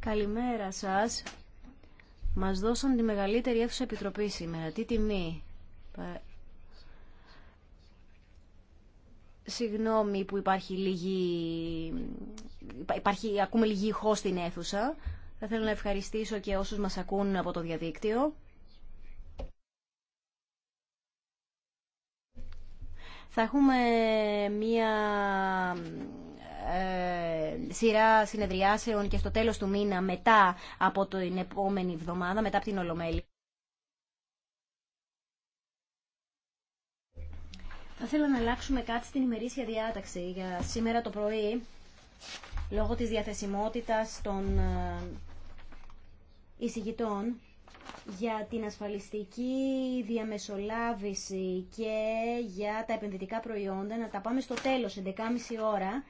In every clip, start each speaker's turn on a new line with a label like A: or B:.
A: Καλημέρα σας. Μας δώσαν τη μεγαλύτερη αίθουσα επιτροπή σήμερα. Τι τιμή. Συγγνώμη που υπάρχει λίγη... Υπάρχει... Ακούμε λίγη ηχό στην αίθουσα. Θα θέλω να ευχαριστήσω και όσους μας ακούν από το διαδίκτυο. Θα έχουμε μία ε, σειρά συνεδριάσεων και στο τέλος του μήνα μετά από την επόμενη εβδομάδα, μετά από την Ολομέλη. Θα ήθελα να αλλάξουμε κάτι στην ημερήσια διάταξη για σήμερα το πρωί λόγω της διαθεσιμότητας των ε, εισηγητών για την ασφαλιστική διαμεσολάβηση και για τα επενδυτικά προϊόντα να τα πάμε στο τέλος, 11.30 ώρα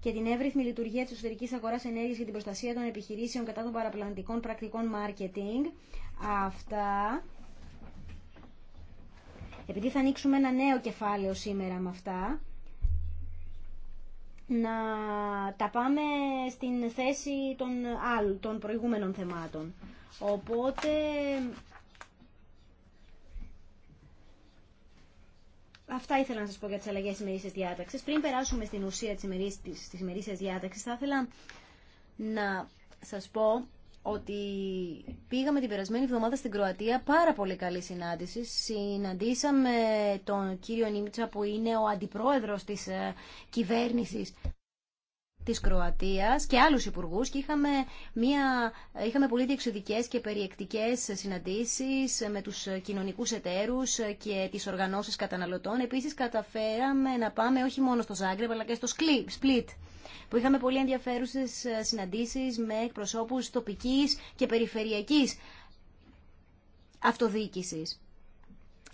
A: και την εύρυθμη λειτουργία της εσωτερικής αγοράς ενέργειας για την προστασία των επιχειρήσεων κατά των παραπλανητικών πρακτικών marketing. Αυτά. Επειδή θα ανοίξουμε ένα νέο κεφάλαιο σήμερα με αυτά, να τα πάμε στην θέση των, άλλων, των προηγούμενων θεμάτων. Οπότε Αυτά ήθελα να σας πω για τις αλλαγές της ημερήσιας διάταξης. Πριν περάσουμε στην ουσία της ημερήσιας διάταξης, θα ήθελα να σας πω ότι πήγαμε την περασμένη εβδομάδα στην Κροατία πάρα πολύ καλή συνάντηση. Συναντήσαμε τον κύριο Νίμιτσα που είναι ο αντιπρόεδρος της ε, κυβέρνησης της Κροατίας και άλλους υπουργούς και είχαμε, μια, είχαμε πολύ διεξοδικές και περιεκτικές συναντήσεις με τους κοινωνικούς εταίρους και τις οργανώσεις καταναλωτών. Επίσης καταφέραμε να πάμε όχι μόνο στο Ζάγκρεπ αλλά και στο Σπλίτ που είχαμε πολύ ενδιαφέρουσες συναντήσεις με προσώπους τοπικής και περιφερειακής αυτοδιοίκησης.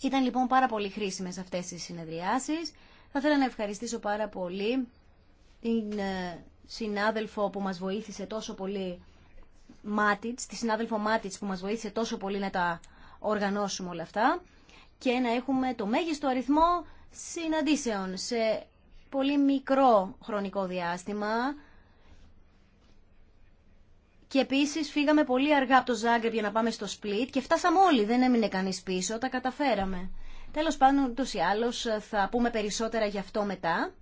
A: Ήταν λοιπόν πάρα πολύ χρήσιμες αυτές οι συνεδριάσεις. Θα ήθελα να ευχαριστήσω πάρα πολύ την ε, συνάδελφο που μας βοήθησε τόσο πολύ Μάτιτς, τη συνάδελφο Μάτιτς που μας βοήθησε τόσο πολύ να τα οργανώσουμε όλα αυτά και να έχουμε το μέγιστο αριθμό συναντήσεων σε πολύ μικρό χρονικό διάστημα και επίσης φύγαμε πολύ αργά από το Ζάγκρεπ για να πάμε στο Σπλίτ και φτάσαμε όλοι, δεν έμεινε κανείς πίσω, τα καταφέραμε. Τέλος πάντων, ούτως ή άλλως, ε, θα πούμε περισσότερα γι' αυτό μετά.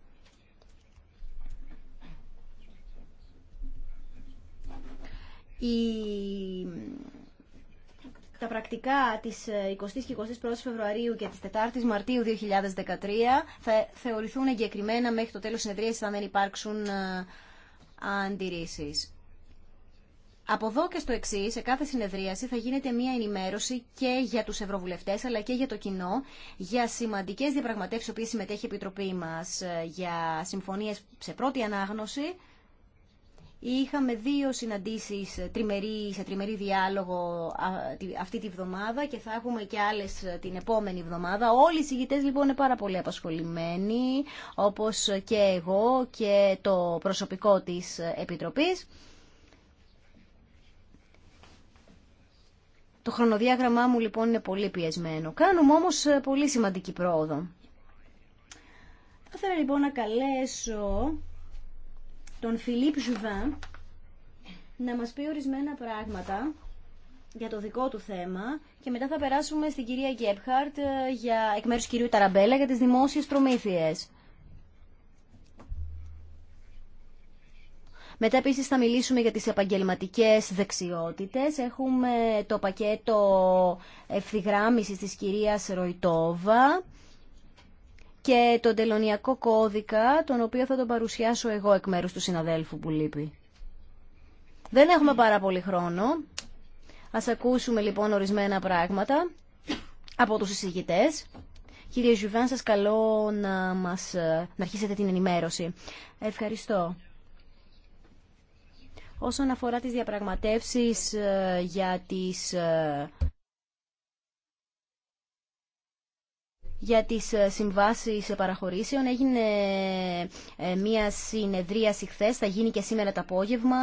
A: η... τα πρακτικά της 20 ε, και 21 Φεβρουαρίου και της 4 Μαρτίου 2013 θα θεωρηθούν εγκεκριμένα μέχρι το τέλος συνεδρίασης αν δεν υπάρξουν ε, αντιρρήσεις. Από εδώ και στο εξή, σε κάθε συνεδρίαση θα γίνεται μια ενημέρωση και για του ευρωβουλευτέ αλλά και για το κοινό για σημαντικέ διαπραγματεύσει, που συμμετέχει η Επιτροπή μα ε, για συμφωνίε σε πρώτη ανάγνωση Είχαμε δύο συναντήσεις τριμερή, σε τριμερή διάλογο αυτή τη βδομάδα και θα έχουμε και άλλες ε, την επόμενη βδομάδα. Όλοι οι συγητές λοιπόν είναι πάρα πολύ απασχολημένοι, όπως και εγώ και το προσωπικό της Επιτροπής. Το χρονοδιάγραμμά μου λοιπόν είναι πολύ πιεσμένο. Κάνουμε όμως ε, πολύ σημαντική πρόοδο. Θα ήθελα λοιπόν να καλέσω τον Φιλίπ Ζουβά να μας πει ορισμένα πράγματα για το δικό του θέμα και μετά θα περάσουμε στην κυρία Γκέπχαρτ ε, για, εκ μέρους κυρίου Ταραμπέλα για τις δημόσιες προμήθειες. Μετά επίσης θα μιλήσουμε για τις επαγγελματικές δεξιότητες. Έχουμε το πακέτο ευθυγράμμισης της κυρίας Ροϊτόβα και τον τελωνιακό κώδικα, τον οποίο θα τον παρουσιάσω εγώ εκ μέρου του συναδέλφου που λείπει. Δεν έχουμε πάρα πολύ χρόνο. Ας ακούσουμε λοιπόν ορισμένα πράγματα από τους συζητητές. Κύριε Ζουβάν, σας καλώ να, μας, να αρχίσετε την ενημέρωση. Ευχαριστώ. Όσον αφορά τις διαπραγματεύσεις ε, για τις ε, για τις ε, συμβάσεις παραχωρήσεων. Έγινε ε, μία συνεδρίαση χθε, θα γίνει και σήμερα το απόγευμα.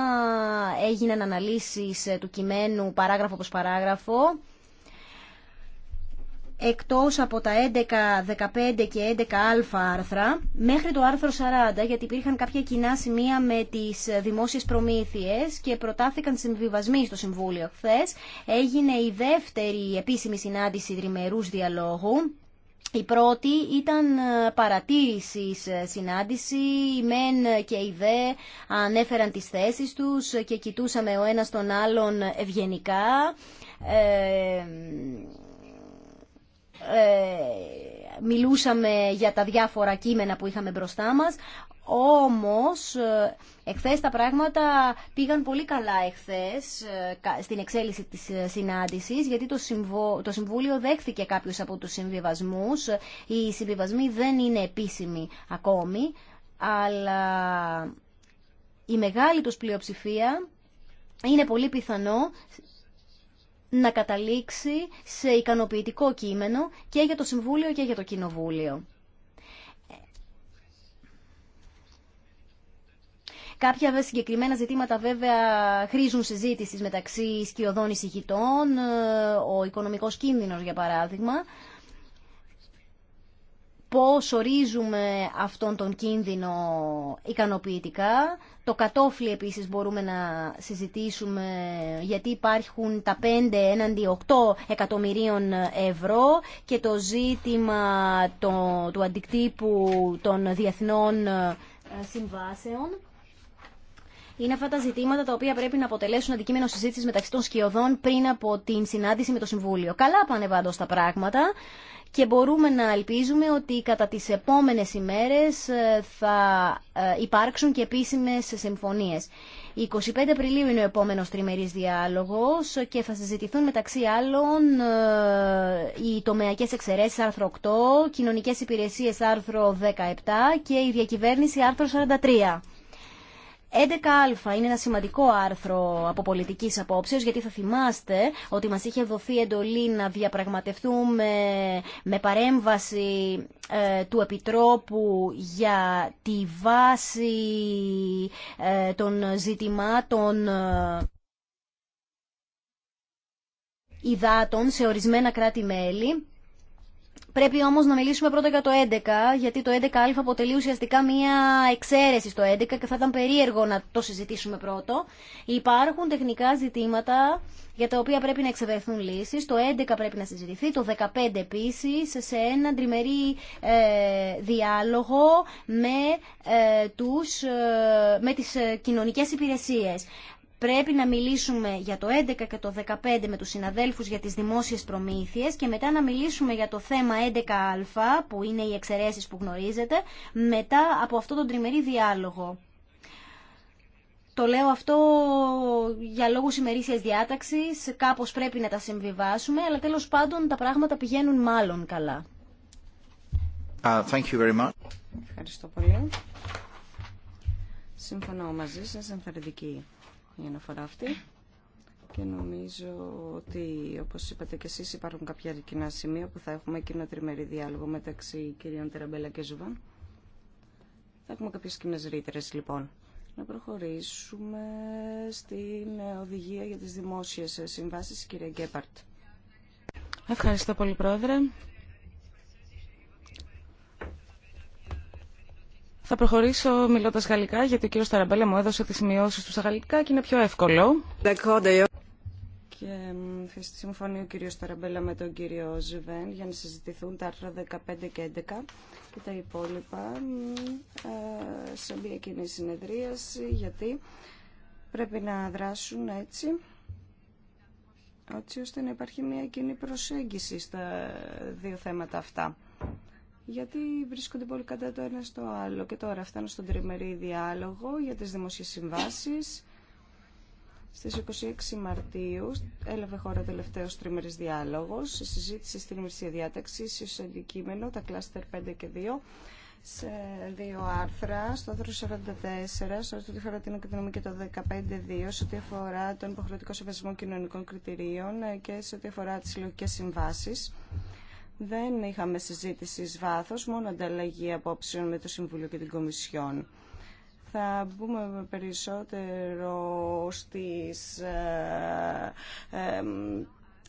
A: Έγιναν αναλύσεις ε, του κειμένου παράγραφο προς παράγραφο. Εκτός από τα 11, 15 και 11α άρθρα, μέχρι το άρθρο 40, γιατί υπήρχαν κάποια κοινά σημεία με τις δημόσιες προμήθειες και προτάθηκαν συμβιβασμοί στο Συμβούλιο χθε. έγινε η δεύτερη επίσημη συνάντηση τριμερούς διαλόγου η πρώτη ήταν ε, παρατήρηση ε, συνάντηση, οι ΜΕΝ και οι ΔΕ ανέφεραν τις θέσεις τους και κοιτούσαμε ο ένας τον άλλον ευγενικά. Ε, μιλούσαμε για τα διάφορα κείμενα που είχαμε μπροστά μας, όμως ε, εχθές τα πράγματα πήγαν πολύ καλά εχθές ε, στην εξέλιξη της ε, συνάντησης γιατί το, το Συμβούλιο δέχθηκε κάποιους από τους συμβιβασμούς. Οι συμβιβασμοί δεν είναι επίσημοι ακόμη, αλλά η μεγάλη τους πλειοψηφία είναι πολύ πιθανό να καταλήξει σε ικανοποιητικό κείμενο και για το Συμβούλιο και για το Κοινοβούλιο. Κάποια συγκεκριμένα ζητήματα βέβαια χρήζουν συζήτηση μεταξύ σκιωδών εισηγητών, ε, ο οικονομικός κίνδυνος για παράδειγμα πώς ορίζουμε αυτόν τον κίνδυνο ικανοποιητικά. Το κατόφλι επίσης μπορούμε να συζητήσουμε γιατί υπάρχουν τα 5 έναντι 8 εκατομμυρίων ευρώ και το ζήτημα του αντικτύπου των διεθνών ε, συμβάσεων. Είναι αυτά τα ζητήματα τα οποία πρέπει να αποτελέσουν αντικείμενο συζήτηση μεταξύ των σκιωδών πριν από την συνάντηση με το Συμβούλιο. Καλά πάνε πάντω τα πράγματα και μπορούμε να ελπίζουμε ότι κατά τις επόμενες ημέρες ε, θα ε, υπάρξουν και επίσημες συμφωνίες. 25 Απριλίου είναι ο επόμενος τριμερής διάλογος και θα συζητηθούν μεταξύ άλλων ε, οι τομεακές εξαιρέσεις άρθρο 8, κοινωνικές υπηρεσίες άρθρο 17 και η διακυβέρνηση άρθρο 43. 11α είναι ένα σημαντικό άρθρο από πολιτική απόψεως γιατί θα θυμάστε ότι μας είχε δοθεί εντολή να διαπραγματευτούμε με παρέμβαση ε, του Επιτρόπου για τη βάση ε, των ζητημάτων ε, υδάτων σε ορισμένα κράτη-μέλη Πρέπει όμω να μιλήσουμε πρώτα για το 11, γιατί το 11α αποτελεί ουσιαστικά μία εξαίρεση στο 11 και θα ήταν περίεργο να το συζητήσουμε πρώτο. Υπάρχουν τεχνικά ζητήματα για τα οποία πρέπει να εξευρεθούν λύσει. Το 11 πρέπει να συζητηθεί, το 15 επίση, σε έναν τριμερή ε, διάλογο με, ε, τους, ε, με τις κοινωνικές υπηρεσίες. Πρέπει να μιλήσουμε για το 11 και το 15 με τους συναδέλφους για τις δημόσιες προμήθειες και μετά να μιλήσουμε για το θέμα 11α που είναι οι εξαιρέσεις που γνωρίζετε μετά από αυτό τον τριμερή διάλογο. Το λέω αυτό για λόγους ημερήσιας διάταξης, κάπως πρέπει να τα συμβιβάσουμε, αλλά τέλος πάντων τα πράγματα πηγαίνουν μάλλον καλά.
B: thank you very much.
A: Ευχαριστώ πολύ.
C: Συμφωνώ μαζί σας, ενθαρρυντική η αναφορά αυτή και νομίζω ότι όπως είπατε και εσείς υπάρχουν κάποια κοινά σημεία που θα έχουμε κοινό τριμερή διάλογο μεταξύ κυρίων Τεραμπέλα και Ζουβάν. Θα έχουμε κάποιες κοινέ ρήτρε λοιπόν. Να προχωρήσουμε στην οδηγία για τις δημόσιες
B: συμβάσεις, κυρία Γκέπαρτ. Ευχαριστώ πολύ, Πρόεδρε. Θα προχωρήσω μιλώντας γαλλικά, γιατί ο κύριος Ταραμπέλα μου έδωσε τις σημειώσεις του στα γαλλικά και είναι πιο εύκολο.
C: Και συμφωνεί ο κύριος Ταραμπέλα με τον κύριο Ζιβέν για να συζητηθούν τα άρθρα 15 και 11 και τα υπόλοιπα ε, σε μια κοινή συνεδρίαση, γιατί πρέπει να δράσουν έτσι έτσι ώστε να υπάρχει μια κοινή προσέγγιση στα δύο θέματα αυτά γιατί βρίσκονται πολύ κατά το ένα στο άλλο. Και τώρα φτάνω στον τριμερή διάλογο για τις δημοσίες συμβάσεις. Στις 26 Μαρτίου έλαβε χώρα τελευταίος τριμερής διάλογος, η συζήτηση στην ημερησία διάταξη, ίσως αντικείμενο, τα κλάστερ 5 και 2, σε δύο άρθρα, στο άρθρο 44, σε ό,τι αφορά την οικονομία και το 15.2, σε ό,τι αφορά τον υποχρεωτικό σεβασμό κοινωνικών κριτηρίων και σε ό,τι αφορά τις συλλογικές συμβάσεις δεν είχαμε συζήτηση βάθος, μόνο ανταλλαγή απόψεων με το Συμβούλιο και την Κομισιόν. Θα μπούμε περισσότερο στις ε, ε,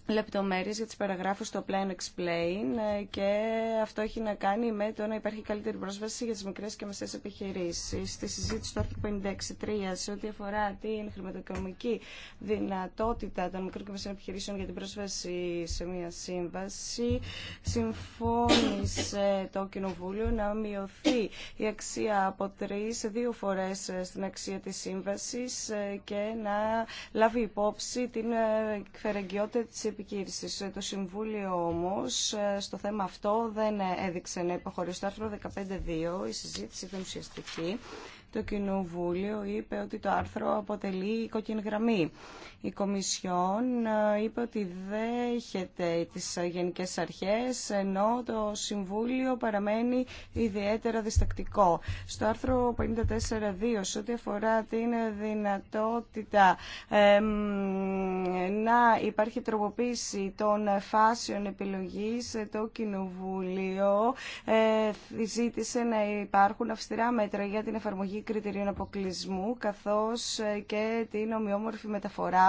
C: λεπτομέρειες για τις παραγράφους στο Plan Explain ε, και αυτό έχει να κάνει με το να υπάρχει καλύτερη πρόσβαση για τις μικρές και μεσαίες επιχειρήσεις. Στη συζήτηση του άρθρου 56.3 σε ό,τι αφορά την χρηματοοικονομική δυνατότητα των μικρών και μεσαίων επιχειρήσεων για την πρόσβαση σε μια σύμβαση, συμφώνησε το Κοινοβούλιο να μειωθεί η αξία από τρει σε δύο φορές ε, στην αξία της σύμβασης ε, και να λάβει υπόψη την εκφερεγγιότητα της το Συμβούλιο όμως ε, στο θέμα αυτό δεν έδειξε να υποχωρήσει το άρθρο 15.2 η συζήτηση ήταν ουσιαστική. Το Κοινοβούλιο είπε ότι το άρθρο αποτελεί κόκκινη γραμμή η Κομισιόν ε, είπε ότι δέχεται τις γενικές αρχές, ενώ το Συμβούλιο παραμένει ιδιαίτερα διστακτικό. Στο άρθρο 54.2, σε ό,τι αφορά την δυνατότητα να υπάρχει τροποποίηση των φάσεων επιλογής, ε, το Κοινοβούλιο ε, ζήτησε να υπάρχουν αυστηρά μέτρα για την εφαρμογή κριτηρίων αποκλεισμού, καθώς και την ομοιόμορφη μεταφορά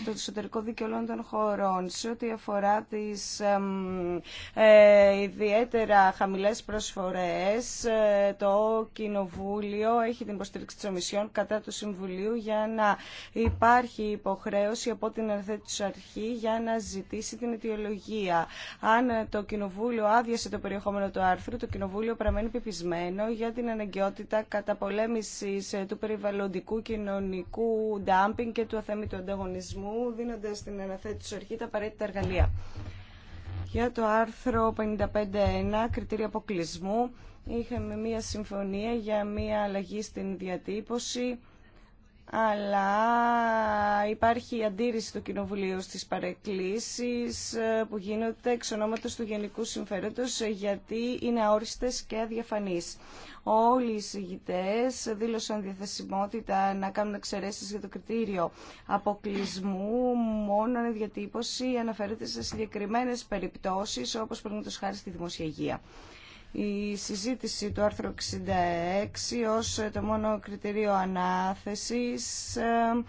C: στο εσωτερικό δίκαιο όλων των χωρών σε ό,τι αφορά τις ε, ε, ιδιαίτερα χαμηλές προσφορές ε, το Κοινοβούλιο έχει την υποστήριξη της Ομισιόν κατά του Συμβουλίου για να υπάρχει υποχρέωση από την του αρχή για να ζητήσει την αιτιολογία. Αν το Κοινοβούλιο άδειασε το περιεχόμενο του άρθρου, το Κοινοβούλιο παραμένει πεπισμένο για την αναγκαιότητα καταπολέμησης ε, του περιβαλλοντικού, κοινωνικού ντάμπινγκ και του αθέμητου ανταγωνισμού Δίνοντα στην αναθέτηση αρχή τα απαραίτητα εργαλεία. Για το άρθρο 55.1, κριτήρια αποκλεισμού, είχαμε μία συμφωνία για μία αλλαγή στην διατύπωση αλλά υπάρχει αντίρρηση του Κοινοβουλίου στις παρεκκλήσεις ε, που γίνονται εξ ονόματος του Γενικού Συμφέροντος ε, γιατί είναι αόριστες και αδιαφανείς. Όλοι οι συγητές δήλωσαν διαθεσιμότητα να κάνουν εξαιρέσεις για το κριτήριο αποκλεισμού. Μόνο η διατύπωση αναφέρεται σε συγκεκριμένες περιπτώσεις όπως πρέπει να χάρη στη η συζήτηση του άρθρου 66 ως ε, το μόνο κριτήριο ανάθεσης ε,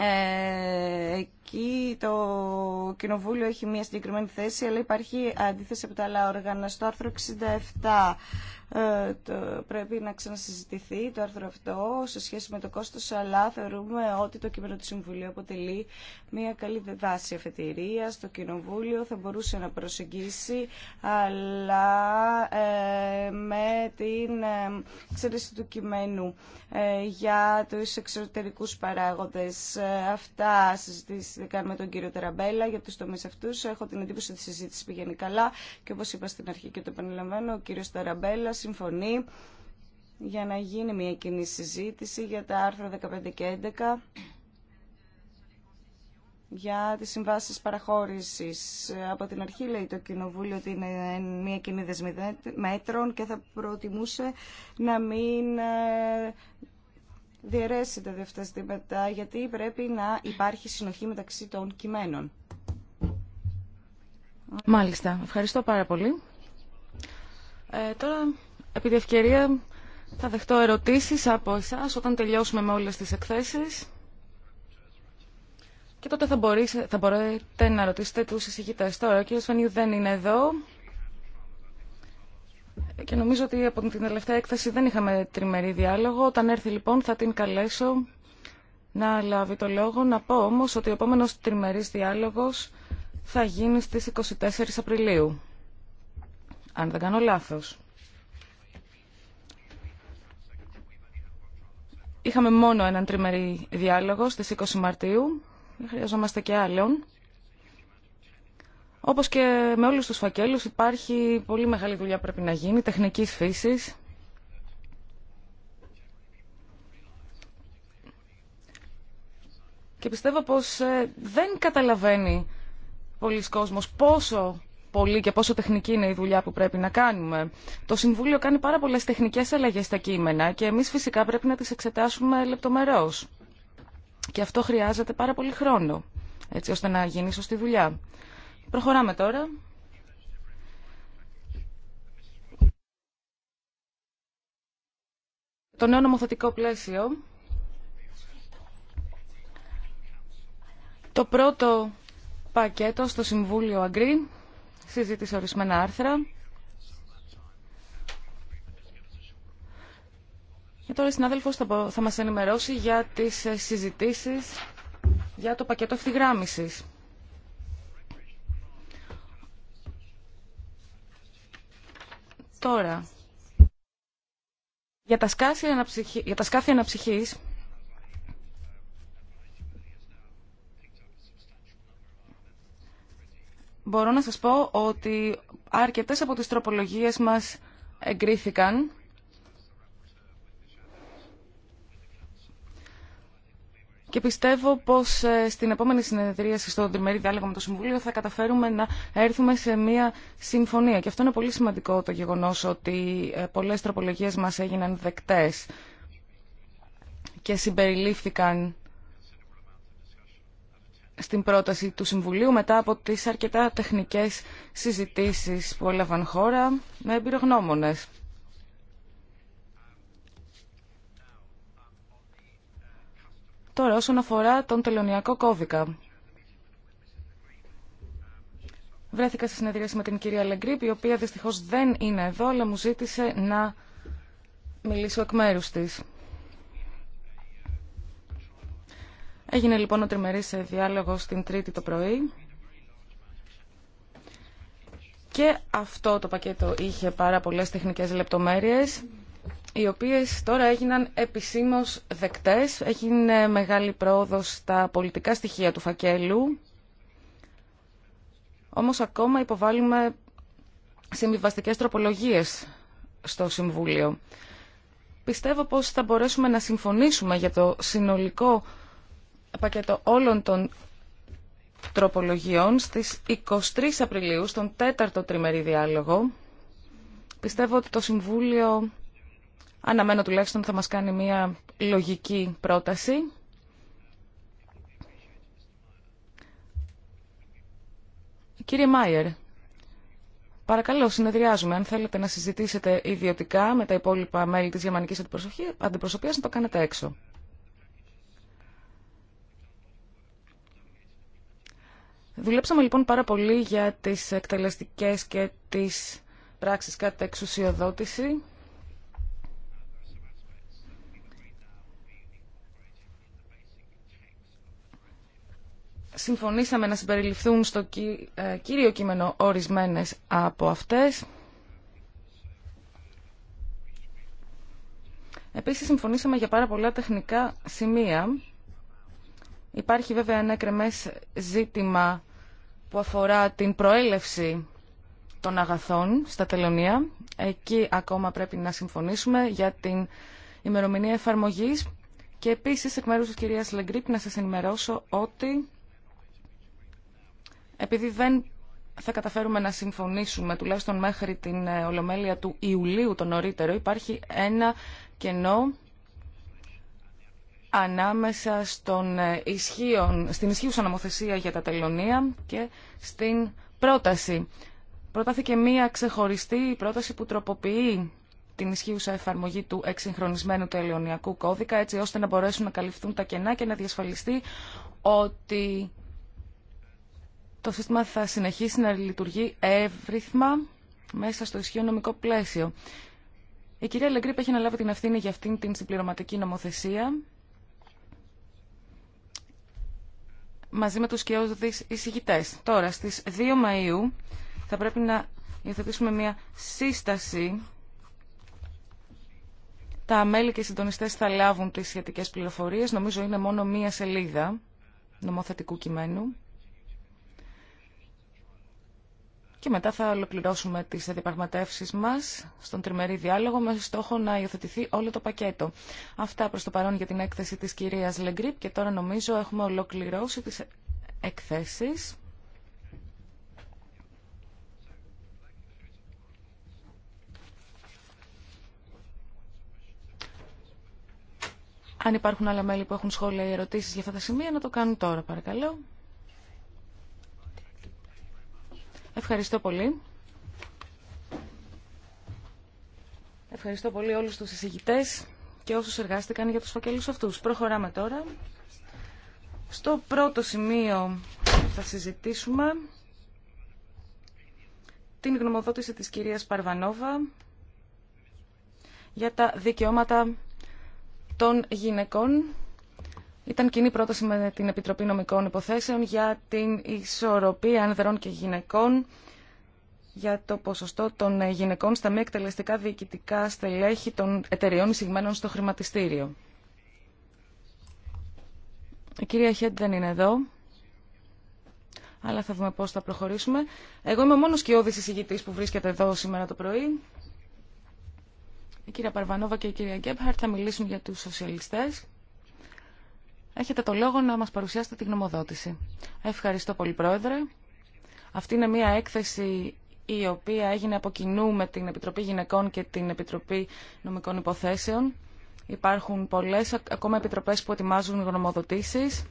C: ε, εκεί το Κοινοβούλιο έχει μια συγκεκριμένη θέση, αλλά υπάρχει αντίθεση από τα άλλα όργανα. Στο άρθρο 67 ε, το, πρέπει να ξανασυζητηθεί το άρθρο αυτό σε σχέση με το κόστος, αλλά θεωρούμε ότι το κείμενο του Συμβουλίου αποτελεί μια καλή βάση αφετηρία. Το Κοινοβούλιο θα μπορούσε να προσεγγίσει, αλλά ε, με την ε, εξαίρεση του κειμένου για τους εξωτερικούς παράγοντες. αυτά συζητήσει κάνουμε με τον κύριο Τεραμπέλα για του τομεί αυτού. Έχω την εντύπωση ότι η συζήτηση πηγαίνει καλά και όπω είπα στην αρχή και το επαναλαμβάνω, ο κύριο Τεραμπέλα συμφωνεί για να γίνει μια κοινή συζήτηση για τα άρθρα 15 και 11 για τις συμβάσεις παραχώρησης. Από την αρχή λέει το Κοινοβούλιο ότι είναι μια κοινή δεσμή μέτρων και θα προτιμούσε να μην ε, διαιρέσει τα γιατί πρέπει να υπάρχει συνοχή μεταξύ
B: των κειμένων. Μάλιστα. Ευχαριστώ πάρα πολύ. Ε, τώρα, επί τη ευκαιρία, θα δεχτώ ερωτήσεις από εσάς όταν τελειώσουμε με όλες τις εκθέσεις. Και τότε θα, μπορείς, θα μπορείτε να ρωτήσετε τους εισηγητές. Τώρα, ο κ. Φανιού δεν είναι εδώ. Και νομίζω ότι από την τελευταία έκθεση δεν είχαμε τριμερή διάλογο. Όταν έρθει λοιπόν θα την καλέσω να λάβει το λόγο. Να πω όμως ότι ο επόμενος τριμερής διάλογος θα γίνει στις 24 Απριλίου. Αν δεν κάνω λάθος. Είχαμε μόνο έναν τριμερή διάλογο στις 20 Μαρτίου. Χρειαζόμαστε και άλλον. Όπως και με όλους τους φακέλου υπάρχει πολύ μεγάλη δουλειά πρέπει να γίνει, τεχνική φύση. Και πιστεύω πως ε, δεν καταλαβαίνει πολλοί κόσμος πόσο πολύ και πόσο τεχνική είναι η δουλειά που πρέπει να κάνουμε. Το Συμβούλιο κάνει πάρα πολλές τεχνικές αλλαγές στα κείμενα και εμείς φυσικά πρέπει να τις εξετάσουμε λεπτομερώς. Και αυτό χρειάζεται πάρα πολύ χρόνο, έτσι ώστε να γίνει σωστή δουλειά. Προχωράμε τώρα. Το νέο νομοθετικό πλαίσιο. Το πρώτο πακέτο στο Συμβούλιο Αγκρή συζήτησε ορισμένα άρθρα. Και τώρα η συνάδελφος θα μας ενημερώσει για τις συζητήσεις για το πακέτο ευθυγράμμισης. Τώρα, για τα, για τα σκάφη αναψυχής, μπορώ να σας πω ότι αρκετές από τις τροπολογίες μας εγκρίθηκαν και πιστεύω πως ε, στην επόμενη συνεδρίαση στο τριμερή διάλογο με το Συμβούλιο θα καταφέρουμε να έρθουμε σε μια συμφωνία. Και αυτό είναι πολύ σημαντικό το γεγονός ότι ε, πολλές τροπολογίες μας έγιναν δεκτές και συμπεριλήφθηκαν στην πρόταση του Συμβουλίου μετά από τις αρκετά τεχνικές συζητήσεις που έλαβαν χώρα με εμπειρογνώμονες. Τώρα, όσον αφορά τον τελωνιακό κώδικα. Βρέθηκα σε συνεδρίαση με την κυρία Λεγκρίπ, η οποία δυστυχώς δεν είναι εδώ, αλλά μου ζήτησε να μιλήσω εκ μέρους της. Έγινε λοιπόν ο τριμερής ε, διάλογος την Τρίτη το πρωί. Και αυτό το πακέτο είχε πάρα πολλές τεχνικές λεπτομέρειες οι οποίες τώρα έγιναν επισήμως δεκτές. Έγινε μεγάλη πρόοδος στα πολιτικά στοιχεία του φακέλου, όμως ακόμα υποβάλλουμε συμβιβαστικές τροπολογίες στο Συμβούλιο. Πιστεύω πως θα μπορέσουμε να συμφωνήσουμε για το συνολικό πακέτο όλων των τροπολογιών στις 23 Απριλίου, στον τέταρτο τριμερή διάλογο. Πιστεύω ότι το Συμβούλιο Αναμένω τουλάχιστον θα μας κάνει μια λογική πρόταση. Κύριε Μάιερ, παρακαλώ, συνεδριάζουμε. Αν θέλετε να συζητήσετε ιδιωτικά με τα υπόλοιπα μέλη της γερμανικής αντιπροσωπείας, να το κάνετε έξω. Δουλέψαμε λοιπόν πάρα πολύ για τις εκτελεστικές και τις πράξεις κατά εξουσιοδότηση. συμφωνήσαμε να συμπεριληφθούν στο ε, κύριο κείμενο ορισμένες από αυτές. Επίσης συμφωνήσαμε για πάρα πολλά τεχνικά σημεία. Υπάρχει βέβαια ένα κρεμές ζήτημα που αφορά την προέλευση των αγαθών στα τελωνία. Εκεί ακόμα πρέπει να συμφωνήσουμε για την ημερομηνία εφαρμογής. Και επίσης, εκ μέρους της κυρίας Λεγκρίπ, να σας ενημερώσω ότι επειδή δεν θα καταφέρουμε να συμφωνήσουμε τουλάχιστον μέχρι την ε, Ολομέλεια του Ιουλίου το νωρίτερο, υπάρχει ένα κενό ανάμεσα στον ε, ισχύον, στην ισχύουσα νομοθεσία για τα τελωνία και στην πρόταση. Προτάθηκε μία ξεχωριστή πρόταση που τροποποιεί την ισχύουσα εφαρμογή του εξυγχρονισμένου τελωνιακού κώδικα, έτσι ώστε να μπορέσουν να καλυφθούν τα κενά και να διασφαλιστεί ότι το σύστημα θα συνεχίσει να λειτουργεί εύρυθμα μέσα στο ισχύο νομικό πλαίσιο. Η κυρία Λεγκρύπ έχει αναλάβει την ευθύνη για αυτήν την συμπληρωματική νομοθεσία μαζί με τους κοιόδης εισηγητές. Τώρα, στις 2 Μαΐου θα πρέπει να υιοθετήσουμε μια σύσταση. Τα μέλη και οι συντονιστές θα λάβουν τις σχετικές πληροφορίες. Νομίζω είναι μόνο μία σελίδα νομοθετικού κειμένου. Και μετά θα ολοκληρώσουμε τις διαπραγματεύσεις μας στον τριμερή διάλογο με στόχο να υιοθετηθεί όλο το πακέτο. Αυτά προς το παρόν για την έκθεση της κυρίας Λεγκρίπ και τώρα νομίζω έχουμε ολοκληρώσει τις εκθέσεις. Αν υπάρχουν άλλα μέλη που έχουν σχόλια ή ερωτήσεις για αυτά τα σημεία, να το κάνουν τώρα, παρακαλώ. Ευχαριστώ πολύ. Ευχαριστώ πολύ όλους τους εισηγητές και όσους εργάστηκαν για τους φακέλους αυτούς. Προχωράμε τώρα. Στο πρώτο σημείο θα συζητήσουμε την γνωμοδότηση της κυρίας Παρβανόβα για τα δικαιώματα των γυναικών ήταν κοινή πρόταση με την Επιτροπή Νομικών Υποθέσεων για την ισορροπία ανδρών και γυναικών για το ποσοστό των γυναικών στα μη εκτελεστικά διοικητικά στελέχη των εταιριών εισηγμένων στο χρηματιστήριο. Η κυρία Χέντ δεν είναι εδώ, αλλά θα δούμε πώς θα προχωρήσουμε. Εγώ είμαι ο μόνος κοιόδης εισηγητής που βρίσκεται εδώ σήμερα το πρωί. Η κυρία Παρβανόβα και η κυρία Γκέμπχαρτ θα μιλήσουν για τους σοσιαλιστές. Έχετε το λόγο να μας παρουσιάσετε τη γνωμοδότηση. Ευχαριστώ πολύ, Πρόεδρε. Αυτή είναι μια έκθεση η οποία έγινε από κοινού με την Επιτροπή Γυναικών και την Επιτροπή Νομικών Υποθέσεων. Υπάρχουν πολλές ακόμα επιτροπές που ετοιμάζουν γνωμοδοτήσεις.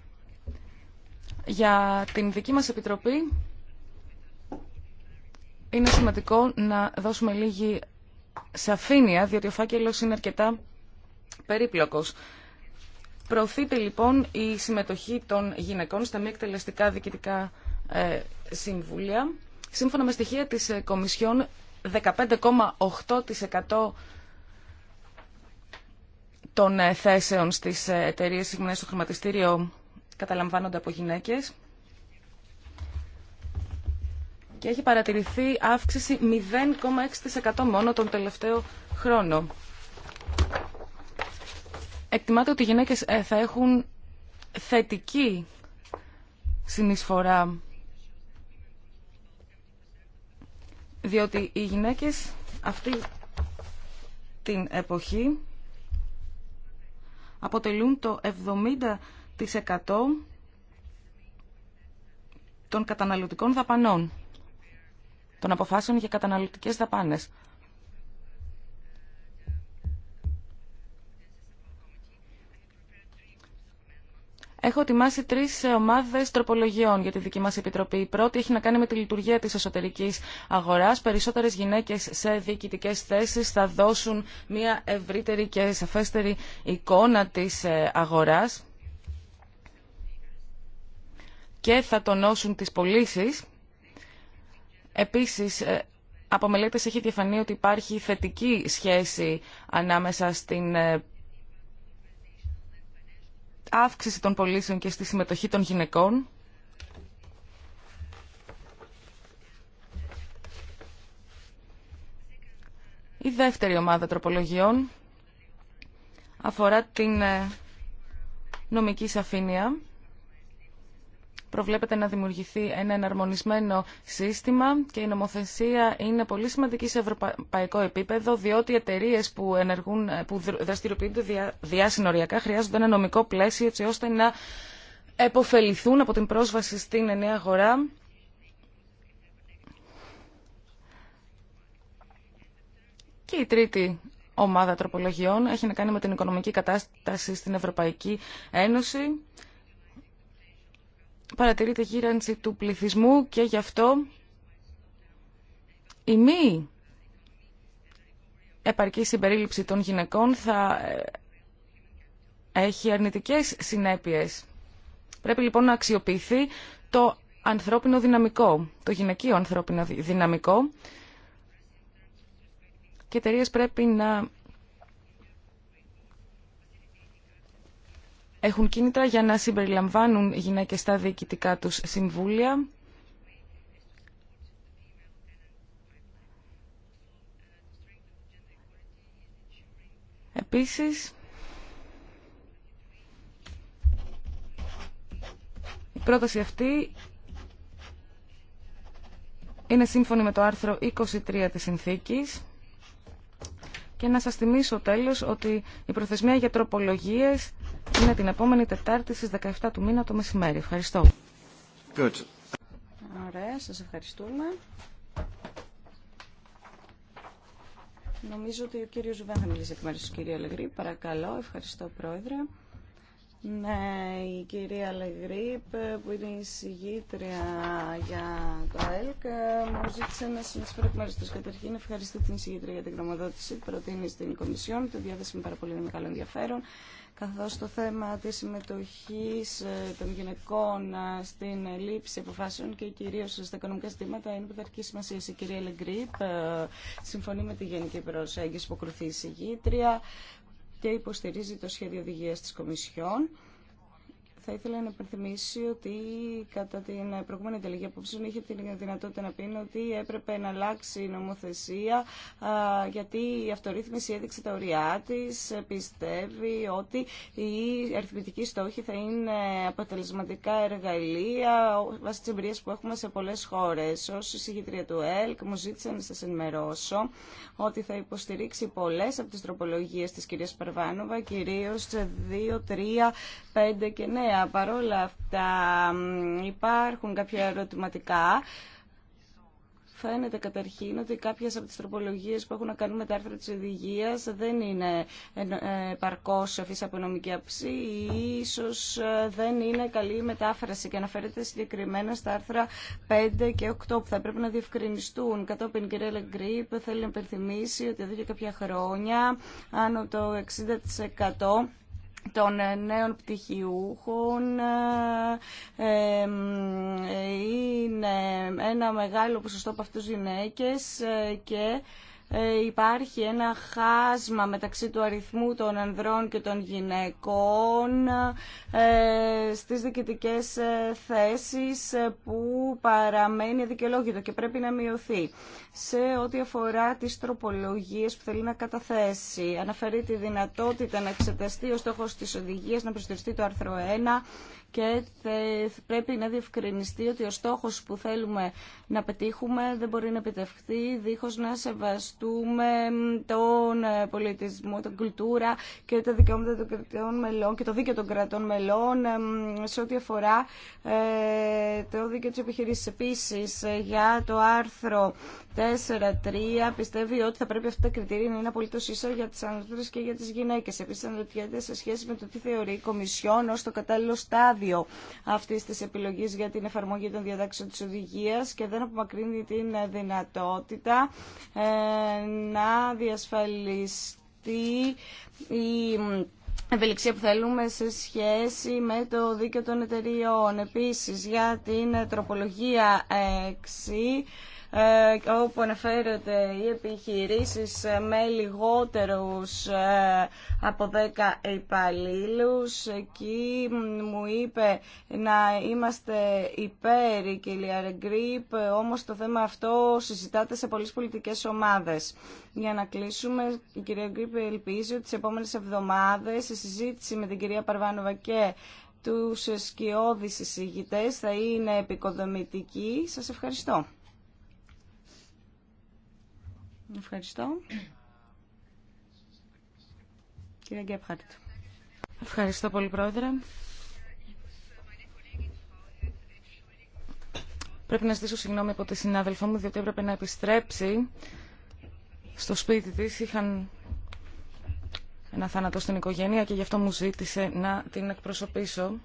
B: Για την δική μας Επιτροπή είναι σημαντικό να δώσουμε λίγη σαφήνεια, διότι ο φάκελος είναι αρκετά περίπλοκος. Προωθείται λοιπόν η συμμετοχή των γυναικών στα μη εκτελεστικά διοικητικά ε, συμβούλια. Σύμφωνα με στοιχεία της ε, Κομισιόν, 15,8% των ε, θέσεων στις εταιρείες συγμένες στο χρηματιστήριο καταλαμβάνονται από γυναίκες και έχει παρατηρηθεί αύξηση 0,6% μόνο τον τελευταίο χρόνο εκτιμάται ότι οι γυναίκες ε, θα έχουν θετική συνεισφορά διότι οι γυναίκες αυτή την εποχή αποτελούν το 70% των καταναλωτικών δαπανών, των αποφάσεων για καταναλωτικές δαπάνες. Έχω ετοιμάσει τρει ομάδε τροπολογιών για τη δική μα επιτροπή. Η πρώτη έχει να κάνει με τη λειτουργία τη εσωτερική αγορά. Περισσότερε γυναίκε σε διοικητικέ θέσει θα δώσουν μια ευρύτερη και σαφέστερη εικόνα τη ε, αγορά και θα τονώσουν τις πωλήσει. Επίσης, ε, από μελέτες έχει διαφανεί ότι υπάρχει θετική σχέση ανάμεσα στην ε, αύξηση των πωλήσεων και στη συμμετοχή των γυναικών. Η δεύτερη ομάδα τροπολογιών αφορά την ε, νομική σαφήνεια προβλέπεται να δημιουργηθεί ένα εναρμονισμένο σύστημα και η νομοθεσία είναι πολύ σημαντική σε ευρωπαϊκό επίπεδο, διότι οι εταιρείε που, που δραστηριοποιούνται διασυνοριακά χρειάζονται ένα νομικό πλαίσιο έτσι ώστε να ...εποφεληθούν από την πρόσβαση στην ενιαία αγορά Και η τρίτη ομάδα τροπολογιών έχει να κάνει με την οικονομική κατάσταση στην Ευρωπαϊκή Ένωση παρατηρείται γύρανση του πληθυσμού και γι' αυτό η μη επαρκή συμπερίληψη των γυναικών θα ε, έχει αρνητικές συνέπειες. Πρέπει λοιπόν να αξιοποιηθεί το ανθρώπινο δυναμικό, το γυναικείο ανθρώπινο δυναμικό και εταιρείε πρέπει να έχουν κίνητρα για να συμπεριλαμβάνουν γυναίκες στα διοικητικά τους συμβούλια. Επίσης, η πρόταση αυτή είναι σύμφωνη με το άρθρο 23 της Συνθήκης και να σας θυμίσω τέλος ότι η προθεσμία για τροπολογίες είναι την επόμενη Τετάρτη στις 17 του μήνα το μεσημέρι. Ευχαριστώ. Good.
C: Ωραία, σας ευχαριστούμε. Νομίζω ότι ο κύριος Ζουβέν θα μιλήσει εκ μέρους του κυρίου Αλεγρή. Παρακαλώ, ευχαριστώ πρόεδρε. Ναι, η κυρία Λεγρίπ που είναι η συγγήτρια για το Ελκ, μου ζήτησε να συνεισφέρω εκ μέρου τη. Καταρχήν ευχαριστώ την συγγήτρια για την γνωμοδότηση που προτείνει στην Κομισιόν. Το διάθεση με πάρα πολύ μεγάλο ενδιαφέρον Καθώ το θέμα τη συμμετοχή ε, των γυναικών ε, στην λήψη αποφάσεων και κυρίω στα οικονομικά ζητήματα είναι πρωταρχική σημασία. Η κυρία Λεγκρίπ ε, συμφωνεί με τη γενική προσέγγιση που ακολουθεί η συγγήτρια, και υποστηρίζει το σχέδιο οδηγίας της Κομισιόν θα ήθελα να υπενθυμίσει ότι κατά την προηγούμενη τελική απόψη είχε την δυνατότητα να πει ότι έπρεπε να αλλάξει η νομοθεσία γιατί η αυτορύθμιση έδειξε τα ωριά τη. Πιστεύει ότι οι αριθμητικοί στόχοι θα είναι αποτελεσματικά εργαλεία βάσει τη εμπειρία που έχουμε σε πολλές χώρες. Ω εισηγητρία του ΕΛΚ μου ζήτησε να σα ενημερώσω ότι θα υποστηρίξει πολλέ από τις τροπολογίε της κυρίας Παρβάνοβα, κυρίως 2, 3, 5 και 9 Βέβαια, παρόλα αυτά υπάρχουν κάποια ερωτηματικά. Φαίνεται καταρχήν ότι κάποιε από τι τροπολογίε που έχουν να κάνουν με τα άρθρα τη οδηγία δεν είναι ε, παρκώ σαφεί από νομική αψή ή ίσω ε, δεν είναι καλή η μετάφραση και αναφέρεται συγκεκριμένα στα άρθρα 5 και 8 που θα πρέπει να διευκρινιστούν. Κατόπιν, η κυρία Λεγκρίπ θέλει να υπενθυμίσει ότι εδώ και κάποια χρόνια άνω το 60% των ε, νέων πτυχιούχων ε, ε, είναι ένα μεγάλο ποσοστό από αυτούς γυναίκες και ε, υπάρχει ένα χάσμα μεταξύ του αριθμού των ανδρών και των γυναικών ε, στις διοικητικές ε, θέσεις που παραμένει αδικαιολόγητο και πρέπει να μειωθεί. Σε ό,τι αφορά τις τροπολογίες που θέλει να καταθέσει, αναφέρει τη δυνατότητα να εξεταστεί ο στόχος της οδηγίας να προσδιοριστεί το άρθρο 1 και πρέπει να διευκρινιστεί ότι ο στόχος που θέλουμε να πετύχουμε δεν μπορεί να επιτευχθεί δίχως να σεβαστούμε τον ε, πολιτισμό, την κουλτούρα και τα δικαιώματα των κρατών μελών και το δίκαιο των κρατών μελών ε, σε ό,τι αφορά ε, το δίκαιο της επιχειρήσης. Επίσης, για το άρθρο 4-3 πιστεύει ότι θα πρέπει αυτά τα κριτήρια να είναι απολύτω ίσα για τι άνδρε και για τι γυναίκε. Επίση, αναρωτιέται σε σχέση με το τι θεωρεί η Κομισιόν ω το κατάλληλο στάδιο αυτή τη επιλογή για την εφαρμογή των διαδάξεων τη οδηγία και δεν απομακρύνει την δυνατότητα ε, να διασφαλιστεί η ευελιξία που θέλουμε σε σχέση με το δίκαιο των εταιριών. Επίσης, για την τροπολογία 6 ε, όπου αναφέρονται οι επιχειρήσεις ε, με λιγότερους ε, από 10 υπαλλήλου, Εκεί μου είπε να είμαστε υπέρ η κυρία Γκρίπ, όμως το θέμα αυτό συζητάται σε πολλές πολιτικές ομάδες. Για να κλείσουμε, η κυρία Γκρίπ ελπίζει ότι τις επόμενες εβδομάδες η συζήτηση με την κυρία Παρβάνοβα και τους σκιώδεις εισηγητές θα είναι επικοδομητική. Σας ευχαριστώ. Ευχαριστώ.
B: Κύριε Γκέπχαρτ. Ευχαριστώ πολύ, Πρόεδρε. Πρέπει να ζητήσω συγγνώμη από τη συνάδελφό μου, διότι έπρεπε να επιστρέψει στο σπίτι της. Είχαν ένα θάνατο στην οικογένεια και γι' αυτό μου ζήτησε να την εκπροσωπήσω.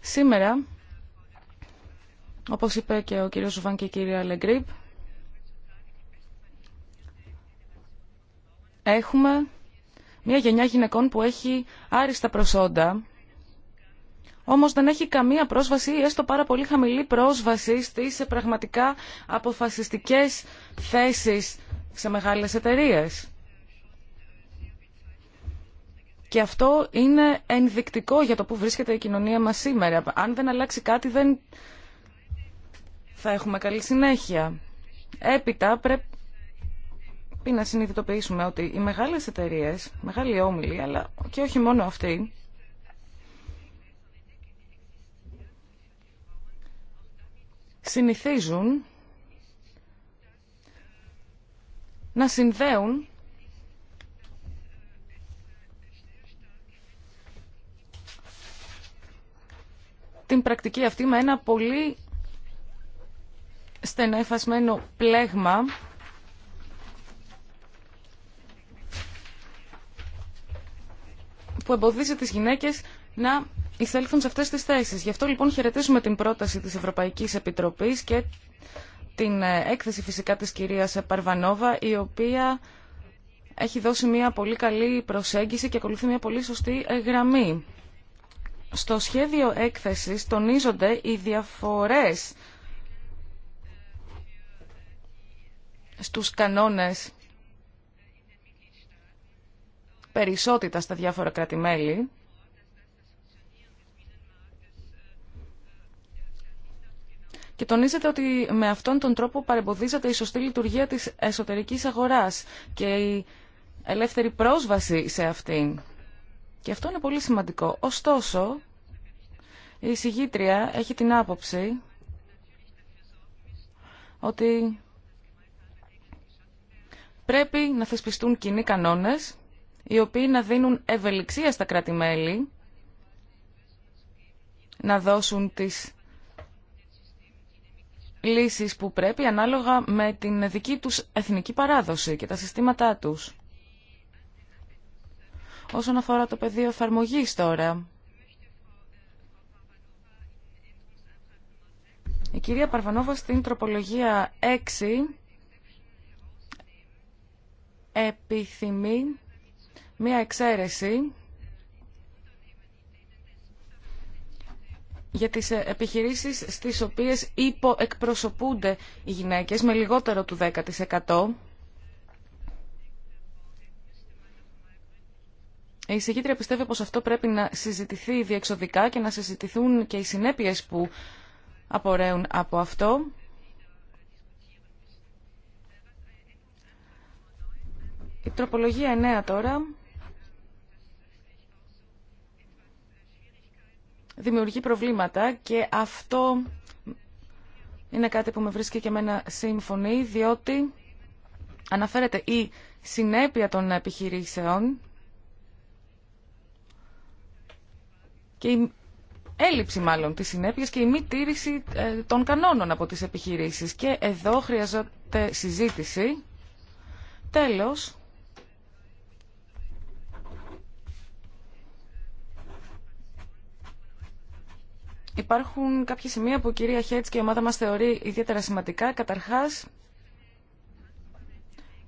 B: Σήμερα όπως είπε και ο κύριος Ζουβάν και η κυρία Λεγκρίπ, έχουμε μια γενιά γυναικών που έχει άριστα προσόντα, όμως δεν έχει καμία πρόσβαση ή έστω πάρα πολύ χαμηλή πρόσβαση στις ε, πραγματικά αποφασιστικές θέσεις σε μεγάλες εταιρείες. Και αυτό είναι ενδεικτικό για το που βρίσκεται η κοινωνία μας σήμερα. Αν δεν αλλάξει κάτι δεν θα έχουμε καλή συνέχεια. Έπειτα πρέπει να συνειδητοποιήσουμε ότι οι μεγάλες εταιρείες, μεγάλοι όμιλοι, αλλά και όχι μόνο αυτοί, συνηθίζουν να συνδέουν την πρακτική αυτή με ένα πολύ στενέφασμένο πλέγμα που εμποδίζει τις γυναίκες να εισέλθουν σε αυτές τις θέσεις. Γι' αυτό λοιπόν χαιρετίζουμε την πρόταση της Ευρωπαϊκής Επιτροπής και την ε, έκθεση φυσικά της κυρίας Παρβανόβα, η οποία έχει δώσει μια πολύ καλή προσέγγιση και ακολουθεί μια πολύ σωστή ε, γραμμή. Στο σχέδιο έκθεσης τονίζονται οι διαφορές στους κανόνες περισσότητα στα διάφορα κράτη-μέλη. Και τονίζεται ότι με αυτόν τον τρόπο παρεμποδίζεται η σωστή λειτουργία της εσωτερικής αγοράς και η ελεύθερη πρόσβαση σε αυτήν. Και αυτό είναι πολύ σημαντικό. Ωστόσο, η συγγήτρια έχει την άποψη ότι πρέπει να θεσπιστούν κοινοί κανόνες, οι οποίοι να δίνουν ευελιξία στα κράτη-μέλη, να δώσουν τις λύσεις που πρέπει ανάλογα με την δική τους εθνική παράδοση και τα συστήματά τους. Όσον αφορά το πεδίο εφαρμογή τώρα, η κυρία Παρβανόβα στην τροπολογία 6 επιθυμεί μία εξαίρεση για τις επιχειρήσεις στις οποίες υποεκπροσωπούνται οι γυναίκες με λιγότερο του 10%. Η εισηγήτρια πιστεύει πως αυτό πρέπει να συζητηθεί διεξοδικά και να συζητηθούν και οι συνέπειες που απορρέουν από αυτό. Η τροπολογία 9 τώρα δημιουργεί προβλήματα και αυτό είναι κάτι που με βρίσκει και εμένα σύμφωνη, διότι αναφέρεται η συνέπεια των επιχειρήσεων και η έλλειψη μάλλον της συνέπειας και η μη τήρηση ε, των κανόνων από τις επιχειρήσεις. Και εδώ χρειαζόταν συζήτηση. Τέλος, Υπάρχουν κάποια σημεία που η κυρία Χέτς και η ομάδα μας θεωρεί ιδιαίτερα σημαντικά. Καταρχάς,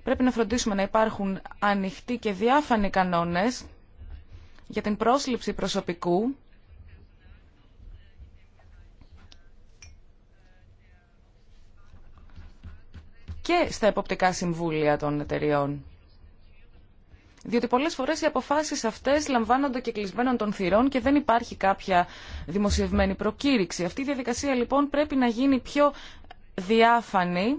B: πρέπει να φροντίσουμε να υπάρχουν ανοιχτοί και διάφανοι κανόνες για την πρόσληψη προσωπικού και στα εποπτικά συμβούλια των εταιριών. Διότι πολλές φορές οι αποφάσεις αυτές λαμβάνονται και κλεισμένων των θυρών και δεν υπάρχει κάποια δημοσιευμένη προκήρυξη. Αυτή η διαδικασία λοιπόν πρέπει να γίνει πιο διάφανη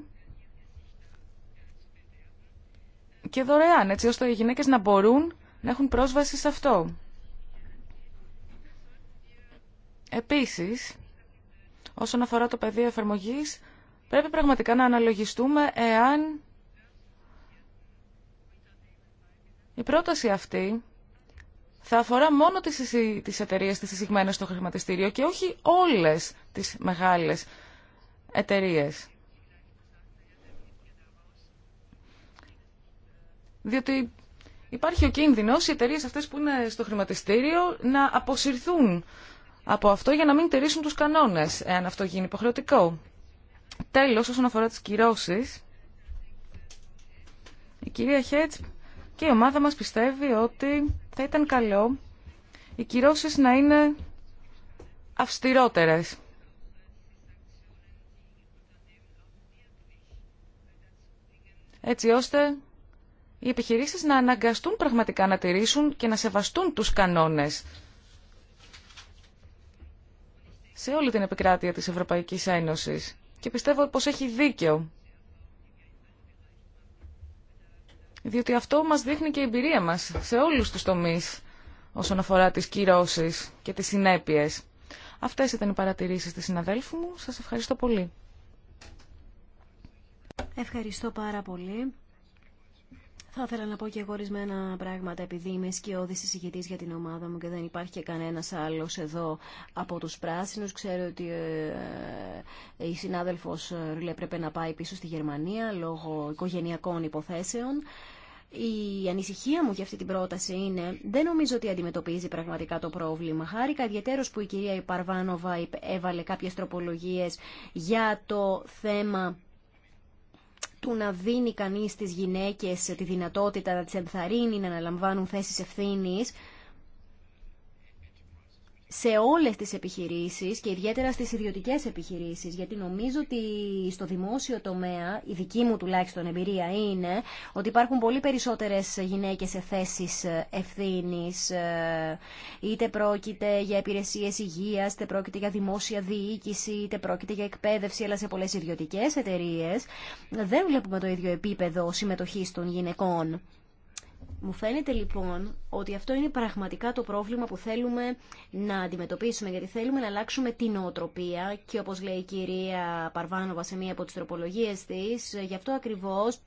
B: και δωρεάν, έτσι ώστε οι γυναίκες να μπορούν να έχουν πρόσβαση σε αυτό. Επίσης, όσον αφορά το πεδίο εφαρμογής, πρέπει πραγματικά να αναλογιστούμε εάν Η πρόταση αυτή θα αφορά μόνο τις, τις εταιρείες τις εισηγμένες στο χρηματιστήριο και όχι όλες τις μεγάλες εταιρείες. Διότι υπάρχει ο κίνδυνος οι εταιρείε αυτές που είναι στο χρηματιστήριο να αποσυρθούν από αυτό για να μην τηρήσουν τους κανόνες, εάν αυτό γίνει υποχρεωτικό. Τέλος, όσον αφορά τις κυρώσεις, η κυρία Χέτς και η ομάδα μας πιστεύει ότι θα ήταν καλό οι κυρώσεις να είναι αυστηρότερες. Έτσι ώστε οι επιχειρήσεις να αναγκαστούν πραγματικά να τηρήσουν και να σεβαστούν τους κανόνες σε όλη την επικράτεια της Ευρωπαϊκής Ένωσης. Και πιστεύω πως έχει δίκιο. διότι αυτό μας δείχνει και η εμπειρία μας σε όλους τους τομείς όσον αφορά τις κυρώσεις και τις συνέπειες. Αυτές ήταν οι παρατηρήσεις της συναδέλφου μου. Σας ευχαριστώ πολύ.
A: Ευχαριστώ πάρα πολύ. Θα ήθελα να πω και εγώ ορισμένα πράγματα, επειδή είμαι σκιώδη συζητητή για την ομάδα μου και δεν υπάρχει και κανένα άλλο εδώ από του πράσινου. Ξέρω ότι ε, ε η συνάδελφο Ρουλέ πρέπει να πάει πίσω στη Γερμανία λόγω οικογενειακών υποθέσεων. Η ανησυχία μου για αυτή την πρόταση είναι δεν νομίζω ότι αντιμετωπίζει πραγματικά το πρόβλημα. Χάρηκα ιδιαίτερως που η κυρία Παρβάνοβα έβαλε κάποιες τροπολογίες για το θέμα του να δίνει κανείς στις γυναίκες τη δυνατότητα να τις ενθαρρύνει να αναλαμβάνουν θέσεις ευθύνης σε όλες τις επιχειρήσεις και ιδιαίτερα στις ιδιωτικές επιχειρήσεις γιατί νομίζω ότι στο δημόσιο τομέα, η δική μου τουλάχιστον εμπειρία είναι ότι υπάρχουν πολύ περισσότερες γυναίκες σε θέσεις ε, ευθύνης ε, είτε πρόκειται για υπηρεσίες υγείας, είτε πρόκειται για δημόσια διοίκηση, είτε πρόκειται για εκπαίδευση αλλά σε πολλές ιδιωτικές εταιρείες δεν βλέπουμε το ίδιο επίπεδο συμμετοχής των γυναικών. Μου φαίνεται λοιπόν ότι αυτό είναι πραγματικά το πρόβλημα που θέλουμε να αντιμετωπίσουμε, γιατί θέλουμε να αλλάξουμε την ότροπια και όπως λέει η κυρία Παρβάνοβα σε μία από τις τροπολογίες της, γι' αυτό ακριβώς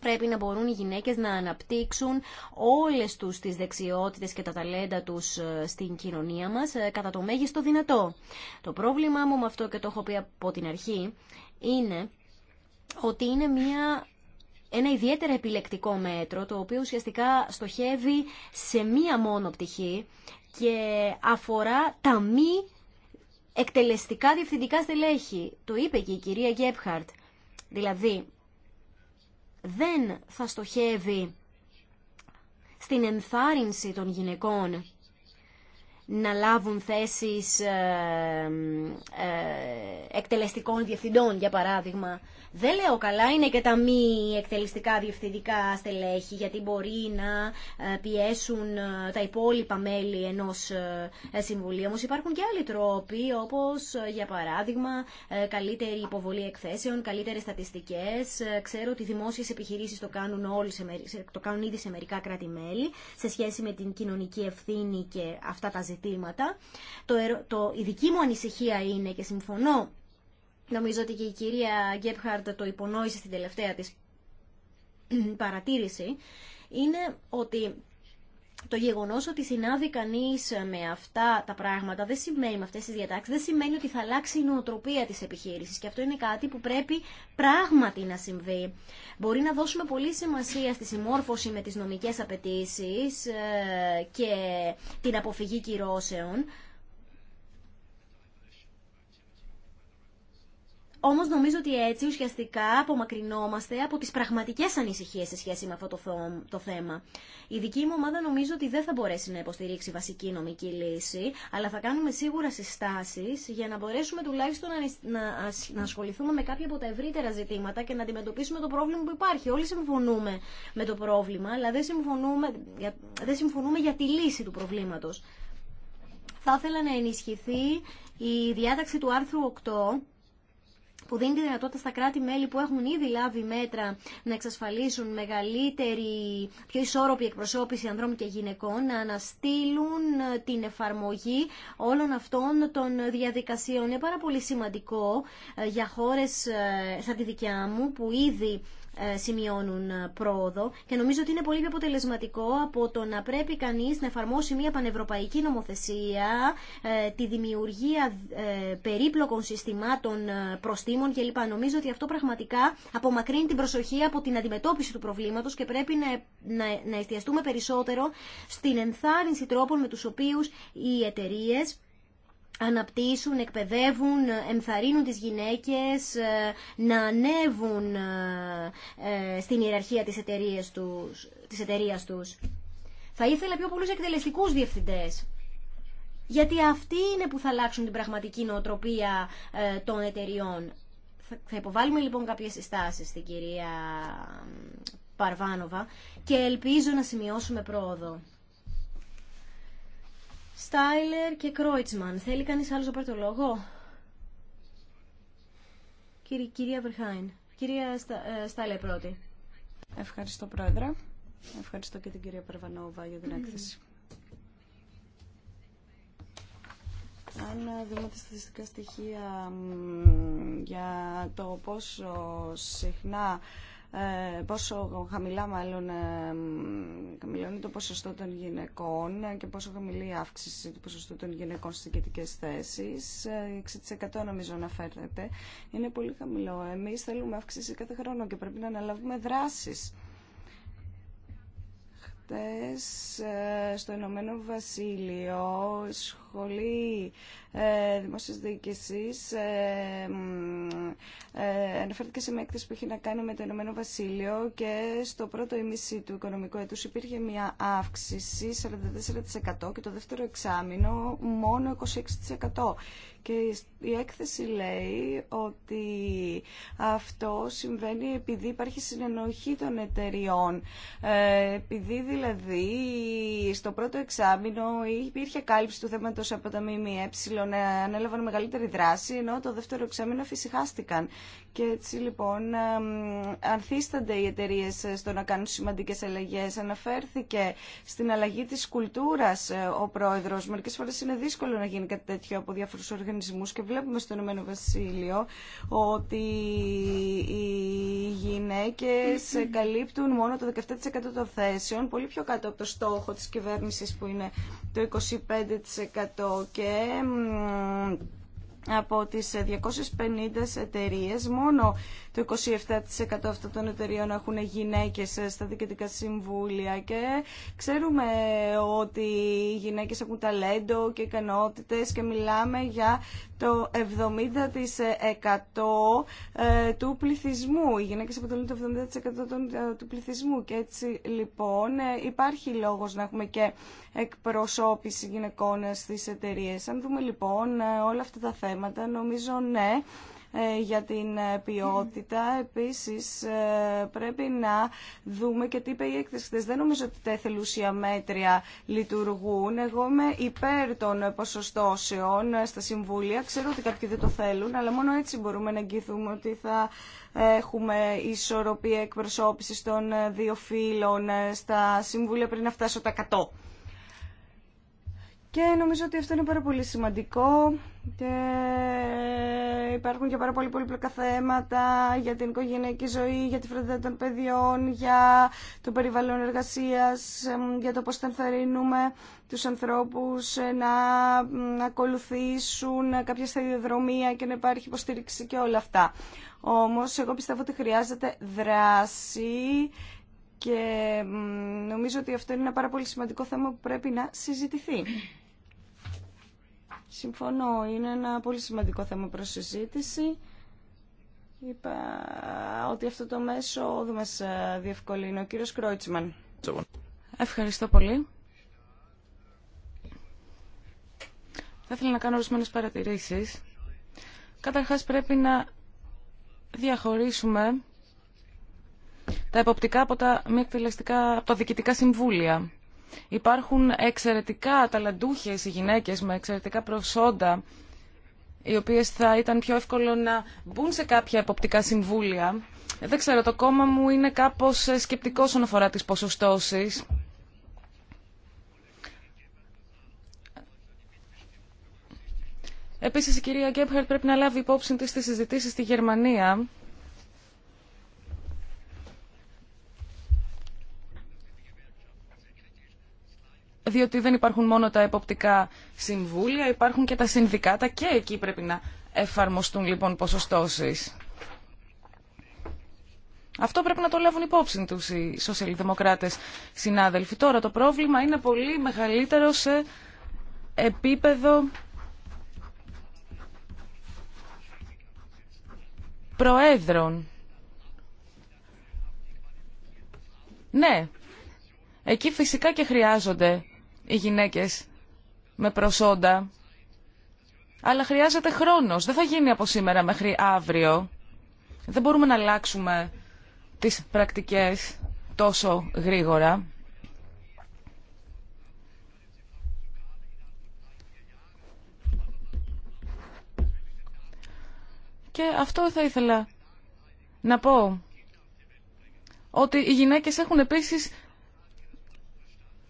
A: πρέπει να μπορούν οι γυναίκες να αναπτύξουν όλες τους τις δεξιότητες και τα ταλέντα τους ε, στην κοινωνία μας ε, κατά το μέγιστο δυνατό. Το πρόβλημά μου με αυτό και το έχω πει από την αρχή είναι ότι είναι μια ένα ιδιαίτερα επιλεκτικό μέτρο, το οποίο ουσιαστικά στοχεύει σε μία μόνο πτυχή και αφορά τα μη εκτελεστικά διευθυντικά στελέχη. Το είπε και η κυρία Γκέπχαρτ. Δηλαδή, δεν θα στοχεύει στην ενθάρρυνση των γυναικών να λάβουν θέσεις ε, ε, εκτελεστικών διευθυντών, για παράδειγμα. Δεν λέω καλά, είναι και τα μη εκτελεστικά διευθυντικά στελέχη, γιατί μπορεί να ε, πιέσουν ε, τα υπόλοιπα μέλη ενός ε, συμβουλίου. Όμως υπάρχουν και άλλοι τρόποι, όπως για παράδειγμα καλύτερη υποβολή εκθέσεων, καλύτερες στατιστικές. Ξέρω ότι οι δημόσιες επιχειρήσεις το κάνουν, το κάνουν ήδη σε μερικά κράτη-μέλη, σε σχέση με την κοινωνική ευθύνη και αυτά τα ζητήματα. Το, το, η δική μου ανησυχία είναι και συμφωνώ Νομίζω ότι και η κυρία Γκέπχαρντ το υπονόησε στην τελευταία της παρατήρηση, είναι ότι το γεγονό ότι συνάδει κανεί με αυτά τα πράγματα δεν σημαίνει, με αυτέ τι διατάξει, δεν σημαίνει ότι θα αλλάξει η νοοτροπία τη επιχείρηση. Και αυτό είναι κάτι που πρέπει πράγματι να συμβεί. Μπορεί να δώσουμε πολύ σημασία στη συμμόρφωση με τι νομικέ απαιτήσει ε, και την αποφυγή κυρώσεων. Όμω νομίζω ότι έτσι ουσιαστικά απομακρυνόμαστε από τι πραγματικέ ανησυχίε σε σχέση με αυτό το θέμα. Η δική μου ομάδα νομίζω ότι δεν θα μπορέσει να υποστηρίξει βασική νομική λύση, αλλά θα κάνουμε σίγουρα συστάσεις για να μπορέσουμε τουλάχιστον να ασχοληθούμε με κάποια από τα ευρύτερα ζητήματα και να αντιμετωπίσουμε το πρόβλημα που υπάρχει. Όλοι συμφωνούμε με το πρόβλημα, αλλά δεν συμφωνούμε, δεν συμφωνούμε για τη λύση του προβλήματο. Θα ήθελα να ενισχυθεί η διάταξη του άρθρου 8 που δίνει τη δυνατότητα στα κράτη-μέλη που έχουν ήδη λάβει μέτρα να εξασφαλίσουν μεγαλύτερη, πιο ισόρροπη εκπροσώπηση ανδρών και γυναικών, να αναστείλουν ε, την εφαρμογή όλων αυτών των διαδικασιών. Είναι πάρα πολύ σημαντικό ε, για χώρες ε, σαν τη δικιά μου που ήδη ε, σημειώνουν ε, πρόοδο και νομίζω ότι είναι πολύ πιο αποτελεσματικό από το να πρέπει κανείς να εφαρμόσει μια πανευρωπαϊκή νομοθεσία, ε, τη δημιουργία περίπλοκων συστημάτων προστήμων κλπ. Νομίζω ότι αυτό πραγματικά απομακρύνει την προσοχή από την αντιμετώπιση του προβλήματος και πρέπει να εστιαστούμε περισσότερο στην ενθάρρυνση τρόπων με τους οποίους οι εταιρείε αναπτύσσουν, εκπαιδεύουν, εμθαρρύνουν τις γυναίκες ε, να ανέβουν ε, ε, στην ιεραρχία της εταιρείας τους. Της εταιρείας τους. Θα ήθελα πιο πολλούς εκτελεστικούς διευθυντές. Γιατί αυτοί είναι που θα αλλάξουν την πραγματική νοοτροπία των εταιριών. Θα υποβάλουμε λοιπόν κάποιες συστάσεις στην κυρία Παρβάνοβα και ελπίζω να σημειώσουμε πρόοδο. Στάιλερ και Κρόιτσμαν. Θέλει κανείς άλλος να πάρει το λόγο. κυρία Βερχάιν. Κυρία ε, Στάιλερ πρώτη. Ευχαριστώ Πρόεδρε. Ευχαριστώ και την κυρία
C: Παρβανόβα για την έκθεση. Αν δούμε τα στατιστικά στοιχεία για το πόσο συχνά ε, πόσο χαμηλά μάλλον ε, χαμηλώνει το ποσοστό των γυναικών και πόσο χαμηλή η αύξηση του ποσοστού των γυναικών στις ηγετικές θέσεις. 6% ε, νομίζω αναφέρεται. Είναι πολύ χαμηλό. Εμείς θέλουμε αύξηση κάθε χρόνο και πρέπει να αναλάβουμε δράσεις στο Ηνωμένο Βασίλειο σχολή ε, δημόσιας διοίκησης ε, ε, αναφέρθηκε σε μια έκθεση που έχει να κάνει με το Ηνωμένο Βασίλειο και στο πρώτο ημίση του οικονομικού έτους υπήρχε μια αύξηση 44% και το δεύτερο εξάμεινο μόνο 26%. Και η έκθεση λέει ότι αυτό συμβαίνει επειδή υπάρχει συνενοχή των εταιριών. Ε, επειδή δηλαδή στο πρώτο εξάμεινο υπήρχε κάλυψη του θέματο από τα ΜΜΕ ε, ανέλαβαν μεγαλύτερη δράση, ενώ το δεύτερο εξάμεινο φυσικάστηκαν. Και έτσι λοιπόν ανθίστανται οι εταιρείε ε, στο να κάνουν σημαντικέ αλλαγέ, Αναφέρθηκε στην αλλαγή της κουλτούρας ε, ο πρόεδρος. Μερικές φορέ είναι δύσκολο να γίνει κάτι τέτοιο από διάφορου οργανισμούς και βλέπουμε στο Ηνωμένο Βασίλειο ότι οι γυναίκες καλύπτουν μόνο το 17% των θέσεων, πολύ πιο κάτω από το στόχο τη κυβέρνηση, που είναι το 25% και από τις 250 εταιρείε, μόνο το 27% αυτών των εταιρείων έχουν γυναίκες στα διοικητικά συμβούλια και ξέρουμε ότι οι γυναίκες έχουν ταλέντο και ικανότητες και μιλάμε για το 70% ε, του πληθυσμού. Οι γυναίκες αποτελούν το 70% ε, του πληθυσμού και έτσι λοιπόν ε, υπάρχει λόγος να έχουμε και εκπροσώπηση γυναικών στις εταιρείες. Αν δούμε λοιπόν όλα αυτά τα θέματα, νομίζω ναι, ε, για την ε, ποιότητα. Επίσης ε, πρέπει να δούμε και τι είπε η έκθεση. Δεν νομίζω ότι τα εθελούσια μέτρια λειτουργούν. Εγώ είμαι υπέρ των ποσοστώσεων στα συμβούλια. Ξέρω ότι κάποιοι δεν το θέλουν, αλλά μόνο έτσι μπορούμε να εγγυηθούμε ότι θα έχουμε ισορροπία εκπροσώπησης των δύο φύλων στα συμβούλια πριν να φτάσω τα 100. Και νομίζω ότι αυτό είναι πάρα πολύ σημαντικό και υπάρχουν και πάρα πολύ πολύπλοκα θέματα για την οικογενειακή ζωή, για τη φροντίδα των παιδιών, για το περιβαλλον εργασίας, για το πώς θα ενθαρρύνουμε τους ανθρώπους ε, να ακολουθήσουν κάποια σταδιοδρομία και να υπάρχει υποστήριξη και όλα αυτά. Όμως, εγώ πιστεύω ότι χρειάζεται δράση και νομίζω ότι αυτό είναι ένα πάρα πολύ σημαντικό θέμα που πρέπει να συζητηθεί. Συμφωνώ, είναι ένα πολύ σημαντικό θέμα προς συζήτηση. Είπα ότι αυτό το μέσο δεν μας ε, διευκολύνει. Ο κύριος Κρόιτσμαν.
B: Ευχαριστώ πολύ. Θα ήθελα να κάνω ορισμένε παρατηρήσεις. Καταρχάς πρέπει να διαχωρίσουμε τα εποπτικά από τα μη από τα διοικητικά συμβούλια. Υπάρχουν εξαιρετικά ταλαντούχες οι γυναίκες με εξαιρετικά προσόντα, οι οποίες θα ήταν πιο εύκολο να μπουν σε κάποια εποπτικά συμβούλια. Δεν ξέρω, το κόμμα μου είναι κάπως σκεπτικό όσον αφορά τις ποσοστώσεις. Επίσης η κυρία Γκέμπχερτ πρέπει να λάβει υπόψη της στις συζητήσεις στη Γερμανία διότι δεν υπάρχουν μόνο τα εποπτικά συμβούλια, υπάρχουν και τα συνδικάτα και εκεί πρέπει να εφαρμοστούν λοιπόν ποσοστώσεις. Αυτό πρέπει να το λάβουν υπόψη τους οι σοσιαλδημοκράτες συνάδελφοι. Τώρα το πρόβλημα είναι πολύ μεγαλύτερο σε επίπεδο προέδρων. Ναι, εκεί φυσικά και χρειάζονται οι γυναίκες με προσόντα, αλλά χρειάζεται χρόνος. Δεν θα γίνει από σήμερα μέχρι αύριο. Δεν μπορούμε να αλλάξουμε τις πρακτικές τόσο γρήγορα. Και αυτό θα ήθελα να πω. Ότι οι γυναίκες έχουν επίσης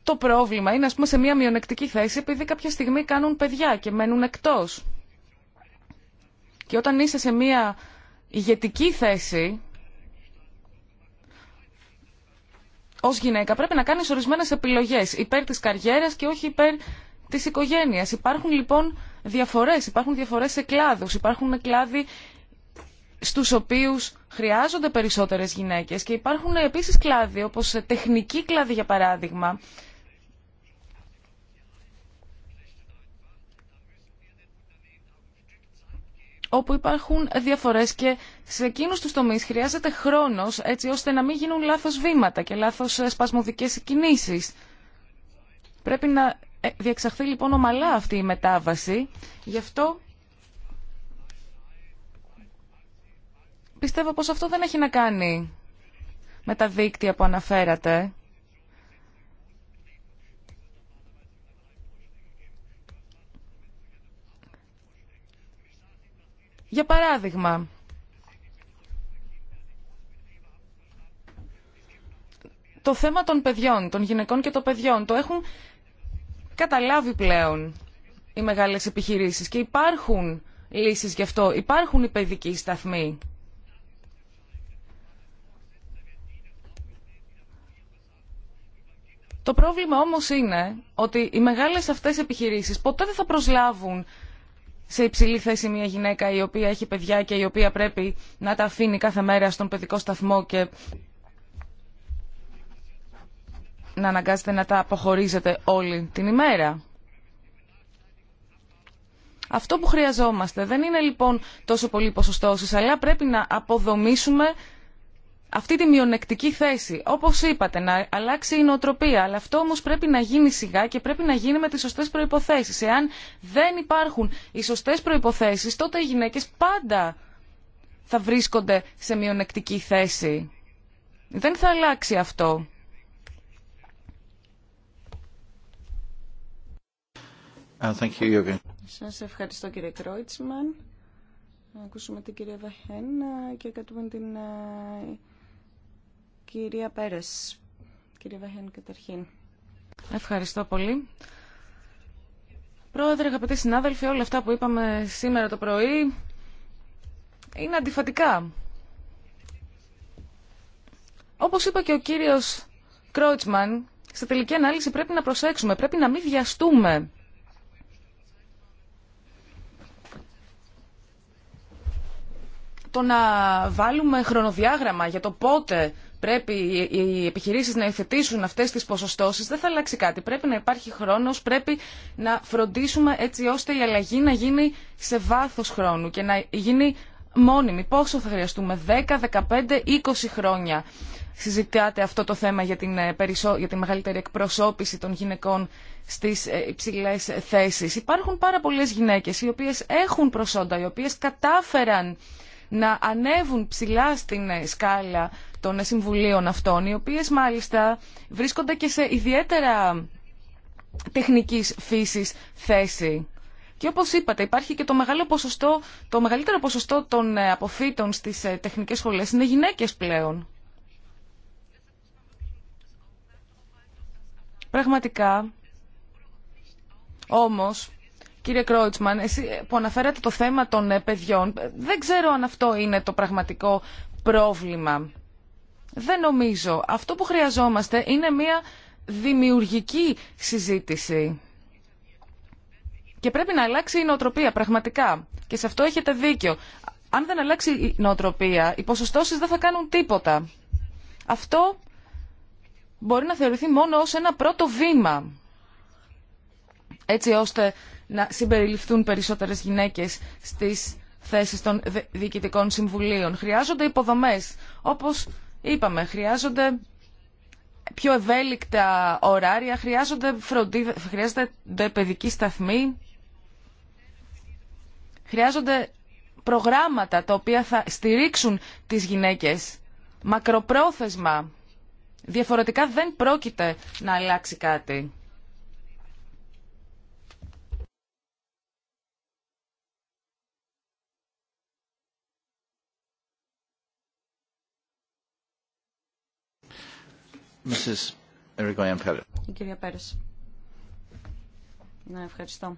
B: το πρόβλημα είναι ας πούμε σε μια μειονεκτική θέση επειδή κάποια στιγμή κάνουν παιδιά και μένουν εκτός. Και όταν είσαι σε μια ηγετική θέση ως γυναίκα πρέπει να κάνεις ορισμένες επιλογές υπέρ της καριέρας και όχι υπέρ της οικογένειας. Υπάρχουν λοιπόν διαφορές, υπάρχουν διαφορές σε κλάδους, υπάρχουν κλάδοι στους οποίους χρειάζονται περισσότερες γυναίκες και υπάρχουν επίσης κλάδοι όπως τεχνική κλάδη για παράδειγμα όπου υπάρχουν διαφορές και σε εκείνους τους τομείς χρειάζεται χρόνος έτσι ώστε να μην γίνουν λάθος βήματα και λάθος ε, σπασμωδικές κινήσεις. Πρέπει να ε, διεξαχθεί λοιπόν ομαλά αυτή η μετάβαση. Γι' αυτό πιστεύω πως αυτό δεν έχει να κάνει με τα δίκτυα που αναφέρατε. Για παράδειγμα, το θέμα των παιδιών, των γυναικών και των παιδιών, το έχουν καταλάβει πλέον οι μεγάλες επιχειρήσεις και υπάρχουν λύσεις γι' αυτό, υπάρχουν οι παιδικοί σταθμοί. Το πρόβλημα όμως είναι ότι οι μεγάλες αυτές επιχειρήσεις ποτέ δεν θα προσλάβουν σε υψηλή θέση μια γυναίκα η οποία έχει παιδιά και η οποία πρέπει να τα αφήνει κάθε μέρα στον παιδικό σταθμό και να αναγκάζεται να τα αποχωρίζετε όλη την ημέρα. Αυτό που χρειαζόμαστε δεν είναι λοιπόν τόσο πολύ ποσοστώσεις, αλλά πρέπει να αποδομήσουμε αυτή τη μειονεκτική θέση. Όπως είπατε, να αλλάξει η νοοτροπία. Αλλά αυτό όμως πρέπει να γίνει σιγά και πρέπει να γίνει με τις σωστές προϋποθέσεις. Εάν δεν υπάρχουν οι σωστές προϋποθέσεις, τότε οι γυναίκες πάντα θα βρίσκονται σε μειονεκτική θέση. Δεν θα αλλάξει αυτό.
C: Uh, thank Σας ευχαριστώ κύριε Κρόιτσμαν. Να ακούσουμε την κυρία Βαχένα και με την ε,
B: κυρία Πέρες. Κυρία Βαχέν, καταρχήν. Ευχαριστώ πολύ. Πρόεδρε, αγαπητοί συνάδελφοι, όλα αυτά που είπαμε σήμερα το πρωί είναι αντιφατικά. Όπως είπα και ο κύριος Κρότσμαν, στη τελική ανάλυση πρέπει να προσέξουμε, πρέπει να μην βιαστούμε. Το να βάλουμε χρονοδιάγραμμα για το πότε πρέπει οι επιχειρήσεις να υφετήσουν αυτές τις ποσοστώσεις, δεν θα αλλάξει κάτι. Πρέπει να υπάρχει χρόνος, πρέπει να φροντίσουμε έτσι ώστε η αλλαγή να γίνει σε βάθος χρόνου και να γίνει μόνιμη. Πόσο θα χρειαστούμε, 10, 15, 20 χρόνια. Συζητάτε αυτό το θέμα για την, ε, την μεγαλύτερη εκπροσώπηση των γυναικών στις ε, υψηλέ θέσεις. Υπάρχουν πάρα πολλές γυναίκες οι οποίες έχουν προσόντα, οι οποίες κατάφεραν να ανέβουν ψηλά στην σκάλα των συμβουλίων αυτών, οι οποίες μάλιστα βρίσκονται και σε ιδιαίτερα τεχνικής φύσης θέση. Και όπως είπατε, υπάρχει και το, μεγάλο το μεγαλύτερο ποσοστό των ε, αποφύτων στις ε, τεχνικές σχολές είναι γυναίκες πλέον. Πραγματικά, όμως, Κύριε Κρόιτσμαν, εσύ που αναφέρατε το θέμα των ε, παιδιών, δεν ξέρω αν αυτό είναι το πραγματικό πρόβλημα. Δεν νομίζω. Αυτό που χρειαζόμαστε είναι μια δημιουργική συζήτηση. Και πρέπει να αλλάξει η νοοτροπία, πραγματικά. Και σε αυτό έχετε δίκιο. Αν δεν αλλάξει η νοοτροπία, οι ποσοστώσεις δεν θα κάνουν τίποτα. Αυτό μπορεί να θεωρηθεί μόνο ως ένα πρώτο βήμα. Έτσι ώστε να συμπεριληφθούν περισσότερες γυναίκες στις θέσεις των διοικητικών συμβουλίων. Χρειάζονται υποδομές. Όπως είπαμε, χρειάζονται πιο ευέλικτα ωράρια, χρειάζονται χρειάζονται παιδική σταθμή, χρειάζονται προγράμματα τα οποία θα στηρίξουν τις γυναίκες μακροπρόθεσμα. Διαφορετικά δεν πρόκειται να αλλάξει κάτι.
C: Η κυρία Πέρες. Ναι, ευχαριστώ.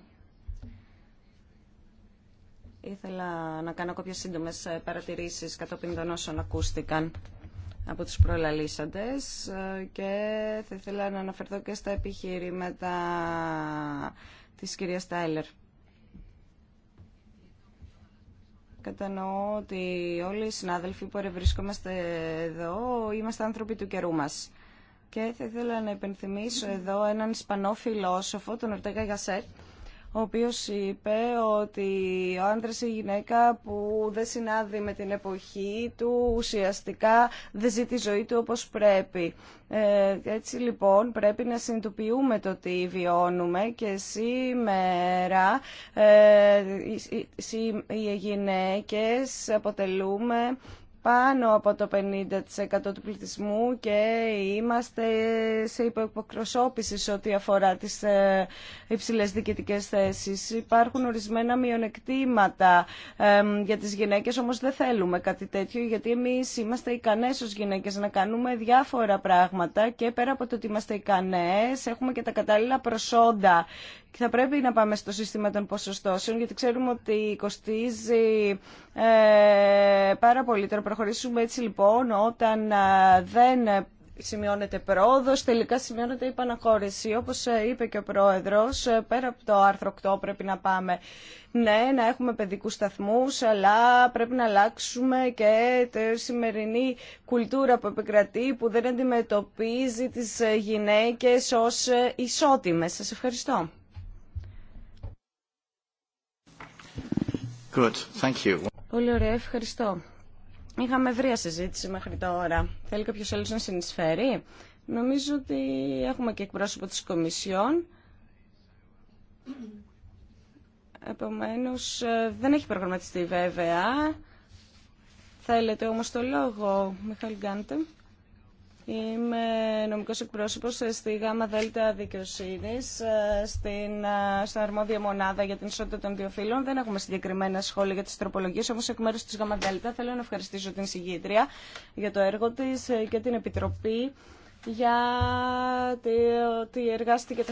C: Ήθελα να κάνω κάποιες σύντομες ε, παρατηρήσεις κατόπιν των όσων ακούστηκαν από τους προλαλήσαντες ε, και θα ήθελα να αναφερθώ και στα επιχειρήματα της κυρίας Τάιλερ. Κατανοώ ότι όλοι οι συνάδελφοι που βρισκόμαστε εδώ είμαστε άνθρωποι του καιρού μας. Και θα ήθελα να υπενθυμίσω εδώ έναν Ισπανό φιλόσοφο, τον Ορτέγα Γασέρ, ο οποίος είπε ότι ο άντρας ή η γυναίκα που δεν συνάδει με την εποχή του ουσιαστικά δεν ζει τη ζωή του όπως πρέπει. Ε, έτσι λοιπόν πρέπει να συνειδητοποιούμε το τι βιώνουμε και σήμερα ε, οι γυναίκες αποτελούμε πάνω από το 50% του πληθυσμού και είμαστε σε υποκροσώπηση σε ό,τι αφορά τις ε, υψηλές διοικητικές θέσεις. Υπάρχουν ορισμένα μειονεκτήματα για τις γυναίκες, όμως δεν θέλουμε κάτι τέτοιο, γιατί εμείς είμαστε ικανές ως γυναίκες να κάνουμε διάφορα πράγματα και πέρα από το ότι είμαστε ικανές, έχουμε και τα κατάλληλα προσόντα και θα πρέπει να πάμε στο σύστημα των ποσοστώσεων, γιατί ξέρουμε ότι κοστίζει ε, πάρα πολύ. Τώρα προχωρήσουμε έτσι λοιπόν όταν ε, δεν σημειώνεται πρόοδο, τελικά σημειώνεται η παναχώρηση. Όπω ε, είπε και ο Πρόεδρος, πέρα από το άρθρο 8 πρέπει να πάμε. Ναι, να έχουμε παιδικού σταθμού, αλλά πρέπει να αλλάξουμε και τη σημερινή κουλτούρα που επικρατεί, που δεν αντιμετωπίζει τι γυναίκε ω ισότιμε. Σα ευχαριστώ. Πολύ ωραία, ευχαριστώ. Είχαμε ευρία συζήτηση μέχρι τώρα. Θέλει κάποιο άλλο να συνεισφέρει. Νομίζω ότι έχουμε και εκπρόσωπο της Κομισιόν. Επομένως, ε, δεν έχει προγραμματιστεί βέβαια. Θέλετε όμως το λόγο, Μιχαήλ Γκάντε. Είμαι νομικός εκπρόσωπος στη ΓΑΜΑ ΔΕΛΤΑ Δικαιοσύνης, στην, αρμόδια μονάδα για την ισότητα των δύο φύλων. Δεν έχουμε συγκεκριμένα σχόλια για τις τροπολογίες, όμως εκ μέρους της ΓΑΜΑ ΔΕΛΤΑ θέλω να ευχαριστήσω την συγγήτρια για το έργο της και την Επιτροπή για ότι εργάστηκε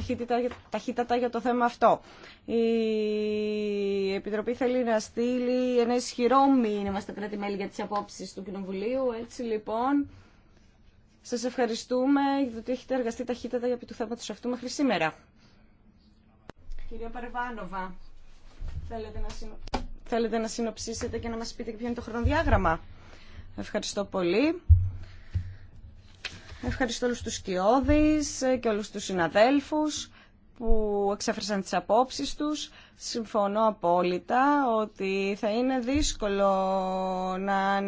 C: ταχύτατα για το θέμα αυτό. Η Επιτροπή θέλει να στείλει ένα ισχυρό μήνυμα στα κράτη-μέλη για τις απόψεις του Κοινοβουλίου. Έτσι λοιπόν σας ευχαριστούμε γιατί έχετε εργαστεί ταχύτατα για το του αυτού μέχρι σήμερα. Κυρία Παρβάνοβα, θέλετε να, συνο... συνοψίσετε και να μας πείτε ποιο είναι το χρονοδιάγραμμα. Ευχαριστώ πολύ. Ευχαριστώ όλους τους σκιώδεις και όλους τους συναδέλφους που εξέφρασαν τις απόψεις τους. Συμφωνώ απόλυτα ότι θα είναι δύσκολο να,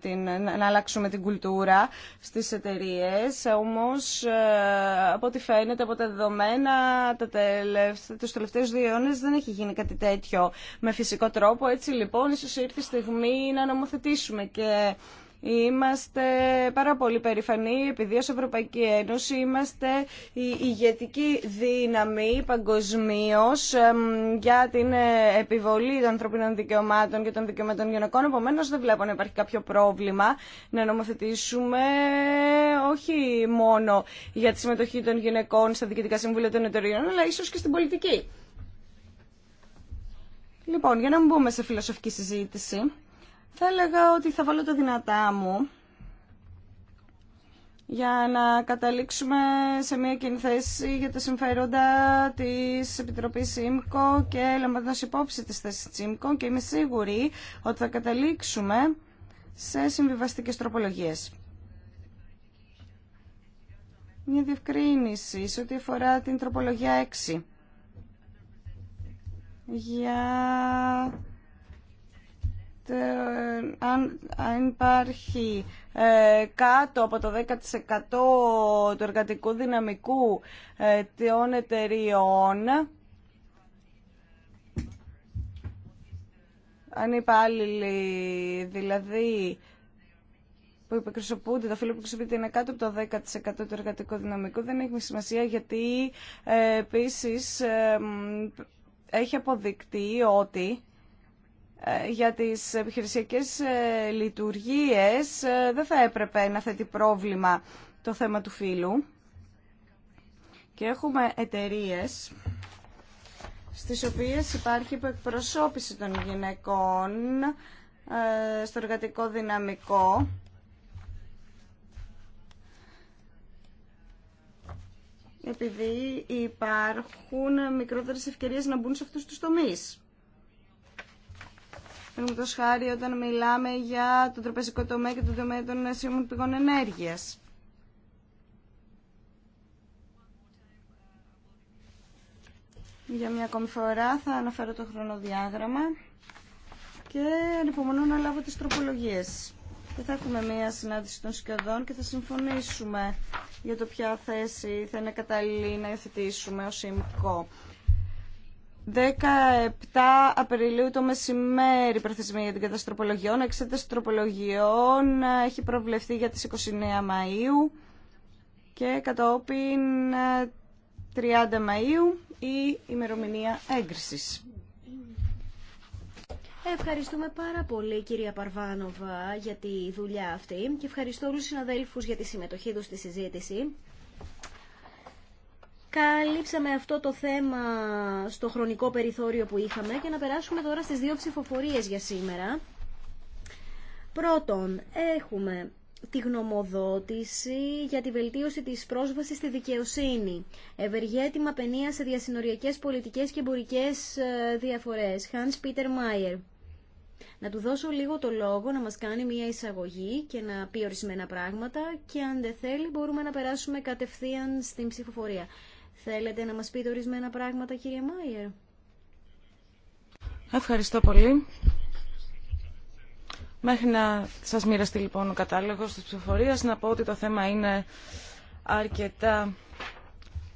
C: την, να αλλάξουμε την κουλτούρα στις εταιρείε, όμως ε, από ό,τι φαίνεται από τα δεδομένα τα τελευταί, τους τελευταίους δύο αιώνες δεν έχει γίνει κάτι τέτοιο με φυσικό τρόπο. Έτσι λοιπόν ίσως ήρθε η στιγμή να νομοθετήσουμε και Είμαστε πάρα πολύ περηφανοί επειδή ως Ευρωπαϊκή Ένωση είμαστε η ηγετική δύναμη παγκοσμίω για την ε, επιβολή των ανθρωπίνων δικαιωμάτων και των δικαιωμάτων γυναικών. Επομένω, δεν βλέπω να υπάρχει κάποιο πρόβλημα να νομοθετήσουμε ε, όχι μόνο για τη συμμετοχή των γυναικών στα διοικητικά συμβούλια των εταιριών, αλλά ίσω και στην πολιτική. Λοιπόν, για να μπούμε σε φιλοσοφική συζήτηση, θα έλεγα ότι θα βάλω τα δυνατά μου για να καταλήξουμε σε μια κοινή θέση για τα συμφέροντα της Επιτροπής ΣΥΜΚΟ και λαμβάνοντας υπόψη της θέσης της ΣΥΜΚΟ και είμαι σίγουρη ότι θα καταλήξουμε σε συμβιβαστικές τροπολογίες. Μια διευκρίνηση σε ό,τι αφορά την τροπολογία 6 για ε, αν, αν υπάρχει ε, κάτω από το 10% του εργατικού δυναμικού ε, των εταιριών, αν οι υπάλληλοι δηλαδή που υπεκρισωπούνται, το φίλο που υπεκρισωπούνται είναι κάτω από το 10% του εργατικού δυναμικού, δεν έχει σημασία γιατί ε, επίσης ε, έχει αποδεικτεί ότι ε, για τις επιχειρησιακές ε, λειτουργίες ε, δεν θα έπρεπε να θέτει πρόβλημα το θέμα του φύλου. Και έχουμε εταιρείες στις οποίες υπάρχει υποεκπροσώπηση των γυναικών στο εργατικό δυναμικό. επειδή υπάρχουν μικρότερες ευκαιρίες να μπουν σε αυτούς τους τομείς το χάρη όταν μιλάμε για τον τραπεζικό τομέα και το τομέα των ασύμων πηγών ενέργεια. Για μια ακόμη φορά θα αναφέρω το χρονοδιάγραμμα και ανυπομονώ να λάβω τις τροπολογίες. Και θα έχουμε μία συνάντηση των σκιωδών και θα συμφωνήσουμε για το ποια θέση θα είναι κατάλληλη να υιοθετήσουμε ως 17 Απριλίου το μεσημέρι προθεσμία για την κατάσταση τροπολογιών. έχει προβλεφθεί για τις 29 Μαΐου και κατόπιν 30
A: Μαΐου
C: η ημερομηνία έγκρισης.
A: Ευχαριστούμε πάρα πολύ κυρία Παρβάνοβα για τη δουλειά αυτή και ευχαριστώ όλους τους συναδέλφους για τη συμμετοχή τους στη συζήτηση. Καλύψαμε αυτό το θέμα στο χρονικό περιθώριο που είχαμε και να περάσουμε τώρα στις δύο ψηφοφορίες για σήμερα. Πρώτον, έχουμε τη γνωμοδότηση για τη βελτίωση της πρόσβασης στη δικαιοσύνη. Ευεργέτημα παινία σε διασυνοριακές πολιτικές και εμπορικέ ε, διαφορές. Hans Peter Mayer. Να του δώσω λίγο το λόγο να μας κάνει μια εισαγωγή και να πει ορισμένα πράγματα και αν δεν θέλει μπορούμε να περάσουμε κατευθείαν στην ψηφοφορία. Θέλετε να μας πείτε ορισμένα πράγματα, κύριε Μάιερ.
B: Ευχαριστώ πολύ. Μέχρι να σας μοιραστεί λοιπόν ο κατάλογος της ψηφοφορίας, να πω ότι το θέμα είναι αρκετά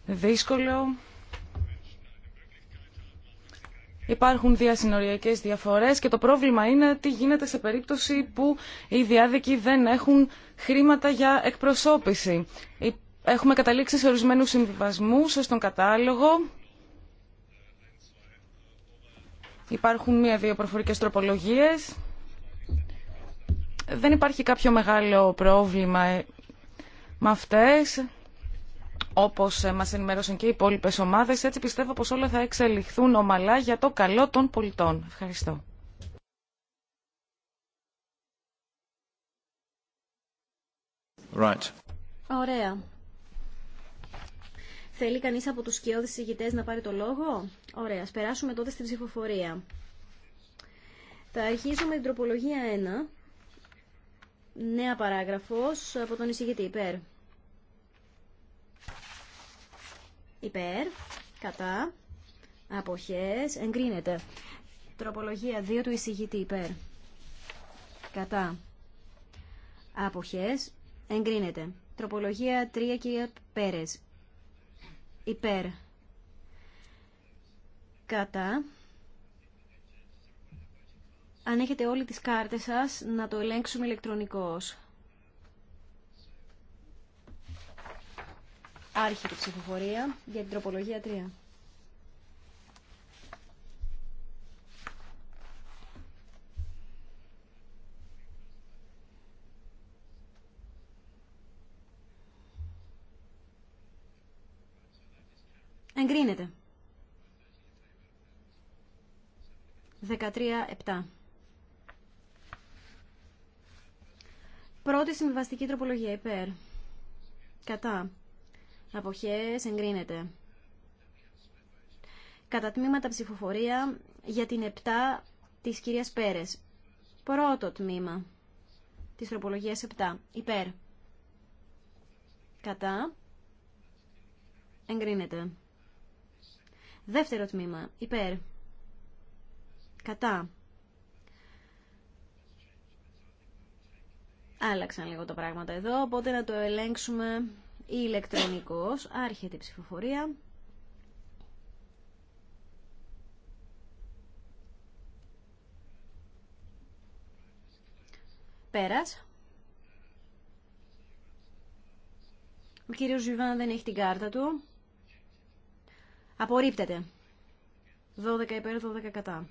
B: δύσκολο. Υπάρχουν διασυνοριακές διαφορές και το πρόβλημα είναι τι γίνεται σε περίπτωση που οι διάδικοι δεν έχουν χρήματα για εκπροσώπηση. Έχουμε καταλήξει σε ορισμένους συμβιβασμούς στον κατάλογο. Υπάρχουν μία-δύο προφορικές τροπολογίες. Δεν υπάρχει κάποιο μεγάλο πρόβλημα ε, με αυτές, όπως ε, μας ενημέρωσαν και οι υπόλοιπε ομάδες. Έτσι πιστεύω πως όλα θα εξελιχθούν ομαλά για το καλό των πολιτών. Ευχαριστώ.
A: Right. Ωραία. Θέλει κανείς από τους σκιώδει ηγητέ να πάρει το λόγο? Ωραία, α περάσουμε τότε στην ψηφοφορία. Θα αρχίσω με την τροπολογία 1. Νέα παράγραφος από τον εισηγητή υπέρ. Υπέρ, κατά, αποχές, εγκρίνεται. Τροπολογία 2 του εισηγητή υπέρ. Κατά, αποχές, εγκρίνεται. Τροπολογία 3 κυρία Πέρες υπέρ κατά. Αν έχετε όλοι τις κάρτες σας, να το ελέγξουμε ηλεκτρονικώς. Άρχεται ψηφοφορία για την τροπολογία 3. Εγκρίνεται. 13-7. Πρώτη συμβιβαστική τροπολογία υπέρ. Κατά. Αποχές εγκρίνεται. Κατά τμήματα ψηφοφορία για την 7 της κυρίας Πέρες. Πρώτο τμήμα της τροπολογίας 7. Υπέρ. Κατά. Εγκρίνεται. Δεύτερο τμήμα. Υπέρ. Κατά. Άλλαξαν λίγο τα πράγματα εδώ, οπότε να το ελέγξουμε ηλεκτρονικός. Άρχεται η ψηφοφορία. Πέρας. Ο κύριος Ζιβάν δεν έχει την κάρτα του. Απορρίπτεται. 12 υπέρ, 12 κατά.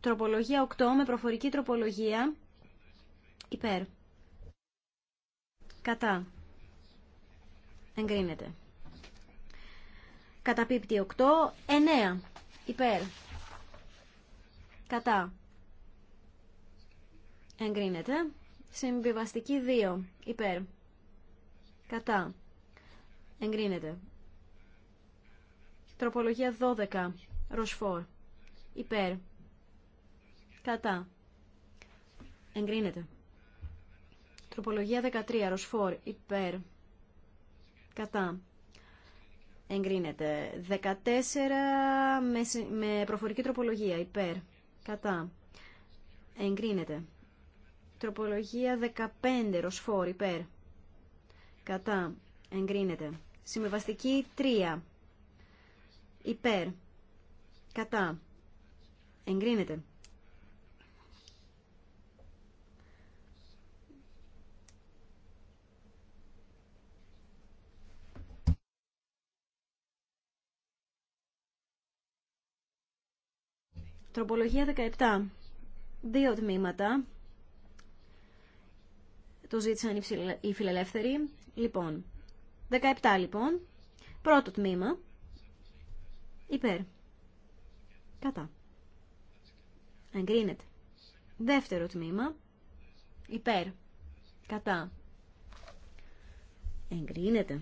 A: Τροπολογία 8 με προφορική τροπολογία υπέρ. Κατά. Εγκρίνεται. Καταπίπτει 8, 9 υπέρ. Κατά. Εγκρίνεται. Συμβιβαστική 2 υπέρ. Κατά. Εγκρίνεται. Τροπολογία 12. Ροσφόρ. Υπέρ. Κατά. Εγκρίνεται. Τροπολογία 13. Ροσφόρ. Υπέρ. Κατά. Εγκρίνεται. 14 με, προφορική τροπολογία. Υπέρ. Κατά. Εγκρίνεται. Τροπολογία 15. Ροσφόρ. Υπέρ. Κατά. Εγκρίνεται. Συμβαστική 3 υπέρ, κατά, εγκρίνεται. Τροπολογία 17. Δύο τμήματα. Το ζήτησαν οι φιλελεύθεροι. Λοιπόν, 17 λοιπόν. Πρώτο τμήμα. Υπέρ. Κατά. Εγκρίνεται. Δεύτερο τμήμα. Υπέρ. Κατά. Εγκρίνεται.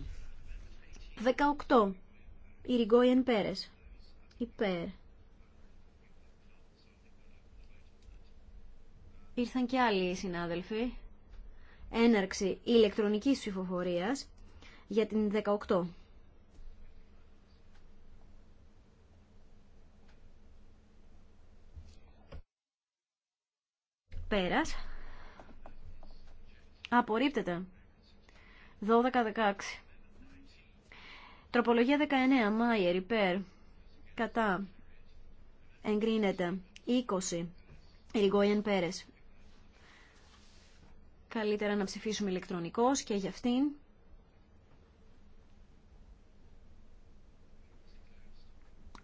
A: 18. Ιριγκόιεν Πέρες. Υπέρ. Ήρθαν και άλλοι συνάδελφοι. Έναρξη ηλεκτρονικής ψηφοφορίας για την 18. Πέρας. Απορρίπτεται. 12-16. Τροπολογία 19. Μάιερ. Υπέρ. Κατά. Εγκρίνεται. 20. Ριγόιεν Πέρες. Καλύτερα να ψηφίσουμε ηλεκτρονικός και για αυτήν.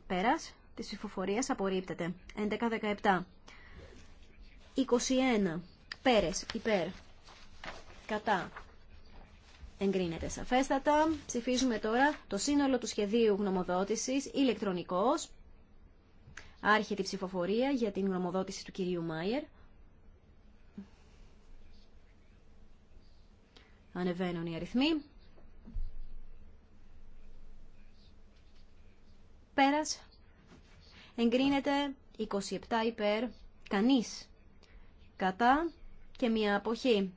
A: Πέρας. Της ψηφοφορίας απορρίπτεται. 11-17. 21. Πέρες, υπέρ, κατά. Εγκρίνεται σαφέστατα. Ψηφίζουμε τώρα το σύνολο του σχεδίου γνωμοδότησης ηλεκτρονικός. Άρχεται η ψηφοφορία για την γνωμοδότηση του κυρίου Μάιερ. Ανεβαίνουν οι αριθμοί. Πέρας. Εγκρίνεται 27 υπέρ. Κανείς κατά και μία αποχή.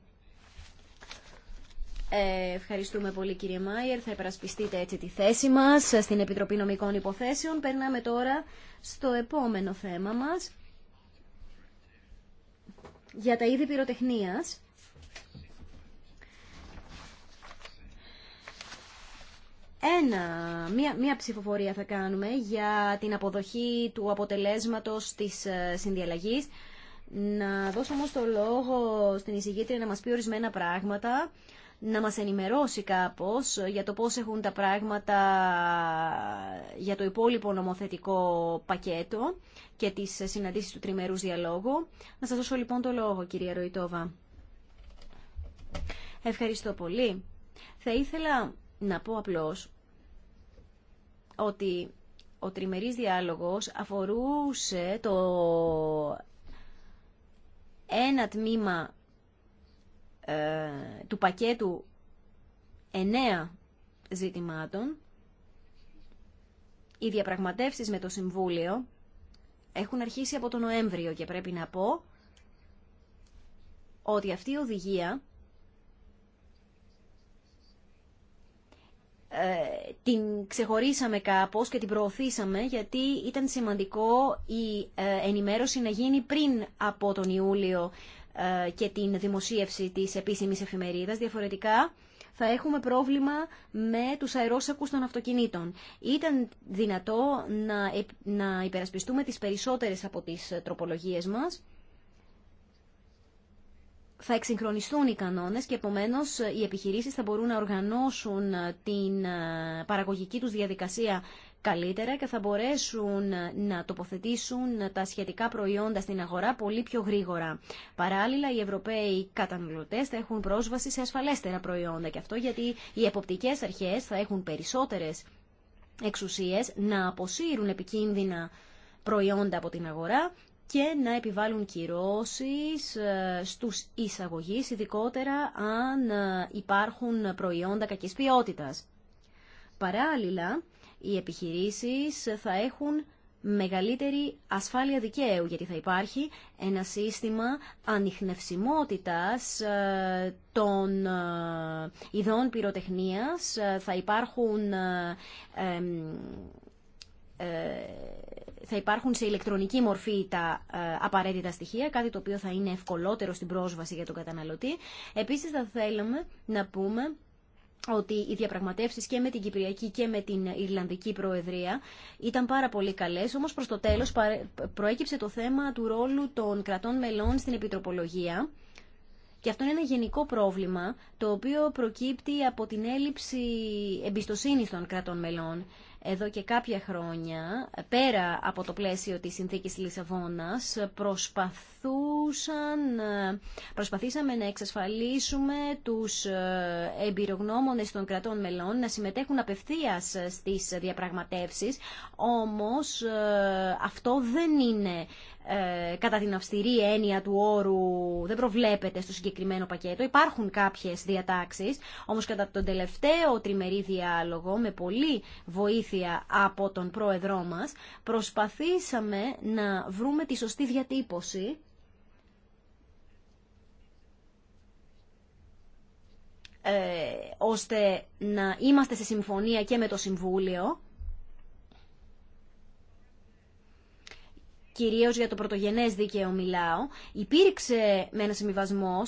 A: Ε, ευχαριστούμε πολύ κύριε Μάιερ. Θα επερασπιστείτε έτσι τη θέση μας στην Επιτροπή Νομικών Υποθέσεων. Περνάμε τώρα στο επόμενο θέμα μας για τα είδη πυροτεχνίας. Ένα, μία, μία ψηφοφορία θα κάνουμε για την αποδοχή του αποτελέσματος της ε, συνδιαλλαγής. Να δώσω όμως το λόγο στην εισηγήτρια να μας πει ορισμένα πράγματα, να μας ενημερώσει κάπως για το πώς έχουν τα πράγματα για το υπόλοιπο νομοθετικό πακέτο και τις συναντήσεις του τριμερούς διαλόγου. Να σας δώσω λοιπόν το λόγο, κυρία Ροϊτόβα. Ευχαριστώ πολύ. Θα ήθελα να πω απλώς ότι ο τριμερής διάλογος αφορούσε το ένα τμήμα ε, του πακέτου εννέα ζητημάτων. Οι διαπραγματεύσεις με το Συμβούλιο έχουν αρχίσει από τον Νοέμβριο και πρέπει να πω ότι αυτή η οδηγία Ε, την ξεχωρίσαμε κάπως και την προωθήσαμε γιατί ήταν σημαντικό η ε, ενημέρωση να γίνει πριν από τον Ιούλιο ε, και την δημοσίευση της επίσημης εφημερίδας. Διαφορετικά θα έχουμε πρόβλημα με τους αερόσακους των αυτοκινήτων. Ήταν δυνατό να υπερασπιστούμε τις περισσότερες από τις τροπολογίες μας θα εξυγχρονιστούν οι κανόνες και επομένως ε, οι επιχειρήσεις θα μπορούν να οργανώσουν ε, την ε, παραγωγική τους διαδικασία καλύτερα και θα μπορέσουν να τοποθετήσουν τα σχετικά προϊόντα στην αγορά πολύ πιο γρήγορα. Παράλληλα, οι Ευρωπαίοι καταναλωτές θα έχουν πρόσβαση σε ασφαλέστερα προϊόντα και αυτό γιατί οι εποπτικές αρχές θα έχουν περισσότερες εξουσίες να αποσύρουν επικίνδυνα προϊόντα από την αγορά και να επιβάλλουν κυρώσεις ε, στους εισαγωγείς, ειδικότερα αν ε, υπάρχουν προϊόντα κακής ποιότητας. Παράλληλα, οι επιχειρήσεις θα έχουν μεγαλύτερη ασφάλεια δικαίου, γιατί θα υπάρχει ένα σύστημα ανιχνευσιμότητας ε, των ειδών πυροτεχνίας, θα υπάρχουν θα υπάρχουν σε ηλεκτρονική μορφή τα ε, απαραίτητα στοιχεία, κάτι το οποίο θα είναι ευκολότερο στην πρόσβαση για τον καταναλωτή. Επίσης θα θέλαμε να πούμε ότι οι διαπραγματεύσεις και με την Κυπριακή και με την Ιρλανδική Προεδρία ήταν πάρα πολύ καλές, όμως προς το τέλος προέκυψε το θέμα του ρόλου των κρατών μελών στην επιτροπολογία. Και αυτό είναι ένα γενικό πρόβλημα, το οποίο προκύπτει από την έλλειψη εμπιστοσύνης των κρατών μελών εδώ και κάποια χρόνια, πέρα από το πλαίσιο της συνθήκης Λισαβόνας, προσπαθούσαν, προσπαθήσαμε να εξασφαλίσουμε τους ε, εμπειρογνώμονες των κρατών μελών να συμμετέχουν απευθείας στις διαπραγματεύσεις, όμως ε, αυτό δεν είναι ε, κατά την αυστηρή έννοια του όρου δεν προβλέπεται στο συγκεκριμένο πακέτο. Υπάρχουν κάποιες διατάξεις, όμως κατά τον τελευταίο τριμερή διάλογο, με πολλή βοήθεια από τον πρόεδρό μας, προσπαθήσαμε να βρούμε τη σωστή διατύπωση ε, ώστε να είμαστε σε συμφωνία και με το Συμβούλιο κυρίως για το πρωτογενέ δίκαιο μιλάω, υπήρξε με ένα συμβιβασμό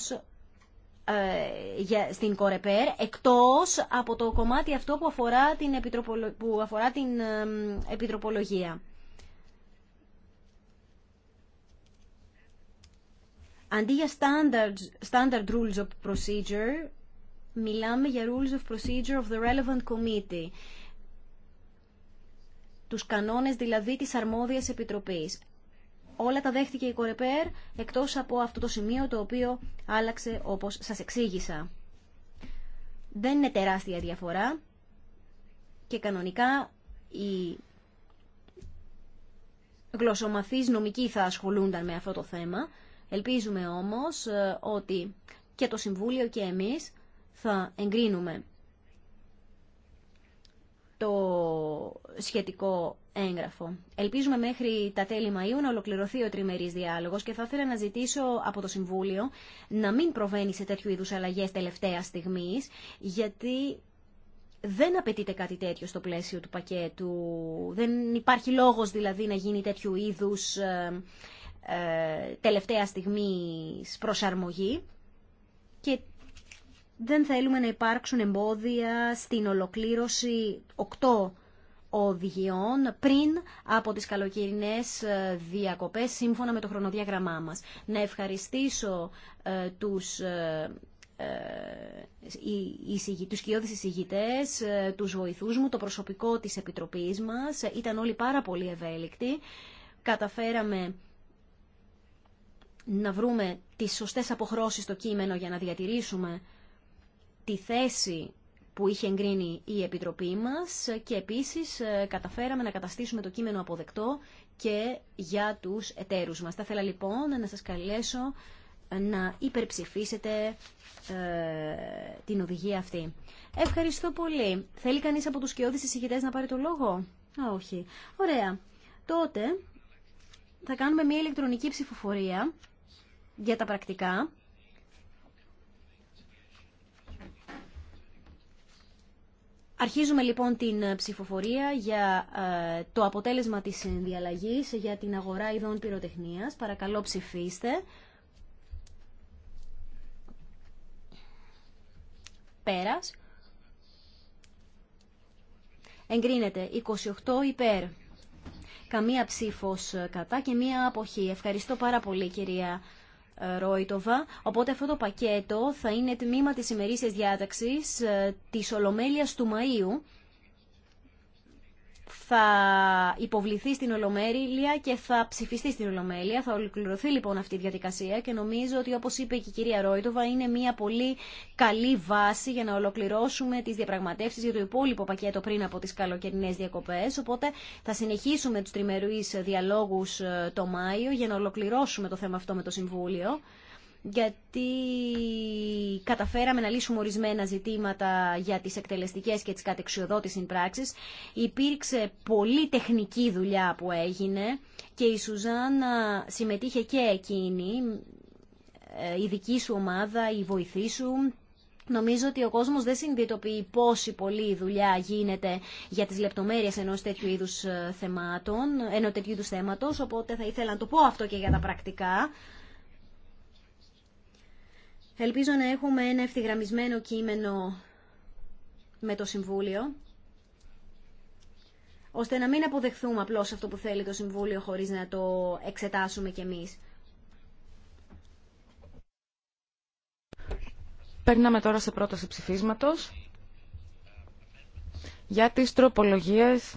A: ε, για, στην Κορεπέρ, εκτός από το κομμάτι αυτό που αφορά την, αφορά την επιτροπολογία. Αντί για standard, standard rules of procedure, μιλάμε για rules of procedure of the relevant committee. Τους κανόνες δηλαδή της αρμόδιας επιτροπής όλα τα δέχτηκε η Κορεπέρ, εκτός από αυτό το σημείο το οποίο άλλαξε όπως σας εξήγησα. Δεν είναι τεράστια διαφορά και κανονικά οι γλωσσομαθείς νομικοί θα ασχολούνταν με αυτό το θέμα. Ελπίζουμε όμως ε, ότι και το Συμβούλιο και εμείς θα εγκρίνουμε το σχετικό έγγραφο. Ελπίζουμε μέχρι τα τέλη Μαΐου να ολοκληρωθεί ο τριμερής διάλογος και θα ήθελα να ζητήσω από το Συμβούλιο να μην προβαίνει σε τέτοιου είδους αλλαγές τελευταία στιγμής, γιατί δεν απαιτείται κάτι τέτοιο στο πλαίσιο του πακέτου. Δεν υπάρχει λόγος δηλαδή να γίνει τέτοιου είδους ε, ε τελευταία στιγμής προσαρμογή και δεν θέλουμε να υπάρξουν εμπόδια στην ολοκλήρωση 8 οδηγιών πριν από τις καλοκαιρινές ε, διακοπές σύμφωνα με το χρονοδιάγραμμά μας. Να ευχαριστήσω ε, τους ε, τους κοιόδης εισηγητές, τους βοηθούς μου, το προσωπικό της Επιτροπής μας. Ήταν όλοι πάρα πολύ ευέλικτοι. Καταφέραμε να βρούμε τις σωστές αποχρώσεις στο κείμενο για να διατηρήσουμε τη θέση που είχε εγκρίνει η Επιτροπή μας και επίσης ε, καταφέραμε να καταστήσουμε το κείμενο αποδεκτό και για τους εταίρους μας. Θα ήθελα λοιπόν να σας καλέσω ε, να υπερψηφίσετε ε, την οδηγία αυτή. Ευχαριστώ πολύ. Θέλει κανείς από τους σκιώδεις εισηγητές να πάρει το λόγο? όχι. Ωραία. Τότε θα κάνουμε μια ηλεκτρονική ψηφοφορία για τα πρακτικά Αρχίζουμε λοιπόν την ε, ψηφοφορία για ε, το αποτέλεσμα της συνδιαλλαγής για την αγορά ειδών πυροτεχνίας. Παρακαλώ ψηφίστε. Πέρας. Εγκρίνεται 28 υπέρ. Καμία ψήφος ε, κατά και μία αποχή. Ευχαριστώ πάρα πολύ κυρία Ρόιτοβα. Οπότε αυτό το πακέτο θα είναι τμήμα της ημερήσιας διάταξης ε, της Ολομέλειας του Μαΐου θα υποβληθεί στην Ολομέλεια και θα ψηφιστεί στην Ολομέλεια. Θα ολοκληρωθεί λοιπόν αυτή η διαδικασία και νομίζω ότι όπως είπε και η κυρία Ρόιτοβα είναι μια πολύ καλή βάση για να ολοκληρώσουμε τις διαπραγματεύσεις για το υπόλοιπο πακέτο πριν από τις καλοκαιρινές διακοπές. Οπότε θα συνεχίσουμε του τριμερού διαλόγους ε, το Μάιο για να ολοκληρώσουμε το θέμα αυτό με το Συμβούλιο γιατί καταφέραμε να λύσουμε ορισμένα ζητήματα για τις εκτελεστικές και τις κατεξιοδότης πράξεις. Υπήρξε πολύ τεχνική δουλειά που έγινε και η Σουζάν συμμετείχε και εκείνη, ε, η δική σου ομάδα, η βοηθή σου, Νομίζω ότι ο κόσμος δεν συνειδητοποιεί πόση πολλή δουλειά γίνεται για τις λεπτομέρειες ενός τέτοιου είδους ε, θεμάτων, ενός τέτοιου θέματος, οπότε θα ήθελα να το πω αυτό και για τα πρακτικά. Ελπίζω να έχουμε ένα ευθυγραμμισμένο κείμενο με το Συμβούλιο, ώστε να μην αποδεχθούμε απλώς αυτό που θέλει το Συμβούλιο χωρίς να το εξετάσουμε κι εμείς.
B: Περνάμε τώρα σε πρόταση ψηφίσματος για τις τροπολογίες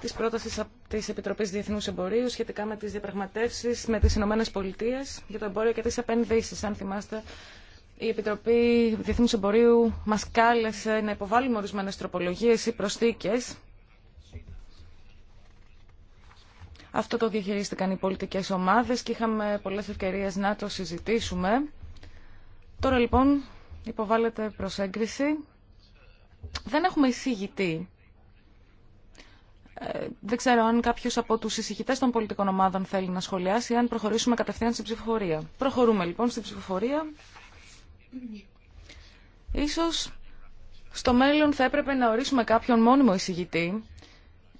B: της πρότασης Τη Επιτροπή Διεθνούς Εμπορίου σχετικά με τις διαπραγματεύσεις με τις Ηνωμένες Πολιτείες για το εμπόριο και τις επενδύσει. Αν θυμάστε, η Επιτροπή Διεθνούς Εμπορίου μας κάλεσε να υποβάλουμε ορισμένε τροπολογίε ή προσθήκες. Αυτό το διαχειρίστηκαν οι πολιτικές ομάδες και είχαμε πολλέ ευκαιρίε να το συζητήσουμε. Τώρα λοιπόν υποβάλλεται προσέγγιση. Δεν έχουμε εισηγητή ε, δεν ξέρω αν κάποιο από του εισηγητέ των πολιτικών ομάδων θέλει να σχολιάσει, αν προχωρήσουμε κατευθείαν στην ψηφοφορία. Προχωρούμε λοιπόν στην ψηφοφορία. Ίσως στο μέλλον θα έπρεπε να ορίσουμε κάποιον μόνιμο εισηγητή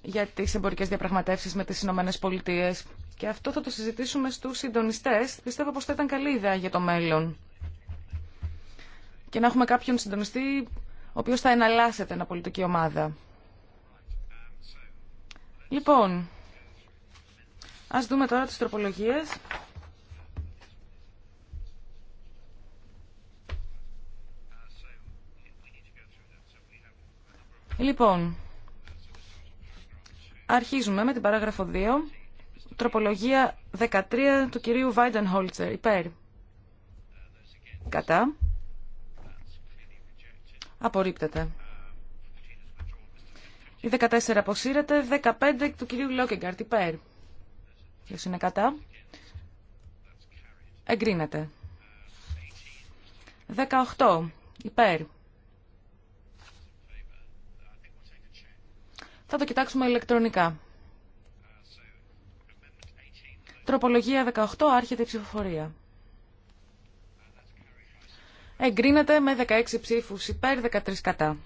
B: για τι εμπορικέ διαπραγματεύσει με τι Ηνωμένε Πολιτείε. Και αυτό θα το συζητήσουμε στου συντονιστέ. Πιστεύω πω θα ήταν καλή ιδέα για το μέλλον. Και να έχουμε κάποιον συντονιστή ο οποίος θα εναλλάσσεται ένα πολιτική ομάδα. Λοιπόν, ας δούμε τώρα τις τροπολογίες. Λοιπόν, αρχίζουμε με την παράγραφο 2, τροπολογία 13 του κυρίου Βάιντεν Χόλτσερ, υπέρ. Κατά. Απορρίπτεται. Η 14 αποσύρεται. 15 του κυρίου Λόκεγκαρτ υπέρ. Ποιο είναι κατά. Εγκρίνεται. 18 υπέρ. Θα το κοιτάξουμε ηλεκτρονικά. Τροπολογία 18, άρχεται η ψηφοφορία. Εγκρίνεται με 16 ψήφους υπέρ, 13 κατά.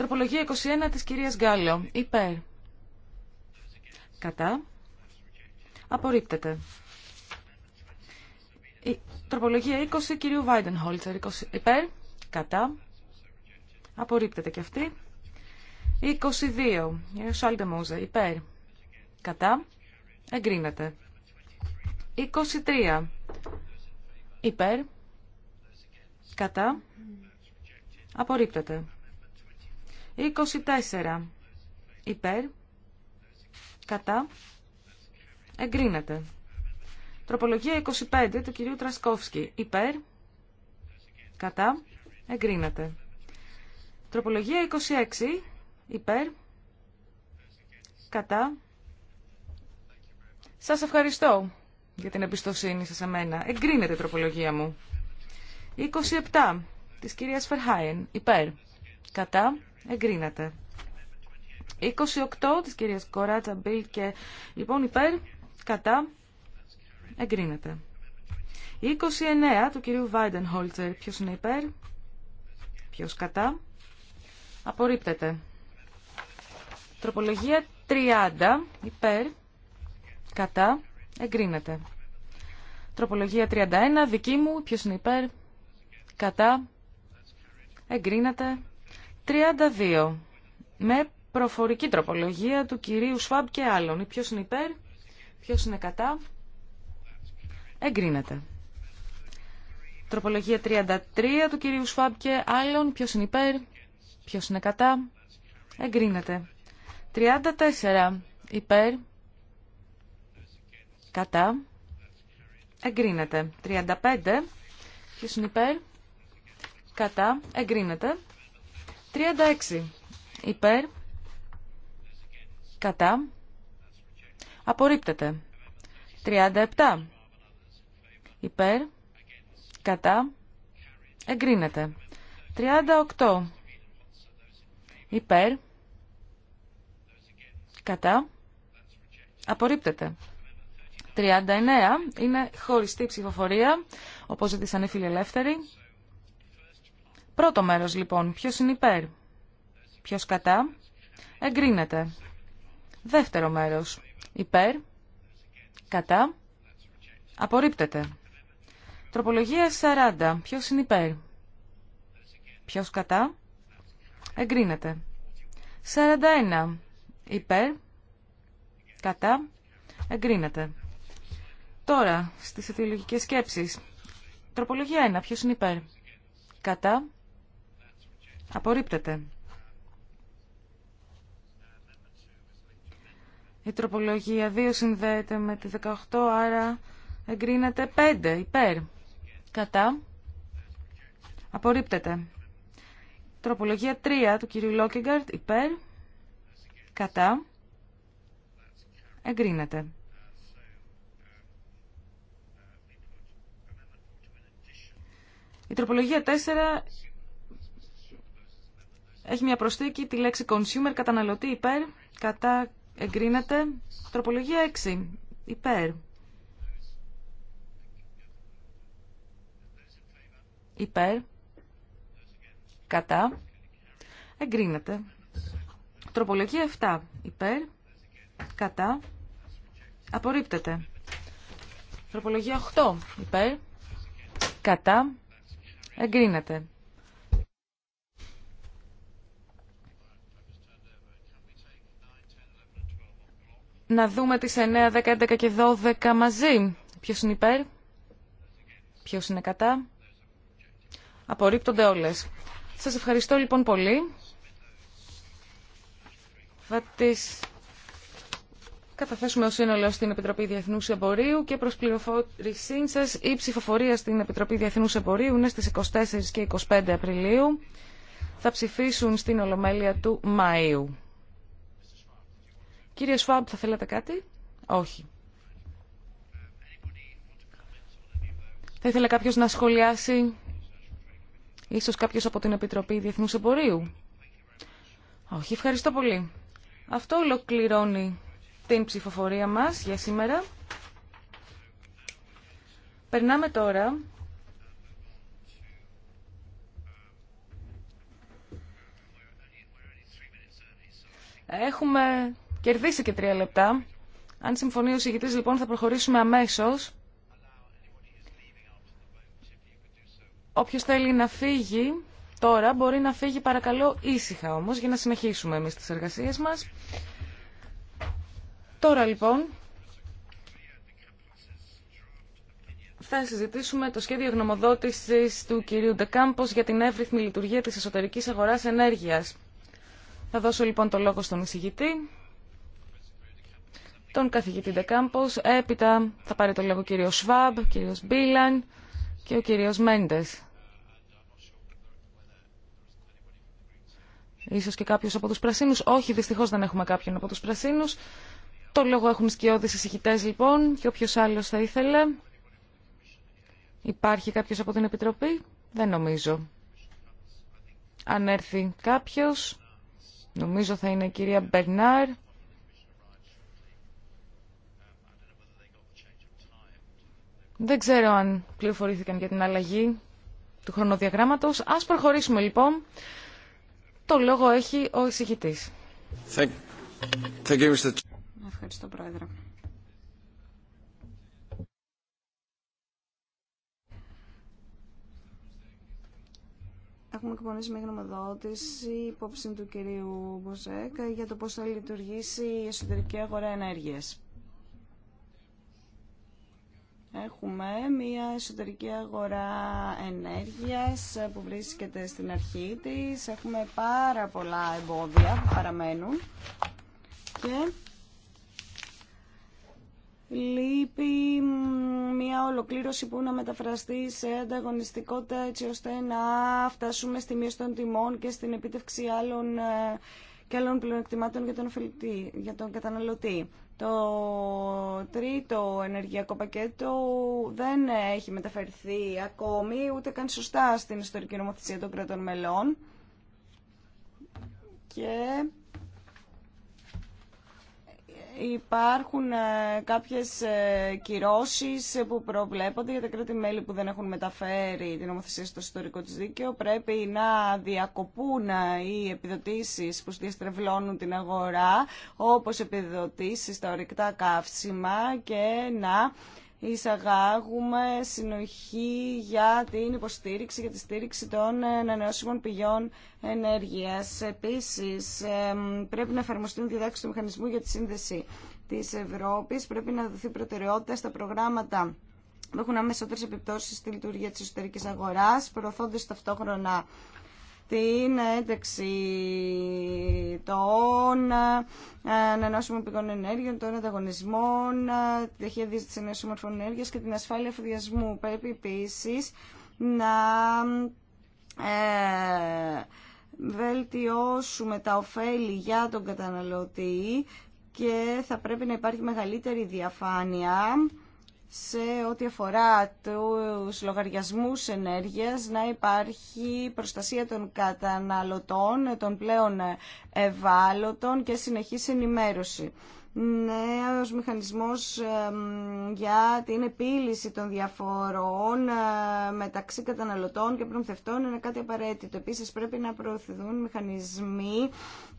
B: Τροπολογία 21 της κυρίας Γκάλιο. Υπέρ. Κατά. Απορρίπτεται. Η τροπολογία 20 κυρίου Βάιντενχόλτσερ. Υπέρ. Κατά. Απορρίπτεται και αυτή. 22. Σάλτε Μούζε. Υπέρ. Κατά. Εγκρίνεται. 23. Υπέρ. Κατά. Απορρίπτεται. 24 υπέρ, κατά, εγκρίνεται. Τροπολογία 25 του κυρίου Τρασκόφσκι υπέρ, κατά, εγκρίνεται. Τροπολογία 26 υπέρ, κατά. Σας ευχαριστώ για την εμπιστοσύνη σας εμένα. Εγκρίνεται η τροπολογία μου. 27 της κυρίας Φερχάιεν υπέρ, κατά, Εγκρίνεται. 28 της κυρίας Κοράτσα Μπίλ και λοιπόν υπέρ, κατά, εγκρίνεται. 29 του κυρίου Βάιντεν Χόλτσερ, ποιος είναι υπέρ, ποιος κατά, απορρίπτεται. Τροπολογία 30, υπέρ, κατά, εγκρίνεται. Τροπολογία 31, δική μου, ποιος είναι υπέρ, κατά, εγκρίνεται. 32. Με προφορική τροπολογία του κυρίου Σφάμπ και άλλων. Ποιος είναι υπέρ, ποιος είναι κατά. Εγκρίνεται. Τροπολογία 33 του κυρίου Σφάμπ και άλλων. Ποιος είναι υπέρ, ποιος είναι κατά. Εγκρίνεται. 34 υπέρ, κατά. Εγκρίνεται. 35 ποιος είναι υπέρ, κατά. Εγκρίνεται. 36 υπέρ, κατά, απορρίπτεται. 37 υπέρ, κατά, εγκρίνεται. 38 υπέρ, κατά, απορρίπτεται. 39 είναι χωριστή ψηφοφορία, όπως ζήτησαν οι ελεύθεροι. Πρώτο μέρος λοιπόν, ποιος είναι υπέρ, ποιος κατά, εγκρίνεται. Δεύτερο μέρος, υπέρ, κατά, απορρίπτεται. Τροπολογία 40, ποιος είναι υπέρ, ποιος κατά, εγκρίνεται. 41, υπέρ, κατά, εγκρίνεται. Τώρα, στις αιτιολογικές σκέψεις. Τροπολογία 1, ποιος είναι υπέρ, κατά, Απορρίπτεται. Η τροπολογία 2 συνδέεται με τη 18, άρα εγκρίνεται 5 υπέρ. Κατά. Απορρίπτεται. Τροπολογία 3 του κυρίου Λόκεγκαρτ υπέρ. Κατά. Εγκρίνεται. Η τροπολογία 4 έχει μια προσθήκη τη λέξη consumer, καταναλωτή υπέρ, κατά εγκρίνεται. Τροπολογία 6, υπέρ. Υπέρ, κατά, εγκρίνεται. Τροπολογία 7, υπέρ, κατά, απορρίπτεται. Τροπολογία 8, υπέρ, κατά, εγκρίνεται. να δούμε τις 9, 10, 11 και 12 μαζί. Ποιος είναι υπέρ, ποιος είναι κατά. Απορρίπτονται όλες. Σας ευχαριστώ λοιπόν πολύ. Θα τις καταθέσουμε ως σύνολο στην Επιτροπή Διεθνούς Εμπορίου και προς πληροφόρησή σας η ψηφοφορία στην Επιτροπή Διεθνούς Εμπορίου είναι στις 24 και 25 Απριλίου. Θα ψηφίσουν στην Ολομέλεια του Μαΐου. Κύριε Σφάμπ, θα θέλατε κάτι? Όχι. Θα ήθελε κάποιος να σχολιάσει ίσως κάποιος από την Επιτροπή Διεθνούς Εμπορίου. Όχι, ευχαριστώ πολύ. Αυτό ολοκληρώνει την ψηφοφορία μας για σήμερα. Περνάμε τώρα Έχουμε κερδίσει και τρία λεπτά. Αν συμφωνεί ο συγητής λοιπόν θα προχωρήσουμε αμέσως. Όποιο θέλει να φύγει τώρα μπορεί να φύγει παρακαλώ ήσυχα όμως για να συνεχίσουμε εμείς τις εργασίες μας. Τώρα λοιπόν θα συζητήσουμε το σχέδιο γνωμοδότησης του κυρίου Ντεκάμπος για την εύρυθμη λειτουργία της εσωτερικής αγοράς ενέργειας. Θα δώσω λοιπόν το λόγο στον εισηγητή τον καθηγητή Ντεκάμπος. Έπειτα θα πάρει το λόγο ο κύριος Σβάμπ, ο κύριος Μπίλαν και ο κύριος Μέντες. Ίσως και κάποιος από τους πρασίνους. Όχι, δυστυχώς δεν έχουμε κάποιον από τους πρασίνους. Το λόγο έχουν σκιώδεις εισηγητές λοιπόν και όποιος άλλος θα ήθελε. Υπάρχει κάποιος από την Επιτροπή. Δεν νομίζω. Αν έρθει κάποιος, νομίζω θα είναι η κυρία Μπερνάρ. Δεν ξέρω αν πληροφορήθηκαν για την αλλαγή του χρονοδιαγράμματος. Ας προχωρήσουμε λοιπόν. Το λόγο έχει ο εισηγητής. Thank you, Mr. Ευχαριστώ, Πρόεδρε.
C: Έχουμε εκπονήσει μια γνωμοδότηση υπόψη του κυρίου Μποζέκα για το πώς θα λειτουργήσει η εσωτερική αγορά ενέργειας. Έχουμε μια εσωτερική αγορά ενέργειας που βρίσκεται στην αρχή της. Έχουμε πάρα πολλά εμπόδια που παραμένουν και λείπει μια ολοκλήρωση που να μεταφραστεί σε ανταγωνιστικότητα έτσι ώστε να φτάσουμε στη μείωση των τιμών και στην επίτευξη άλλων ε, και άλλων πλεονεκτημάτων για τον, για τον καταναλωτή. Το τρίτο ενεργειακό πακέτο δεν έχει μεταφερθεί ακόμη ούτε καν σωστά στην ιστορική νομοθεσία των κρατών μελών και υπάρχουν ε, κάποιες ε, κυρώσεις που προβλέπονται για τα κράτη-μέλη που δεν έχουν μεταφέρει την νομοθεσία στο ιστορικό της δίκαιο. Πρέπει να διακοπούν ε, οι επιδοτήσεις που διαστρεβλώνουν την αγορά, όπως επιδοτήσεις στα ορυκτά καύσιμα και να εισαγάγουμε συνοχή για την υποστήριξη, για τη στήριξη των ε, ανανεώσιμων πηγών ενέργειας. Επίσης, πρέπει να εφαρμοστούν διδάξεις του μηχανισμού για τη σύνδεση της Ευρώπης. Πρέπει να δοθεί προτεραιότητα στα προγράμματα που έχουν αμεσότερες επιπτώσεις στη λειτουργία της εσωτερικής αγοράς, προωθώντας ταυτόχρονα την ένταξη των ε, ανανεώσιμων πηγών ενέργειων, των ανταγωνισμών, ε, τη διαχείριση της ενέργειας ενέργεια και την ασφάλεια φοδιασμού. Πρέπει επίση να ε, βελτιώσουμε τα ωφέλη για τον καταναλωτή και θα πρέπει να υπάρχει μεγαλύτερη διαφάνεια σε ό,τι αφορά τους λογαριασμούς ενέργειας να υπάρχει προστασία των καταναλωτών, των πλέον ευάλωτων και συνεχής ενημέρωση νέος μηχανισμός για την επίλυση των διαφορών ε, μεταξύ καταναλωτών και προμηθευτών είναι κάτι απαραίτητο. Επίσης πρέπει να προωθηθούν μηχανισμοί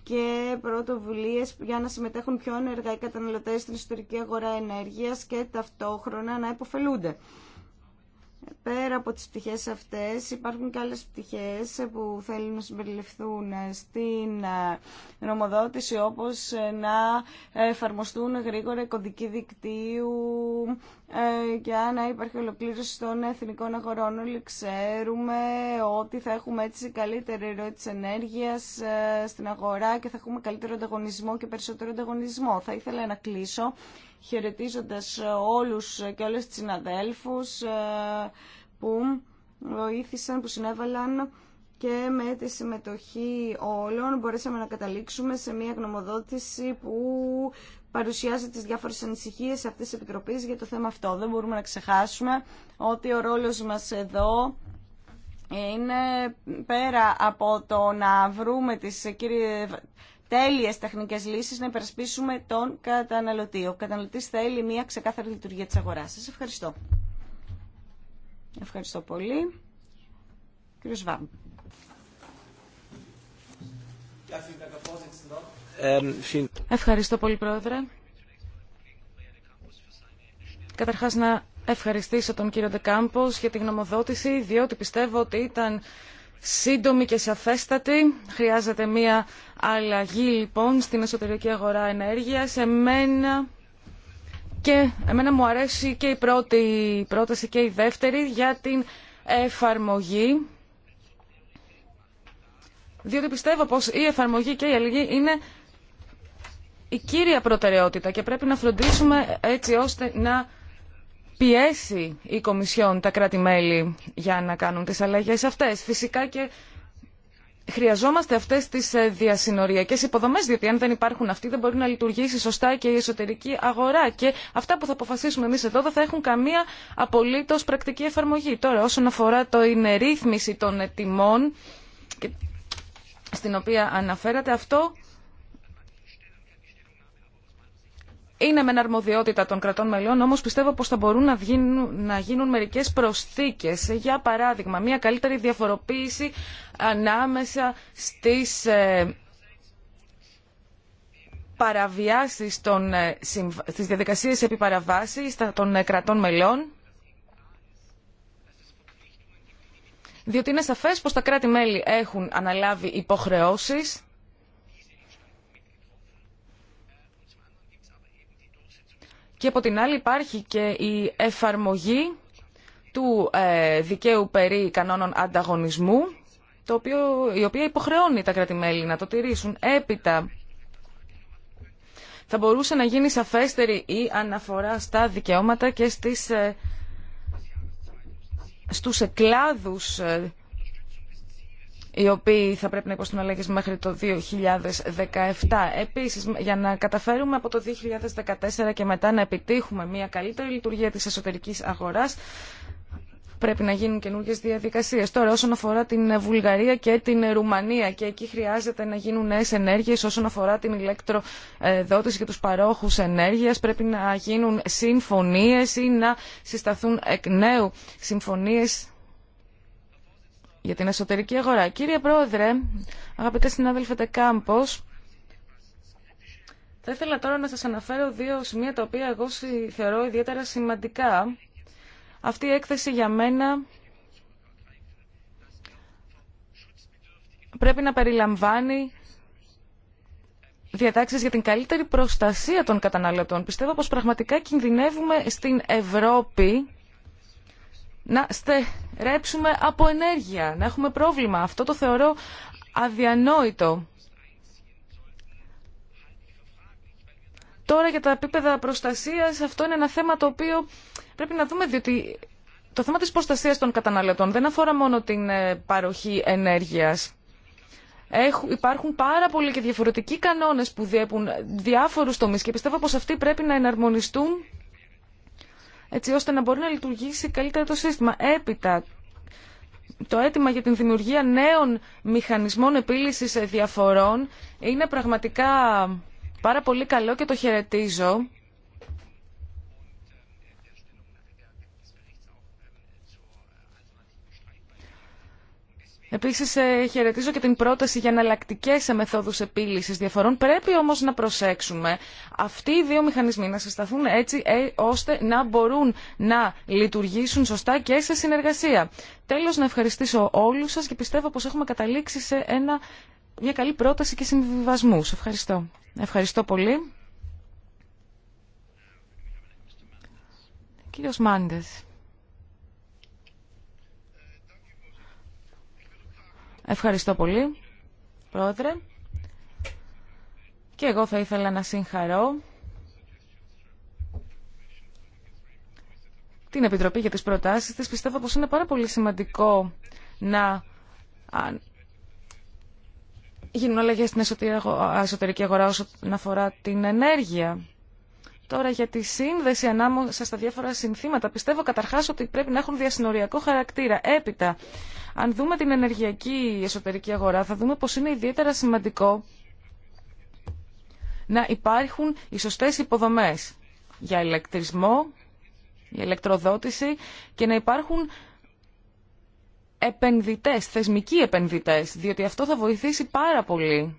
C: και πρωτοβουλίε για να συμμετέχουν πιο ενεργά οι καταναλωτές στην ιστορική αγορά ενέργειας και ταυτόχρονα να υποφελούνται. Πέρα από τις πτυχές αυτές υπάρχουν και άλλες πτυχές που θέλουν να συμπεριληφθούν στην ε, νομοδότηση όπως να εφαρμοστούν γρήγορα κωδικοί δικτύου, για ε, να υπάρχει ολοκλήρωση των εθνικών αγορών. Όλοι ξέρουμε ότι θα έχουμε έτσι καλύτερη ροή της ενέργειας ε, στην αγορά και θα έχουμε καλύτερο ανταγωνισμό και περισσότερο ανταγωνισμό. Θα ήθελα να κλείσω χαιρετίζοντας όλους και όλες τις συναδέλφους ε, που βοήθησαν, που συνέβαλαν και με τη συμμετοχή όλων μπορέσαμε να καταλήξουμε σε μια γνωμοδότηση που παρουσιάζει τις διάφορες ανησυχίες αυτής της Επιτροπής για το θέμα αυτό. Δεν μπορούμε να ξεχάσουμε ότι ο ρόλος μας εδώ είναι πέρα από το να βρούμε τις κύριε, τέλειες τεχνικές λύσεις να υπερασπίσουμε τον καταναλωτή. Ο καταναλωτής θέλει μια ξεκάθαρη λειτουργία της αγοράς. Σας ευχαριστώ. Ευχαριστώ πολύ. Κύριος Βάμπ.
B: Ευχαριστώ πολύ, Πρόεδρε. Καταρχάς, να ευχαριστήσω τον κύριο Ντεκάμπος για την γνωμοδότηση, διότι πιστεύω ότι ήταν σύντομη και σαφέστατη. Χρειάζεται μία αλλαγή, λοιπόν, στην εσωτερική αγορά ενέργειας. Εμένα... Και εμένα μου αρέσει και η πρώτη πρόταση και η δεύτερη για την εφαρμογή διότι πιστεύω πως η εφαρμογή και η αλληλεγγύη είναι η κύρια προτεραιότητα και πρέπει να φροντίσουμε έτσι ώστε να πιέσει η Κομισιόν τα κράτη-μέλη για να κάνουν τις αλλαγές αυτές. Φυσικά και χρειαζόμαστε αυτές τις ε, διασυνοριακές υποδομές, διότι αν δεν υπάρχουν αυτοί δεν μπορεί να λειτουργήσει σωστά και η εσωτερική αγορά. Και αυτά που θα αποφασίσουμε εμείς εδώ δεν θα έχουν καμία απολύτως πρακτική εφαρμογή. Τώρα όσον αφορά το ρύθμιση των τιμών στην οποία αναφέρατε, αυτό είναι μεν αρμοδιότητα των κρατών μελών, όμως πιστεύω πως θα μπορούν να γίνουν, να γίνουν μερικές προσθήκες. Για παράδειγμα, μια καλύτερη διαφοροποίηση ανάμεσα στις ε, παραβιάσεις των, ε, στις διαδικασίες επιπαραβάσης των ε, κρατών μελών διότι είναι σαφές πως τα κράτη-μέλη έχουν αναλάβει υποχρεώσεις και από την άλλη υπάρχει και η εφαρμογή του ε, δικαίου περί κανόνων ανταγωνισμού, το οποίο, η οποία υποχρεώνει τα κράτη-μέλη να το τηρήσουν. Έπειτα, θα μπορούσε να γίνει σαφέστερη η αναφορά στα δικαιώματα και στις ε, στους εκλάδους ε, οι οποίοι θα πρέπει να υποστούν μέχρι το 2017. Επίσης, για να καταφέρουμε από το 2014 και μετά να επιτύχουμε μια καλύτερη λειτουργία της εσωτερικής αγοράς, πρέπει να γίνουν καινούργιες διαδικασίες. Τώρα όσον αφορά την Βουλγαρία και την Ρουμανία και εκεί χρειάζεται να γίνουν νέες ενέργειες όσον αφορά την ηλεκτροδότηση και τους παρόχους ενέργειας πρέπει να γίνουν συμφωνίες ή να συσταθούν εκ νέου συμφωνίες για την εσωτερική αγορά. Κύριε Πρόεδρε, αγαπητέ συνάδελφε Τεκάμπος, θα ήθελα τώρα να σας αναφέρω δύο σημεία τα οποία εγώ θεωρώ ιδιαίτερα σημαντικά αυτή η έκθεση για μένα πρέπει να περιλαμβάνει διατάξεις για την καλύτερη προστασία των καταναλωτών. Πιστεύω πως πραγματικά κινδυνεύουμε στην Ευρώπη να στερέψουμε από ενέργεια, να έχουμε πρόβλημα. Αυτό το θεωρώ αδιανόητο. Τώρα για τα επίπεδα προστασία αυτό είναι ένα θέμα το οποίο πρέπει να δούμε διότι το θέμα τη προστασία των καταναλωτών δεν αφορά μόνο την ε, παροχή ενέργεια. υπάρχουν πάρα πολλοί και διαφορετικοί κανόνες που διέπουν διάφορους τομείς και πιστεύω πως αυτοί πρέπει να εναρμονιστούν έτσι ώστε να μπορεί να λειτουργήσει καλύτερα το σύστημα. Έπειτα, το αίτημα για την δημιουργία νέων μηχανισμών επίλυσης ε, διαφορών είναι πραγματικά Πάρα πολύ καλό και το χαιρετίζω. Επίσης, ε, χαιρετίζω και την πρόταση για εναλλακτικέ μεθόδους επίλυσης διαφορών. Πρέπει όμως να προσέξουμε αυτοί οι δύο μηχανισμοί να συσταθούν έτσι ε, ώστε να μπορούν να λειτουργήσουν σωστά και σε συνεργασία. Τέλος, να ευχαριστήσω όλους σας και πιστεύω πως έχουμε καταλήξει σε ένα μια καλή πρόταση και συμβιβασμού. Ευχαριστώ. Ευχαριστώ πολύ. Κύριος Μάντες. Ευχαριστώ πολύ, Πρόεδρε. Και εγώ θα ήθελα να συγχαρώ την Επιτροπή για τις προτάσεις της. Πιστεύω πως είναι πάρα πολύ σημαντικό να γίνουν αλλαγές στην εσωτερική αγορά όσον αφορά την ενέργεια. Τώρα για τη σύνδεση ανάμεσα στα διάφορα συνθήματα. Πιστεύω καταρχάς ότι πρέπει να έχουν διασυνοριακό χαρακτήρα. Έπειτα, αν δούμε την ενεργειακή εσωτερική αγορά, θα δούμε πως είναι ιδιαίτερα σημαντικό να υπάρχουν οι σωστές υποδομές για ηλεκτρισμό, για ηλεκτροδότηση και να υπάρχουν επενδυτές, θεσμικοί επενδυτές, διότι αυτό θα βοηθήσει πάρα πολύ.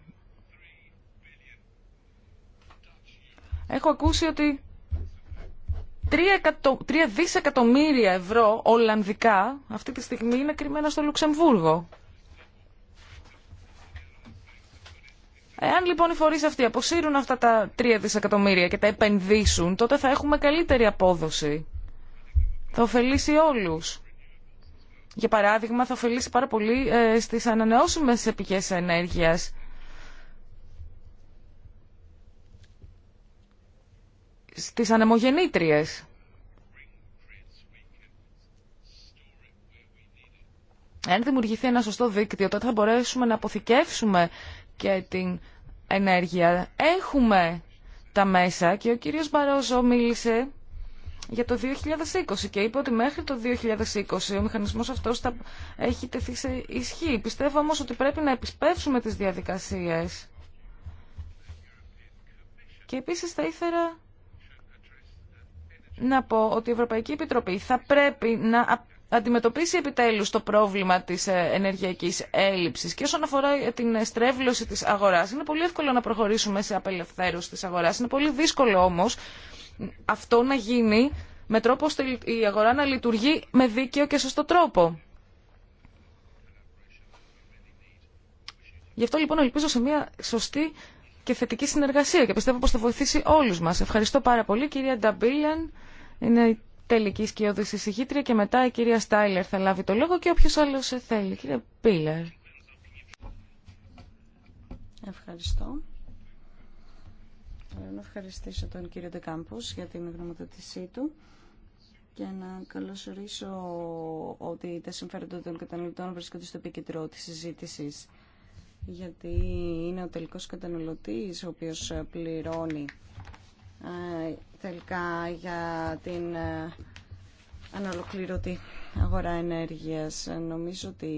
B: Έχω ακούσει ότι 3 δισεκατομμύρια ευρώ Ολλανδικά αυτή τη στιγμή είναι κρυμμένα στο Λουξεμβούργο. Εάν λοιπόν οι φορείς αυτοί αποσύρουν αυτά τα 3 δισεκατομμύρια και τα επενδύσουν, τότε θα έχουμε καλύτερη απόδοση. Θα ωφελήσει όλους για παράδειγμα, θα ωφελήσει πάρα πολύ ε, στις ανανεώσιμες πηγές ενέργειας. Στις ανεμογεννήτριες. Αν δημιουργηθεί ένα σωστό δίκτυο, τότε θα μπορέσουμε να αποθηκεύσουμε και την ενέργεια. Έχουμε τα μέσα και ο κύριος Μπαρόζο μίλησε για το 2020 και είπε ότι μέχρι το 2020 ο μηχανισμός αυτός θα έχει τεθεί σε ισχύ. Πιστεύω όμως ότι πρέπει να επισπεύσουμε τις διαδικασίες. Και επίσης θα ήθελα να πω ότι η Ευρωπαϊκή Επιτροπή θα πρέπει να αντιμετωπίσει επιτέλους το πρόβλημα της ε, ενεργειακής έλλειψης και όσον αφορά ε, την στρέβλωση της αγοράς. Είναι πολύ εύκολο να προχωρήσουμε σε απελευθέρωση της αγοράς, είναι πολύ δύσκολο όμως αυτό να γίνει με τρόπο ώστε η αγορά να λειτουργεί με δίκαιο και σωστό τρόπο. Γι' αυτό λοιπόν ελπίζω σε μια σωστή και θετική συνεργασία και πιστεύω πως θα βοηθήσει όλους μας. Ευχαριστώ πάρα πολύ κυρία Νταμπίλιαν, είναι η τελική σκιώδη συγχύτρια και μετά η κυρία Στάιλερ θα λάβει το λόγο και όποιος άλλος θέλει. Κύριε Πίλερ. Ευχαριστώ
C: να ευχαριστήσω τον κύριο Ντεκάμπος για την γνωμοδότησή του και να καλωσορίσω ότι τα συμφέροντα των καταναλωτών βρίσκονται στο επίκεντρο της συζήτησης γιατί είναι ο τελικός καταναλωτής ο οποίος πληρώνει τελικά για την ε, αναλοκληρωτή αγορά ενέργειας. Νομίζω ότι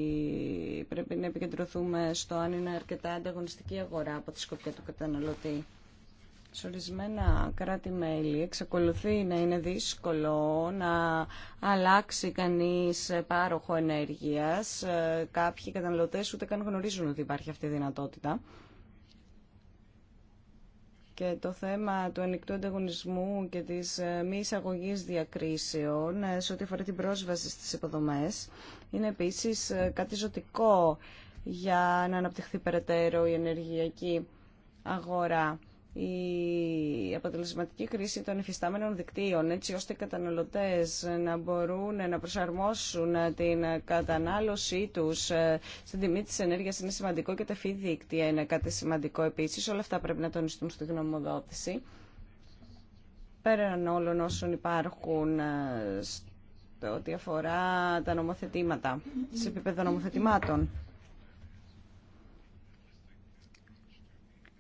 C: πρέπει να επικεντρωθούμε στο αν είναι αρκετά ανταγωνιστική αγορά από τη σκοπιά του καταναλωτή σε ορισμένα κράτη-μέλη εξακολουθεί να είναι δύσκολο να αλλάξει κανείς πάροχο ενέργειας. Ε, κάποιοι καταναλωτές ούτε καν γνωρίζουν ότι υπάρχει αυτή η δυνατότητα. Και το θέμα του ανοιχτού ανταγωνισμού και της ε, μη εισαγωγή διακρίσεων ε, σε ό,τι αφορά την πρόσβαση στις υποδομές είναι επίσης κάτι ζωτικό για να αναπτυχθεί περαιτέρω η ενεργειακή αγορά η αποτελεσματική κρίση των υφιστάμενων δικτύων έτσι ώστε οι καταναλωτές να μπορούν να προσαρμόσουν την κατανάλωσή τους ε, στην τιμή της ενέργειας είναι σημαντικό και τα φύ δίκτυα είναι κάτι σημαντικό επίσης. Όλα αυτά πρέπει να τονιστούν στη γνωμοδότηση. Πέραν όλων όσων υπάρχουν ε, ό,τι αφορά τα νομοθετήματα, σε επίπεδο νομοθετημάτων.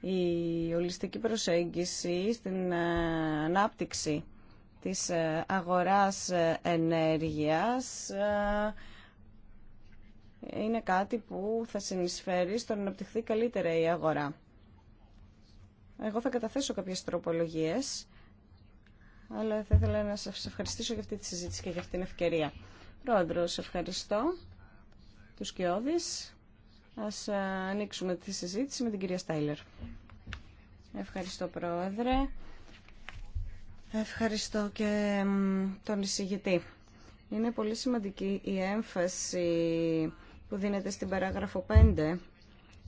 C: η ολιστική προσέγγιση στην ε, ανάπτυξη της ε, αγοράς ε, ενέργειας είναι κάτι που θα συνεισφέρει στο να αναπτυχθεί καλύτερα η αγορά. Εγώ θα καταθέσω κάποιες τροπολογίες, αλλά θα ήθελα να σας ευχαριστήσω για αυτή τη συζήτηση και για αυτή την ευκαιρία. Πρόεδρος, ευχαριστώ. Τους Κιώδης. Ας ε, ανοίξουμε τη συζήτηση με την κυρία Στάιλερ. Ευχαριστώ Πρόεδρε. Ευχαριστώ και τον εισηγητή. Είναι πολύ σημαντική η έμφαση που δίνεται στην παράγραφο 5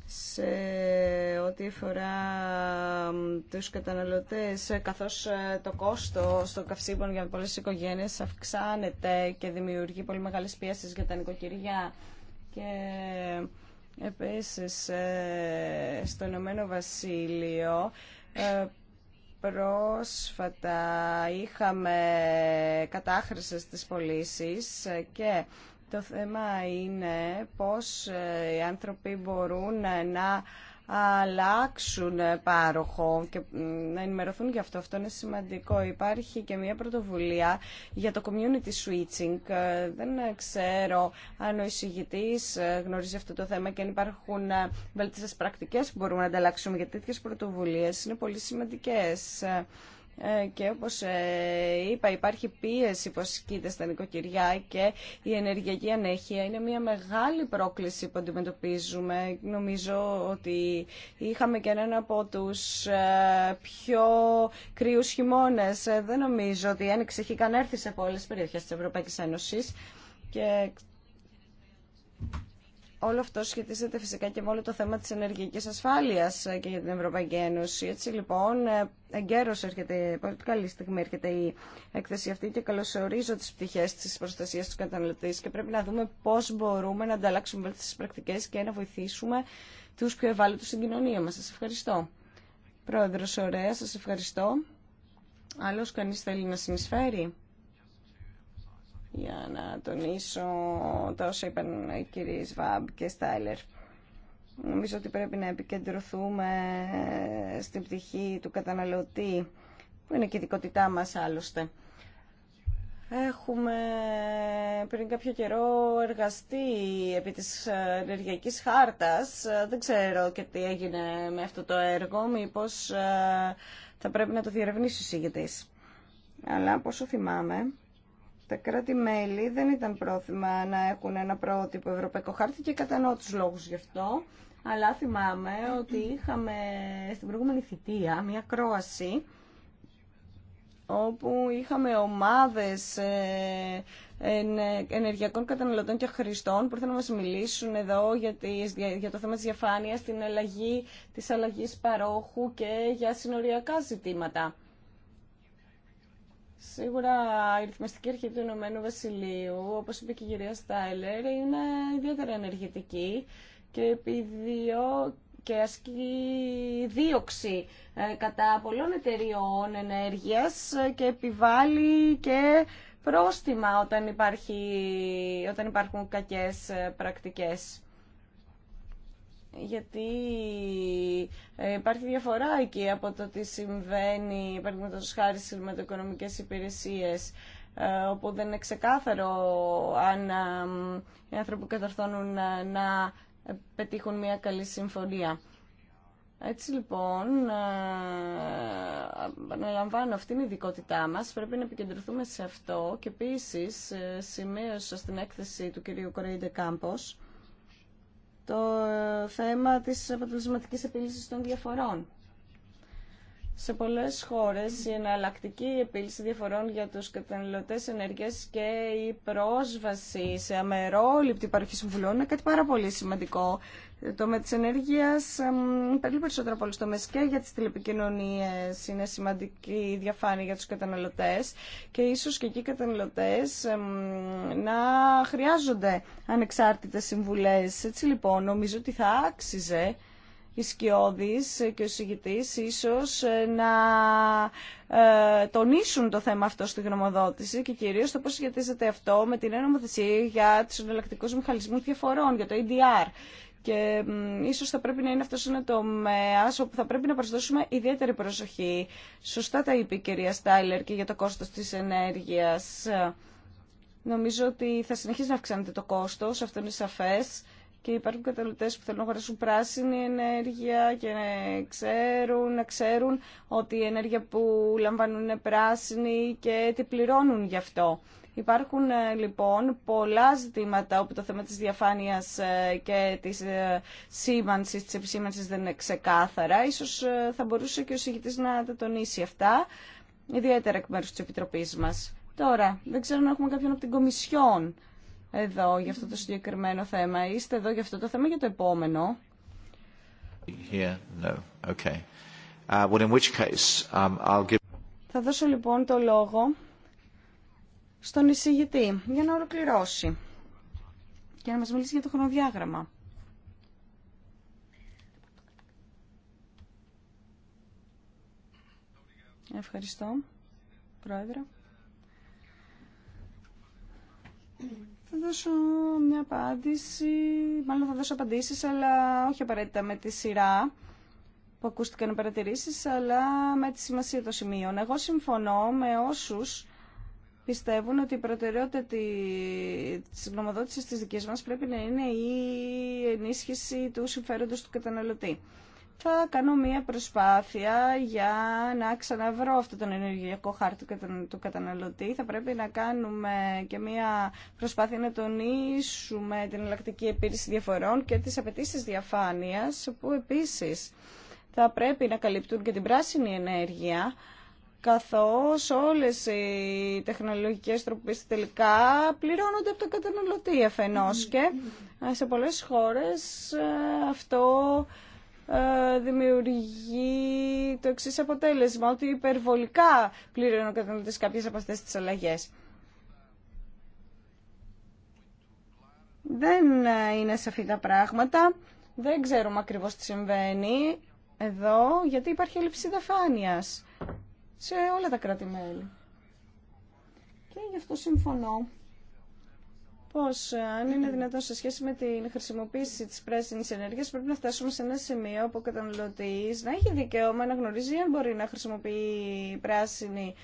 C: σε ό,τι αφορά τους καταναλωτές ε, καθώς ε, το κόστος των καυσίμων για πολλές οικογένειες αυξάνεται και δημιουργεί πολύ μεγάλες πιέσεις για τα νοικοκυριά και Επίσης, ε, στο Ηνωμένο Βασίλειο ε, πρόσφατα είχαμε κατάχρηση της πωλήσει ε, και το θέμα είναι πώς οι άνθρωποι μπορούν να αλλάξουν πάροχο και να ενημερωθούν γι' αυτό. Αυτό είναι σημαντικό. Υπάρχει και μια πρωτοβουλία για το community switching. Ε, δεν ξέρω αν ο εισηγητή ε, γνωρίζει αυτό το θέμα και αν υπάρχουν ε, βελτιστέ πρακτικές που μπορούμε να ανταλλάξουμε για τέτοιε πρωτοβουλίε Είναι πολύ σημαντικές. Ε, και όπως ε, είπα υπάρχει πίεση που ασκείται στα νοικοκυριά και η ενεργειακή ανέχεια είναι μια μεγάλη πρόκληση που αντιμετωπίζουμε. Νομίζω ότι είχαμε και έναν από τους ε, πιο κρύους χειμώνες. Δεν νομίζω ότι η άνοιξη έχει καν έρθει σε πολλές περιοχές της Ευρωπαϊκής Ένωσης και Όλο αυτό σχετίζεται φυσικά και με όλο το θέμα της ενεργειακής ασφάλειας ε, και για την Ευρωπαϊκή Ένωση. Έτσι λοιπόν, ε, εγκαίρως έρχεται, πολύ καλή στιγμή έρχεται η έκθεση αυτή και καλωσορίζω τις πτυχές της προστασίας του καταναλωτή και πρέπει να δούμε πώς μπορούμε να ανταλλάξουμε τις πρακτικές και να βοηθήσουμε τους πιο ευάλωτους στην κοινωνία μας. Σας ευχαριστώ. Πρόεδρος, ωραία, σας ευχαριστώ. Άλλος κανείς θέλει να συνεισφέρει για να τονίσω τα όσα είπαν οι κύριοι Βαμπ και Στάιλερ. Νομίζω ότι πρέπει να επικεντρωθούμε στην πτυχή του καταναλωτή, που είναι και η δικοτητά μας άλλωστε. Έχουμε πριν κάποιο καιρό εργαστεί επί της ενεργειακής χάρτας. Δεν ξέρω και τι έγινε με αυτό το έργο, μήπως ε, θα πρέπει να το διερευνήσει ο σύγητης. Αλλά πόσο θυμάμαι, τα κράτη-μέλη δεν ήταν πρόθυμα να έχουν ένα πρότυπο ευρωπαϊκό χάρτη και κατανοώ τους λόγους γι' αυτό. Αλλά θυμάμαι ότι είχαμε στην προηγούμενη θητεία μια κρόαση όπου είχαμε ομάδες ε, ε, ενεργειακών καταναλωτών και χρηστών που ήρθαν να μας μιλήσουν εδώ για, το θέμα της διαφάνειας, την αλλαγή, της αλλαγής παρόχου και για συνοριακά ζητήματα. Σίγουρα η ρυθμιστική αρχή του Ηνωμένου Βασιλείου, όπως είπε και η κυρία Στάιλερ, είναι ιδιαίτερα ενεργητική και επιδιώ και ασκεί δίωξη ε, κατά πολλών εταιριών ενέργειας και επιβάλλει και πρόστιμα όταν, υπάρχει, όταν υπάρχουν κακές ε, πρακτικές γιατί ε, υπάρχει διαφορά εκεί από το τι συμβαίνει, παραδείγματος χάρη στις χρηματοοικονομικές υπηρεσίες ε, όπου δεν είναι ξεκάθαρο αν οι άνθρωποι καταρθώνουν ε, να πετύχουν μια καλή συμφωνία. Έτσι λοιπόν, αναλαμβάνω, αυτή την η ειδικότητά μας, πρέπει να επικεντρωθούμε σε αυτό και επίσης σημείωσα στην έκθεση του κυρίου Κορέιντε Κάμπος το θέμα της αποτελεσματικής επίλυσης των διαφορών. Σε πολλές χώρες η εναλλακτική επίλυση διαφορών για τους καταναλωτές ενέργειας και η πρόσβαση σε αμερόληπτη παροχή συμβουλών είναι κάτι πάρα πολύ σημαντικό το της ενέργειας, πολύ περισσότερο από όλους τομές και για τις τηλεπικοινωνίες είναι σημαντική η διαφάνεια για τους καταναλωτές και ίσως και εκεί οι καταναλωτές να χρειάζονται ανεξάρτητες συμβουλές. Έτσι λοιπόν νομίζω ότι θα άξιζε οι σκιώδεις και ο συγητής ίσως ε, να ε, τονίσουν το θέμα αυτό στη γνωμοδότηση και κυρίως το πώς σχετίζεται αυτό με την νομοθεσία για τους εναλλακτικούς μηχανισμούς διαφορών, για το EDR και ίσως θα πρέπει να είναι αυτό ένα τομέα όπου θα πρέπει να προσδώσουμε ιδιαίτερη προσοχή. Σωστά τα είπε η κυρία Στάιλερ και για το κόστος της ενέργειας. Νομίζω ότι θα συνεχίσει να αυξάνεται το κόστος, αυτό είναι σαφέ. Και υπάρχουν καταναλωτέ που θέλουν να αγοράσουν πράσινη ενέργεια και ξέρουν, να ξέρουν ότι η ενέργεια που λαμβάνουν είναι πράσινη και τι πληρώνουν γι' αυτό. Υπάρχουν ε, λοιπόν πολλά ζητήματα όπου το θέμα της διαφάνειας ε, και της ε, σήμανσης, της επισήμανσης δεν είναι ξεκάθαρα. Ίσως θα μπορούσε και ο συγητής να τα τονίσει αυτά, ιδιαίτερα εκ μέρους της Επιτροπής μας. Τώρα, δεν ξέρω αν έχουμε κάποιον από την Κομισιόν εδώ για αυτό το συγκεκριμένο θέμα. Είστε εδώ για αυτό το θέμα για το επόμενο. Θα δώσω λοιπόν το λόγο στον εισηγητή για να ολοκληρώσει και να μας μιλήσει για το χρονοδιάγραμμα. Ευχαριστώ, Πρόεδρε. Θα δώσω μια απάντηση, μάλλον θα δώσω απαντήσεις, αλλά όχι απαραίτητα με τη σειρά που ακούστηκαν οι παρατηρήσεις, αλλά με τη σημασία των σημείων. Εγώ συμφωνώ με όσους πιστεύουν ότι η προτεραιότητα της γνωμοδότηση της δική μας πρέπει να είναι η ενίσχυση του συμφέροντος του καταναλωτή. Θα κάνω μία προσπάθεια για να ξαναβρω αυτόν τον ενεργειακό χάρτη του καταναλωτή. Θα πρέπει να κάνουμε και μία προσπάθεια να τονίσουμε την ελλακτική επίρρηση διαφορών και τις απαιτήσει διαφάνειας, που επίσης θα πρέπει να καλυπτούν και την πράσινη ενέργεια, καθώς όλες οι τεχνολογικές τροπές τελικά πληρώνονται από τον καταναλωτή αφενός και σε πολλές χώρες ε, αυτό ε, δημιουργεί το εξή αποτέλεσμα, ότι υπερβολικά πληρώνουν ο κάποιες από αυτές τις Δεν ε, είναι σαφή τα πράγματα, δεν ξέρουμε ακριβώς τι συμβαίνει εδώ, γιατί υπάρχει έλλειψη δαφάνειας σε όλα τα κράτη-μέλη. Και γι' αυτό συμφωνώ πως ε, αν είναι δυνατόν σε σχέση με την χρησιμοποίηση της πράσινης ενέργειας πρέπει να φτάσουμε σε ένα σημείο που ο καταναλωτής να έχει δικαίωμα να γνωρίζει αν μπορεί να χρησιμοποιεί πράσινη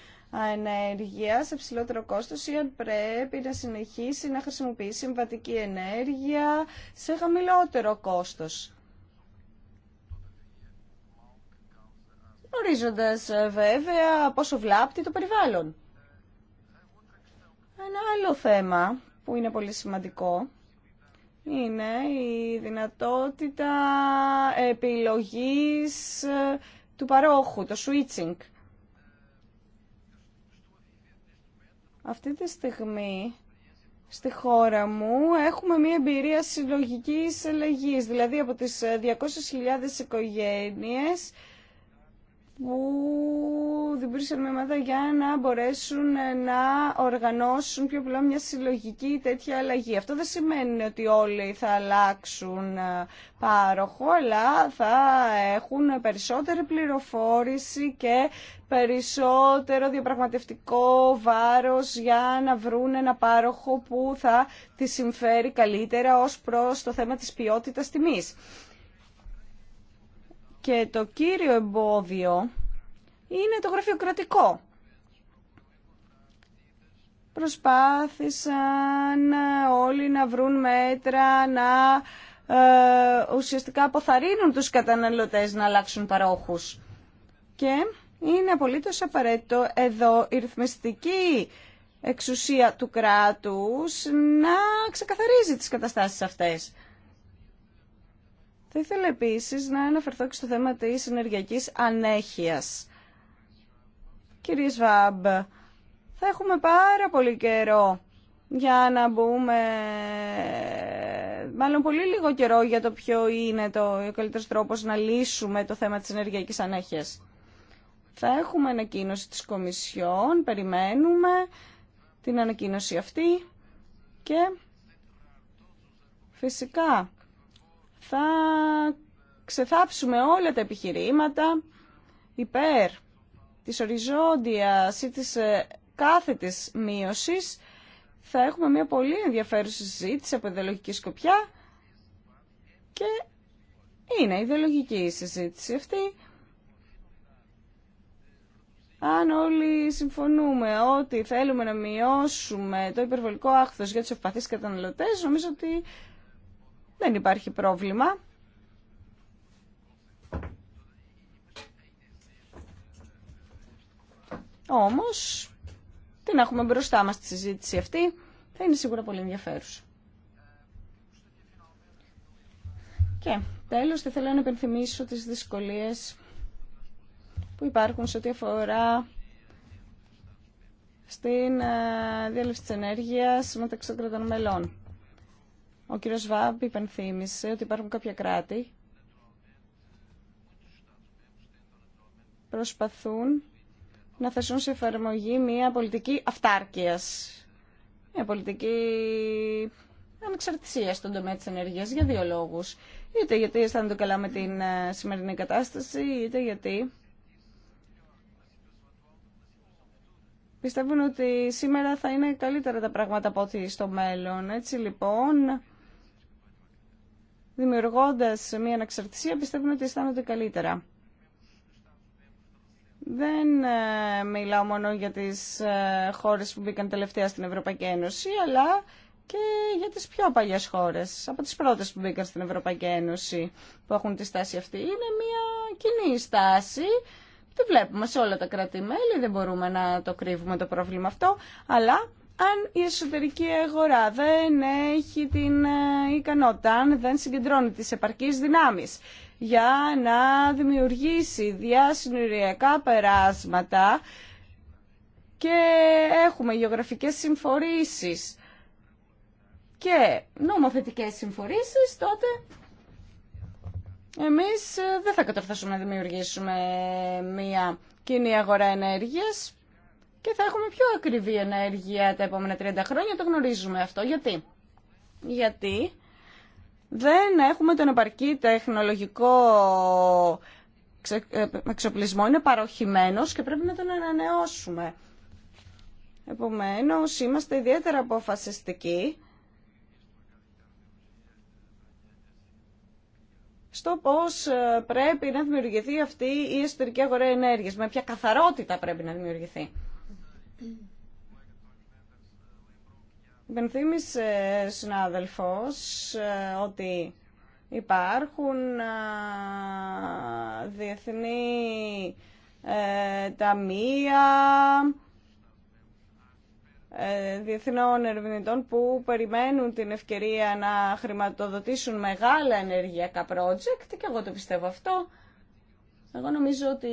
C: ενέργεια σε ψηλότερο κόστος ή αν πρέπει να συνεχίσει να χρησιμοποιεί συμβατική ενέργεια σε χαμηλότερο κόστος. Γνωρίζοντα ε, βέβαια πόσο βλάπτει το περιβάλλον. Ένα άλλο θέμα που είναι πολύ σημαντικό είναι η δυνατότητα επιλογής ε, του παρόχου, το switching. Αυτή τη στιγμή στη χώρα μου έχουμε μια εμπειρία συλλογικής ελεγγύης, δηλαδή από τις 200.000 ε, οικογένειες που δημιούργησαν ομάδα για να μπορέσουν να οργανώσουν πιο πλέον μια συλλογική τέτοια αλλαγή. Αυτό δεν σημαίνει ότι όλοι θα αλλάξουν ε, πάροχο, αλλά θα έχουν περισσότερη πληροφόρηση και περισσότερο διαπραγματευτικό βάρος για να βρουν ένα πάροχο που θα τη συμφέρει καλύτερα ως προς το θέμα της ποιότητας τιμής. Και το κύριο εμπόδιο είναι το γραφειοκρατικό. Προσπάθησαν όλοι να βρουν μέτρα, να ε, ουσιαστικά αποθαρρύνουν τους καταναλωτές να αλλάξουν παρόχους. Και είναι απολύτως απαραίτητο εδώ η ρυθμιστική εξουσία του κράτους να ξεκαθαρίζει τις καταστάσεις αυτές. Θα ήθελα επίσης να αναφερθώ και στο θέμα της ενεργειακή ανέχεια. Κύριε Σβάμπ, θα έχουμε πάρα πολύ καιρό για να μπούμε, μάλλον πολύ λίγο καιρό για το ποιο είναι το ο καλύτερος τρόπος να λύσουμε το θέμα της ενεργειακής ανέχειας. Θα έχουμε ανακοίνωση της Κομισιόν, περιμένουμε την ανακοίνωση αυτή και φυσικά θα ξεθάψουμε όλα τα επιχειρήματα υπέρ της οριζόντιας ή της ε, κάθετης μείωσης. Θα έχουμε μια πολύ ενδιαφέρουσα συζήτηση από ιδεολογική σκοπιά και είναι ιδεολογική η συζήτηση αυτή. Αν όλοι συμφωνούμε ότι θέλουμε να μειώσουμε το υπερβολικό άχθος για τους ευπαθείς καταναλωτές, νομίζω ότι δεν υπάρχει πρόβλημα. Όμως, την έχουμε μπροστά μας στη συζήτηση αυτή. Θα είναι σίγουρα πολύ ενδιαφέρουσα. Και τέλος, θα θέλω να υπενθυμίσω τις δυσκολίες που υπάρχουν σε ό,τι αφορά στην ε, διέλευση της ενέργειας μεταξύ των κρατών μελών. Ο κύριος Βάμπ υπενθύμησε ότι υπάρχουν κάποια κράτη προσπαθούν να θεσούν σε εφαρμογή μια πολιτική αυτάρκειας. Μια πολιτική ανεξαρτησία στον τομέα της ενέργειας για δύο λόγους. Είτε γιατί αισθάνονται καλά με την ε, σημερινή κατάσταση, είτε γιατί πιστεύουν ότι σήμερα θα είναι καλύτερα τα πράγματα από ό,τι στο μέλλον. Έτσι λοιπόν δημιουργώντας μια ανεξαρτησία, πιστεύουν ότι αισθάνονται καλύτερα. Δεν ε, μιλάω μόνο για τις ε, χώρες που μπήκαν τελευταία στην Ευρωπαϊκή Ένωση, αλλά και για τις πιο παλιές χώρες, από τις πρώτες που μπήκαν στην Ευρωπαϊκή Ένωση, που έχουν τη στάση αυτή. Είναι μια κοινή στάση, τη βλέπουμε σε όλα τα κρατη δεν μπορούμε να το κρύβουμε το πρόβλημα αυτό, αλλά αν η εσωτερική αγορά δεν έχει την ε, ικανότητα, αν δεν συγκεντρώνει τις επαρκείς δυνάμεις για να δημιουργήσει διασυνοριακά περάσματα και έχουμε γεωγραφικές συμφορήσεις και νομοθετικές συμφορήσεις, τότε εμείς ε, δεν θα καταφθάσουμε να δημιουργήσουμε μία κοινή αγορά ενέργειας και θα έχουμε πιο ακριβή ενέργεια τα επόμενα 30 χρόνια, το γνωρίζουμε αυτό. Γιατί? Γιατί δεν έχουμε τον επαρκή τεχνολογικό ε, εξοπλισμό, είναι παροχημένος και πρέπει να τον ανανεώσουμε. Επομένως, είμαστε ιδιαίτερα αποφασιστικοί στο πώς ε, πρέπει να δημιουργηθεί αυτή η εσωτερική αγορά ενέργειας, με ποια καθαρότητα πρέπει να δημιουργηθεί. Υπενθύμησε συνάδελφος ε, ότι υπάρχουν ε, διεθνή ε, ταμεία διεθνών ερευνητών που περιμένουν την ευκαιρία να χρηματοδοτήσουν μεγάλα ενεργειακά project και εγώ το πιστεύω αυτό εγώ νομίζω ότι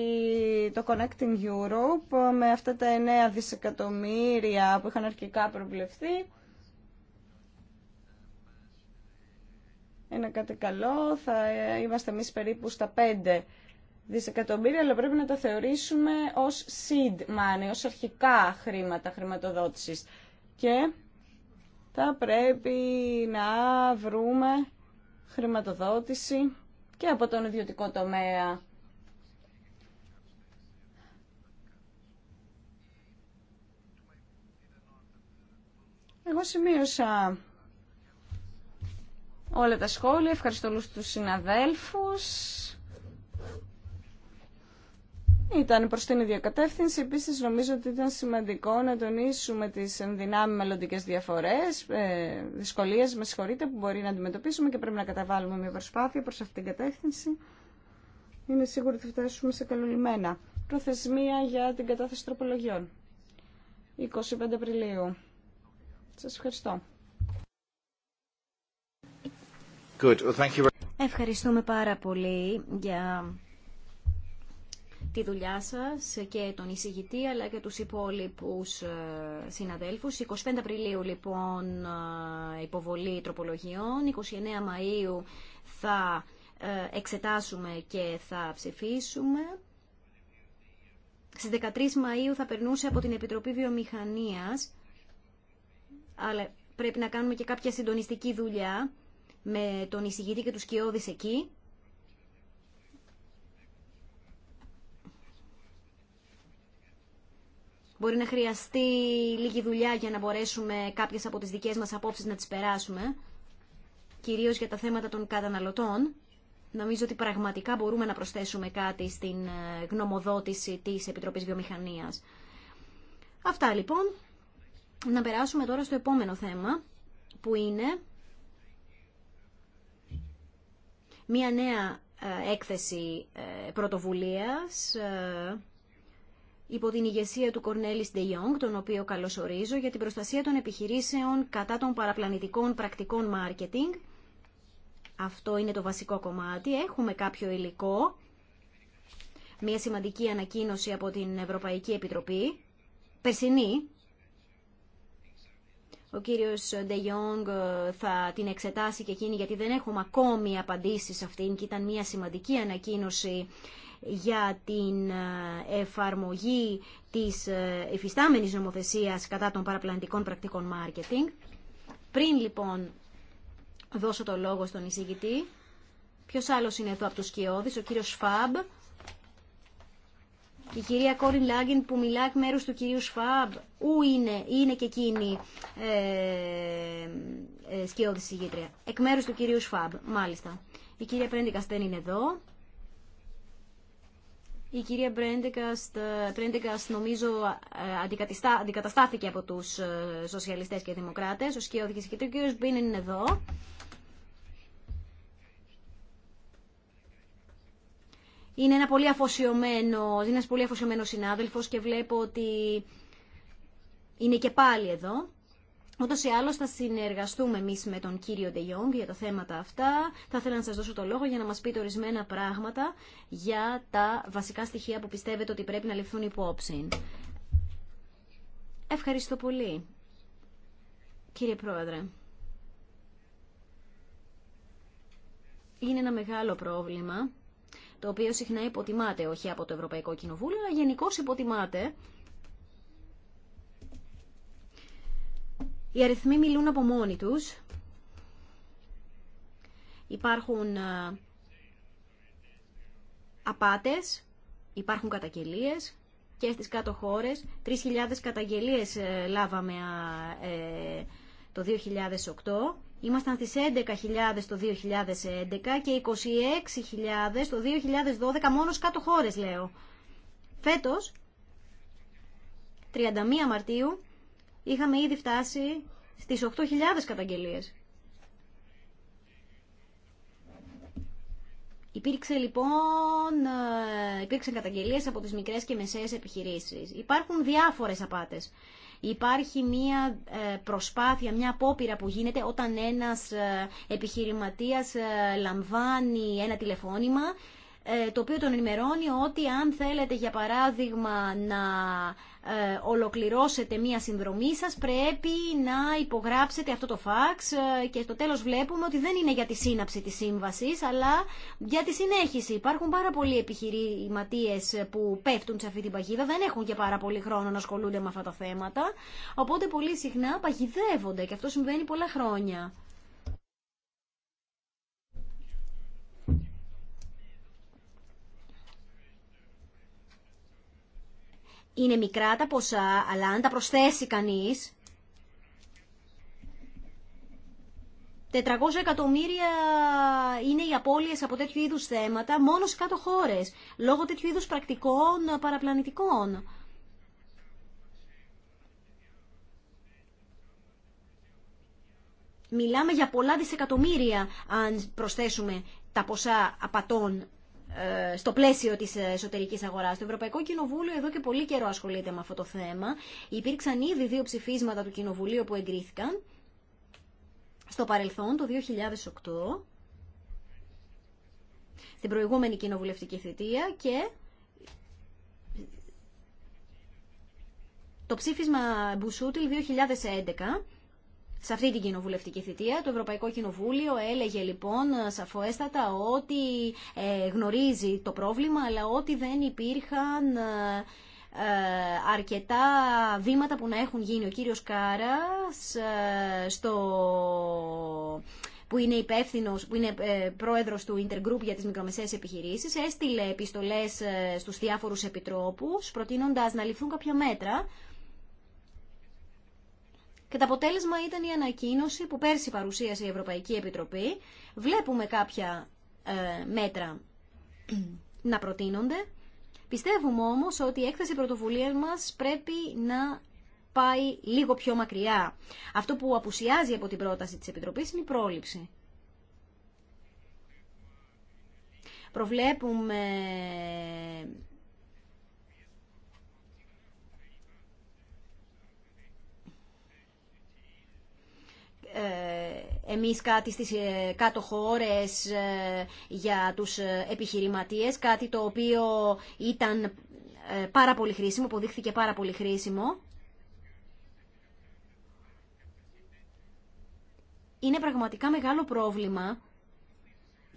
C: το Connecting Europe με αυτά τα 9 δισεκατομμύρια που είχαν αρχικά προβλεφθεί είναι κάτι καλό. Θα είμαστε εμεί περίπου στα 5 δισεκατομμύρια, αλλά πρέπει να τα θεωρήσουμε ως seed money, ως αρχικά χρήματα χρηματοδότησης. Και θα πρέπει να βρούμε χρηματοδότηση και από τον ιδιωτικό τομέα Εγώ σημείωσα όλα τα σχόλια. Ευχαριστώ όλους τους συναδέλφους. Ήταν προς την ίδια κατεύθυνση. Επίσης νομίζω ότι ήταν σημαντικό να τονίσουμε τις ενδυνάμει μελλοντικέ διαφορές, ε, δυσκολίες, με συγχωρείτε, που μπορεί να αντιμετωπίσουμε και πρέπει να καταβάλουμε μια προσπάθεια προς αυτήν την κατεύθυνση. Είναι σίγουρο ότι θα φτάσουμε σε καλολημένα. Προθεσμία για την κατάθεση τροπολογιών. 25 Απριλίου. Σας ευχαριστώ.
B: Good. thank you.
A: Ευχαριστούμε πάρα πολύ για τη δουλειά σας και τον εισηγητή αλλά και τους υπόλοιπους ε, συναδέλφους. 25 Απριλίου λοιπόν ε, υποβολή τροπολογιών, 29 Μαΐου θα ε, εξετάσουμε και θα ψηφίσουμε. Στις 13 Μαΐου θα περνούσε από την Επιτροπή Βιομηχανίας αλλά πρέπει να κάνουμε και κάποια συντονιστική δουλειά με τον εισηγητή και τους κοιόδης εκεί. Μπορεί να χρειαστεί λίγη δουλειά για να μπορέσουμε κάποιες από τις δικές μας απόψεις να τις περάσουμε, κυρίως για τα θέματα των καταναλωτών. Νομίζω ότι πραγματικά μπορούμε να προσθέσουμε κάτι στην ε, γνωμοδότηση της Επιτροπής Βιομηχανίας. Αυτά λοιπόν. Να περάσουμε τώρα στο επόμενο θέμα, που είναι μία νέα ε, έκθεση ε, πρωτοβουλίας ε, υπό την ηγεσία του Κορνέλη Ντε Ιόγκ, τον οποίο καλωσορίζω, για την προστασία των επιχειρήσεων κατά των παραπλανητικών πρακτικών μάρκετινγκ. Αυτό είναι το βασικό κομμάτι. Έχουμε κάποιο υλικό, μια σημαντική ανακοίνωση από την Ευρωπαϊκή Επιτροπή, περσινή, ο κύριος Ντεγιόγκ θα την εξετάσει και εκείνη γιατί δεν έχουμε ακόμη απαντήσει σε αυτήν και ήταν μια σημαντική ανακοίνωση για την ε, εφαρμογή της εφιστάμενης νομοθεσίας κατά των παραπλανητικών πρακτικών μάρκετινγκ. Πριν λοιπόν δώσω το λόγο στον εισηγητή, ποιος άλλος είναι εδώ από τους Κιώδης, ο κύριος Φαμπ, η κυρία Κόριν Λάγκεν που μιλά εκ μέρους του κυρίου Σφάμπ, ού είναι, είναι και εκείνη ε, ε, σκιώδη συγγήτρια. Εκ μέρους του κυρίου Σφάμπ, μάλιστα. Η κυρία Πρέντεκαστ δεν είναι εδώ. Η κυρία Πρέντεκας ε, νομίζω ε, αντικαταστάθηκε από τους ε, σοσιαλιστές και δημοκράτες. Ο σκιώδης και ο κύριος Μπίνεν είναι εδώ. είναι ένα πολύ αφοσιωμένο, είναι πολύ αφοσιωμένος συνάδελφος και βλέπω ότι είναι και πάλι εδώ. Ούτω ή άλλω θα συνεργαστούμε εμεί με τον κύριο Ντε για τα θέματα αυτά. Θα ήθελα να σα δώσω το λόγο για να μα πείτε ορισμένα πράγματα για τα βασικά στοιχεία που πιστεύετε ότι πρέπει να ληφθούν υπόψη. Ευχαριστώ πολύ, κύριε Πρόεδρε. Είναι ένα μεγάλο πρόβλημα το οποίο συχνά υποτιμάται όχι από το Ευρωπαϊκό Κοινοβούλιο, αλλά γενικώ υποτιμάται. Οι αριθμοί μιλούν από μόνοι τους. Υπάρχουν απάτες, υπάρχουν καταγγελίες και στις κάτω χώρες. 3.000 καταγγελίες ε, λάβαμε ε, το 2008 Ήμασταν στις 11.000 το 2011 και 26.000 το 2012 μόνο κάτω χώρες λέω. Φέτος, 31 Μαρτίου, είχαμε ήδη φτάσει στις 8.000 καταγγελίες. Υπήρξε λοιπόν, ε, υπήρξαν καταγγελίες από τις μικρές και μεσαίες επιχειρήσεις. Υπάρχουν διάφορες απάτες. Υπάρχει μια ε, προσπάθεια, μια απόπειρα που γίνεται όταν ένας ε, επιχειρηματίας ε, λαμβάνει ένα τηλεφώνημα το οποίο τον ενημερώνει ότι αν θέλετε για παράδειγμα να ε, ολοκληρώσετε μία συνδρομή σας πρέπει να υπογράψετε αυτό το φάξ ε, και στο τέλος βλέπουμε ότι δεν είναι για τη σύναψη της σύμβασης αλλά για τη συνέχιση. Υπάρχουν πάρα πολλοί επιχειρηματίες που πέφτουν σε αυτή την παγίδα, δεν έχουν και πάρα πολύ χρόνο να ασχολούνται με αυτά τα θέματα, οπότε πολύ συχνά παγιδεύονται και αυτό συμβαίνει πολλά χρόνια. είναι μικρά τα ποσά, αλλά αν τα προσθέσει κανείς, 400 εκατομμύρια είναι οι απώλειες από τέτοιου είδους θέματα μόνο σε κάτω χώρες, λόγω τέτοιου είδους πρακτικών παραπλανητικών. Μιλάμε για πολλά δισεκατομμύρια αν προσθέσουμε τα ποσά απατών ε, στο πλαίσιο της εσωτερικής αγοράς. Το Ευρωπαϊκό Κοινοβούλιο εδώ και πολύ καιρό ασχολείται με αυτό το θέμα. Υπήρξαν ήδη δύο ψηφίσματα του Κοινοβουλίου που εγκρίθηκαν στο παρελθόν, το 2008, στην προηγούμενη κοινοβουλευτική θητεία και το ψήφισμα Μπουσούτιλ 2011 σε αυτή την κοινοβουλευτική θητεία. Το Ευρωπαϊκό Κοινοβούλιο έλεγε λοιπόν σαφοέστατα ότι ε, γνωρίζει το πρόβλημα, αλλά ότι δεν υπήρχαν ε, ε, αρκετά βήματα που να έχουν γίνει. Ο κύριος Κάρας στο που είναι υπεύθυνος, που είναι πρόεδρος του Intergroup για τις μικρομεσαίες επιχειρήσεις έστειλε επιστολές στους διάφορους επιτρόπους προτείνοντας να ληφθούν κάποια μέτρα και το αποτέλεσμα ήταν η ανακοίνωση που πέρσι παρουσίασε η Ευρωπαϊκή Επιτροπή. Βλέπουμε κάποια ε, μέτρα να προτείνονται. Πιστεύουμε όμως ότι η έκθεση πρωτοβουλίας μας πρέπει να πάει λίγο πιο μακριά. Αυτό που απουσιάζει από την πρόταση της Επιτροπής είναι η πρόληψη. Προβλέπουμε εμείς κάτι στις ε, κάτω χώρες ε, για τους ε, επιχειρηματίες, κάτι το οποίο ήταν πάρα πολύ χρήσιμο, αποδείχθηκε πάρα πολύ χρήσιμο. Είναι πραγματικά μεγάλο πρόβλημα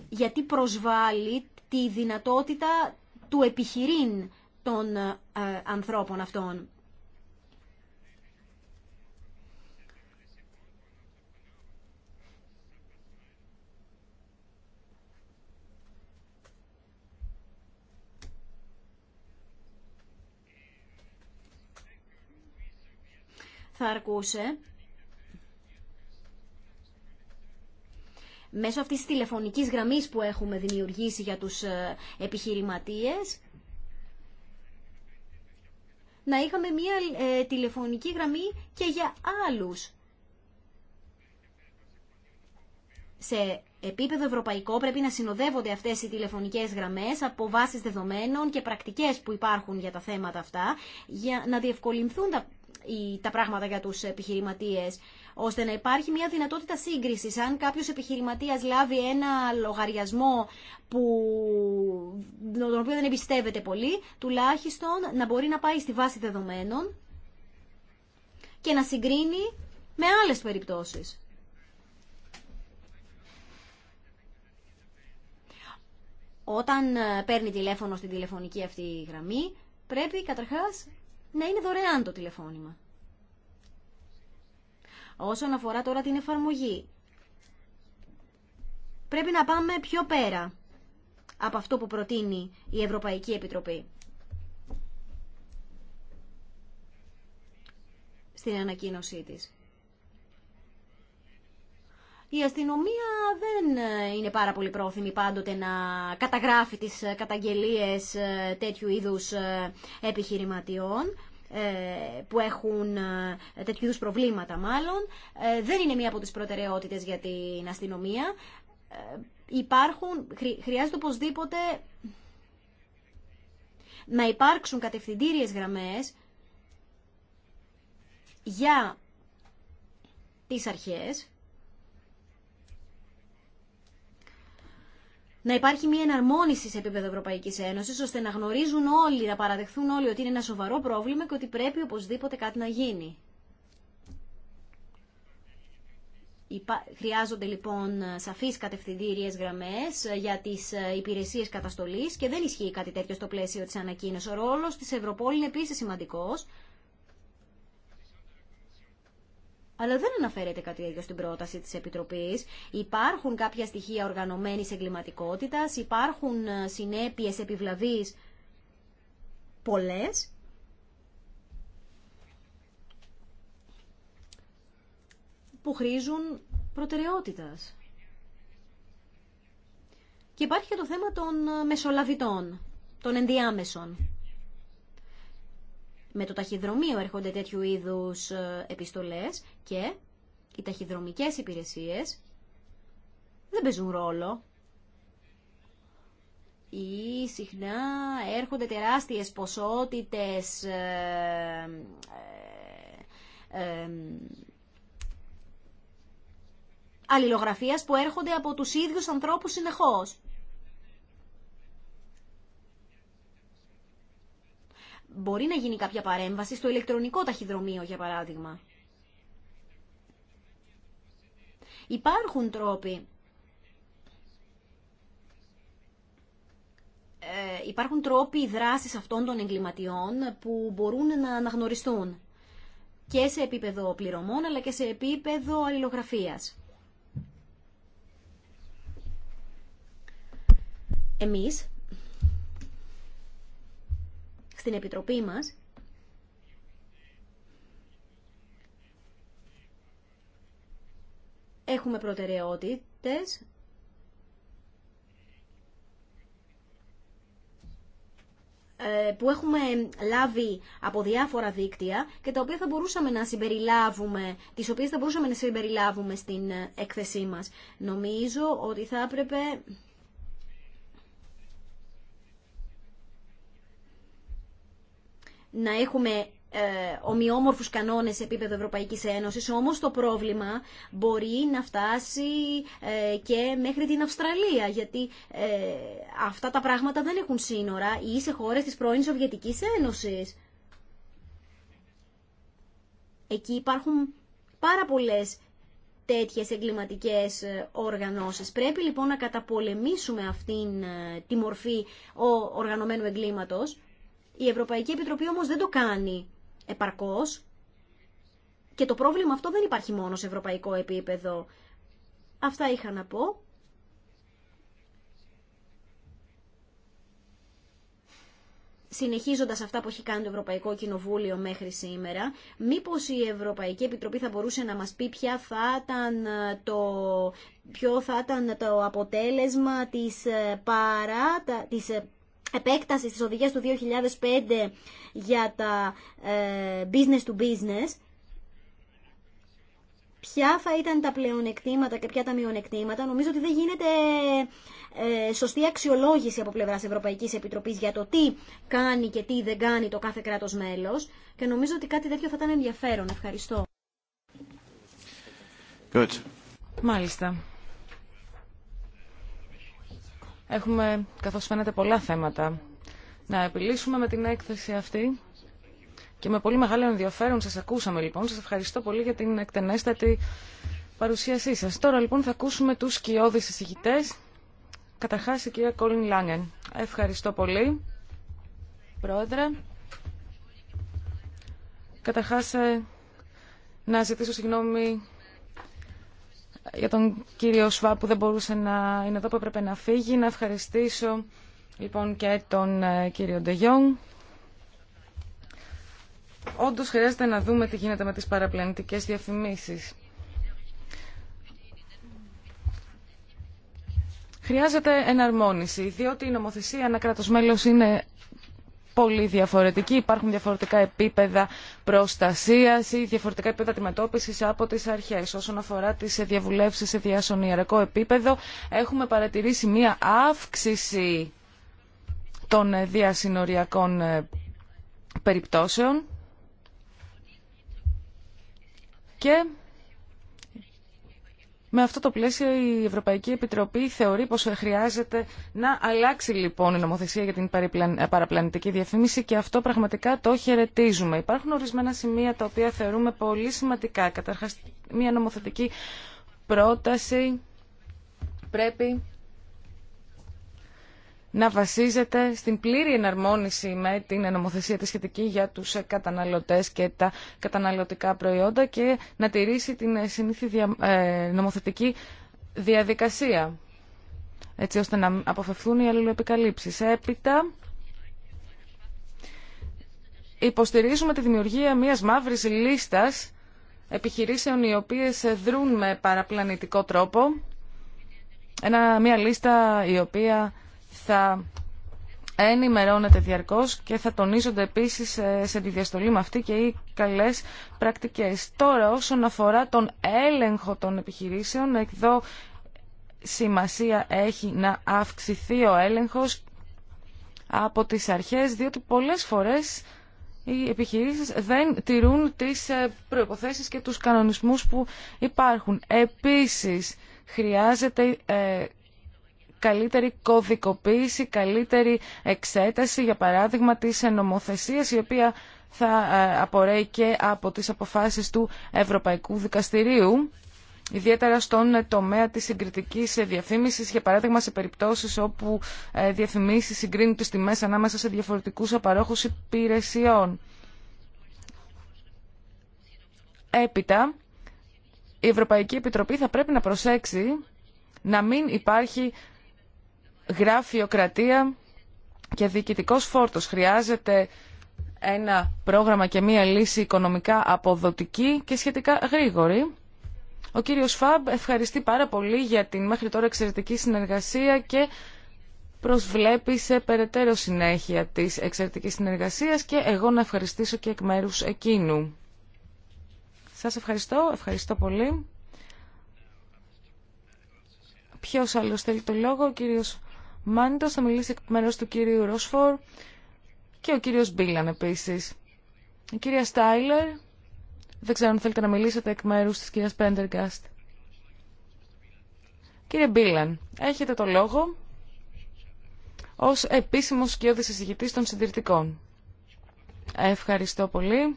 A: γιατί προσβάλλει τη δυνατότητα του επιχειρήν των ανθρώπων αυτών. θα αρκούσε μέσω αυτής της τηλεφωνικής γραμμής που έχουμε δημιουργήσει για τους ε, επιχειρηματίες να είχαμε μία ε, τηλεφωνική γραμμή και για άλλους. Σε επίπεδο ευρωπαϊκό πρέπει να συνοδεύονται αυτές οι τηλεφωνικές γραμμές από βάσεις δεδομένων και πρακτικές που υπάρχουν για τα θέματα αυτά για να διευκολυνθούν τα, τα πράγματα για τους επιχειρηματίες ώστε να υπάρχει μια δυνατότητα σύγκρισης. Αν κάποιος επιχειρηματίας λάβει ένα λογαριασμό που, τον οποίο δεν εμπιστεύεται πολύ, τουλάχιστον να μπορεί να πάει στη βάση δεδομένων και να συγκρίνει με άλλες περιπτώσεις. Όταν ε, παίρνει τηλέφωνο στην τηλεφωνική αυτή γραμμή, πρέπει καταρχάς να είναι δωρεάν το τηλεφώνημα. Όσον αφορά τώρα την εφαρμογή, πρέπει να πάμε πιο πέρα από αυτό που προτείνει η Ευρωπαϊκή Επιτροπή. Στην ανακοίνωσή της. Η αστυνομία δεν ε, είναι πάρα πολύ πρόθυμη πάντοτε να καταγράφει τις ε, καταγγελίες ε, τέτοιου είδους επιχειρηματιών που έχουν τέτοιου είδους προβλήματα μάλλον. Δεν είναι μία από τις προτεραιότητες για την αστυνομία. Υπάρχουν, χρειάζεται οπωσδήποτε να υπάρξουν κατευθυντήριες γραμμές για τις αρχές να υπάρχει μια εναρμόνιση σε επίπεδο Ευρωπαϊκή Ένωση, ώστε να γνωρίζουν όλοι, να παραδεχθούν όλοι ότι είναι ένα σοβαρό πρόβλημα και ότι πρέπει οπωσδήποτε κάτι να γίνει. Χρειάζονται λοιπόν σαφείς κατευθυντήριες γραμμές ε, για τις ε, υπηρεσίες καταστολής και δεν ισχύει κάτι τέτοιο στο πλαίσιο της ανακοίνωσης. Ο ρόλος της Ευρωπόλη είναι επίσης σημαντικός αλλά δεν αναφέρεται κάτι τέτοιο στην πρόταση της Επιτροπής. Υπάρχουν κάποια στοιχεία οργανωμένης εγκληματικότητας, υπάρχουν ε, συνέπειες επιβλαβή. πολλές. που χρήζουν προτεραιότητας. Και υπάρχει και το θέμα των ε, μεσολαβητών, των ενδιάμεσων με το ταχυδρομείο έρχονται τέτοιου είδους ε, επιστολές και οι ταχυδρομικές υπηρεσίες δεν παίζουν ρόλο ή συχνά έρχονται τεράστιες ποσότητες ε, ε, ε αλληλογραφίας που έρχονται από τους ίδιους ανθρώπους συνεχώς. μπορεί να γίνει κάποια παρέμβαση στο ηλεκτρονικό ταχυδρομείο, για παράδειγμα. Υπάρχουν τρόποι. Ε, υπάρχουν τρόποι δράσης αυτών των εγκληματιών που μπορούν να αναγνωριστούν και σε επίπεδο πληρωμών αλλά και σε επίπεδο αλληλογραφίας. Εμείς στην Επιτροπή μας έχουμε προτεραιότητες ε, που έχουμε λάβει από διάφορα δίκτυα και τα οποία θα μπορούσαμε να συμπεριλάβουμε, τις οποίες θα μπορούσαμε να συμπεριλάβουμε στην ε, έκθεσή μας. Νομίζω ότι θα έπρεπε να έχουμε ε, ομοιόμορφους κανόνες σε επίπεδο Ευρωπαϊκής Ένωσης, όμως το πρόβλημα μπορεί να φτάσει ε, και μέχρι την Αυστραλία, γιατί ε, αυτά τα πράγματα δεν έχουν σύνορα ή σε χώρες της πρώην Σοβιετικής Ένωσης. Εκεί υπάρχουν πάρα πολλές τέτοιες εγκληματικές οργανώσεις. Πρέπει λοιπόν να καταπολεμήσουμε αυτήν τη μορφή οργανωμένου εγκλήματος η Ευρωπαϊκή Επιτροπή όμως δεν το κάνει επαρκώς και το πρόβλημα αυτό δεν υπάρχει μόνο σε ευρωπαϊκό επίπεδο. Αυτά είχα να πω. συνεχίζοντας αυτά που έχει κάνει το Ευρωπαϊκό Κοινοβούλιο μέχρι σήμερα, μήπως η Ευρωπαϊκή Επιτροπή θα μπορούσε να μας πει ποια θα ήταν ε, το, ποιο θα ήταν το αποτέλεσμα της, ε, παρά, της ε, επέκταση στις οδηγίες του 2005 για τα ε, business to business, ποια θα ήταν τα πλεονεκτήματα και ποια τα μειονεκτήματα. Νομίζω ότι δεν γίνεται ε, σωστή αξιολόγηση από πλευράς Ευρωπαϊκής Επιτροπής για το τι κάνει και τι δεν κάνει το κάθε κράτος μέλος. Και νομίζω ότι κάτι τέτοιο θα ήταν ενδιαφέρον. Ευχαριστώ. Good. Μάλιστα. Έχουμε, καθώς
B: φαίνεται, πολλά θέματα να επιλύσουμε με την έκθεση αυτή. Και με πολύ μεγάλο ενδιαφέρον σας ακούσαμε λοιπόν. Σας ευχαριστώ πολύ για την εκτενέστατη παρουσίασή σας. Τώρα λοιπόν θα ακούσουμε τους σκιώδεις εισηγητές. Καταρχάς η κυρία Κόλιν Λάγκεν. Ευχαριστώ πολύ. Πρόεδρε. Καταρχάς ε, να ζητήσω συγγνώμη για τον κύριο Σβά που δεν μπορούσε να είναι εδώ που έπρεπε να φύγει. Να ευχαριστήσω λοιπόν και τον ε, κύριο Ντεγιόν. Όντως χρειάζεται να δούμε τι γίνεται με τις παραπλανητικές διαφημίσεις. Χρειάζεται εναρμόνιση, διότι η νομοθεσία να κράτος μέλος είναι πολύ διαφορετική. Υπάρχουν διαφορετικά επίπεδα προστασία, ή διαφορετικά επίπεδα αντιμετώπιση από τις αρχές. Όσον αφορά τι διαβουλεύσει σε διασωνιαρικό επίπεδο, έχουμε παρατηρήσει μία αύξηση των διασυνοριακών ε, περιπτώσεων και με αυτό το πλαίσιο η Ευρωπαϊκή Επιτροπή θεωρεί πως χρειάζεται να αλλάξει λοιπόν η νομοθεσία για την παραπλανητική διαφήμιση και αυτό πραγματικά το χαιρετίζουμε. Υπάρχουν ορισμένα σημεία τα οποία θεωρούμε πολύ σημαντικά. Καταρχάς μια νομοθετική πρόταση πρέπει να βασίζεται στην πλήρη εναρμόνιση με την νομοθεσία τη σχετική για τους καταναλωτές και τα καταναλωτικά προϊόντα και να τηρήσει την ε, νομοθετική διαδικασία έτσι ώστε να αποφευθούν οι αλληλοεπικαλύψεις. Έπειτα, υποστηρίζουμε τη δημιουργία μιας μαύρης λίστας επιχειρήσεων οι οποίες δρούν με παραπλανητικό τρόπο. Ένα, μια λίστα η οποία θα ενημερώνεται διαρκώς και θα τονίζονται επίσης ε, σε τη διαστολή με αυτή και οι καλές πρακτικές. Τώρα όσον αφορά τον έλεγχο των επιχειρήσεων, εδώ σημασία έχει να αυξηθεί ο έλεγχος από τις αρχές, διότι πολλές φορές οι επιχειρήσεις δεν τηρούν τις ε, προϋποθέσεις και τους κανονισμούς που υπάρχουν. Επίσης, χρειάζεται ε, καλύτερη κωδικοποίηση, καλύτερη εξέταση, για παράδειγμα, της νομοθεσίας, η οποία θα ε, απορρέει και από τις αποφάσεις του Ευρωπαϊκού Δικαστηρίου ιδιαίτερα στον τομέα της συγκριτικής διαφήμισης, για παράδειγμα σε περιπτώσεις όπου ε, διαφημίσεις συγκρίνουν τις τιμές ανάμεσα σε διαφορετικούς απαρόχους υπηρεσιών. Έπειτα, η Ευρωπαϊκή Επιτροπή θα πρέπει να προσέξει να μην υπάρχει γραφειοκρατία και διοικητικός φόρτος. Χρειάζεται ένα πρόγραμμα και μία λύση οικονομικά αποδοτική και σχετικά γρήγορη. Ο κύριος Φαμπ ευχαριστεί πάρα πολύ για την μέχρι τώρα εξαιρετική συνεργασία και προσβλέπει σε περαιτέρω συνέχεια της εξαιρετικής συνεργασίας και εγώ να ευχαριστήσω και εκ μέρους εκείνου. Σας ευχαριστώ, ευχαριστώ πολύ. Ποιος άλλος θέλει το λόγο, ο κύριος Μάνιτό θα μιλήσει εκ μέρου του κύριου Ροσφόρ και ο κύριο Μπίλαν επίση. Η κυρία Στάιλερ, δεν ξέρω αν θέλετε να μιλήσετε εκ μέρου τη κύρια Πέντεργκαστ. Κύριε Μπίλαν, έχετε το λόγο ω επίσημο σκιώδη συζητητή των συντηρητικών. Ευχαριστώ πολύ.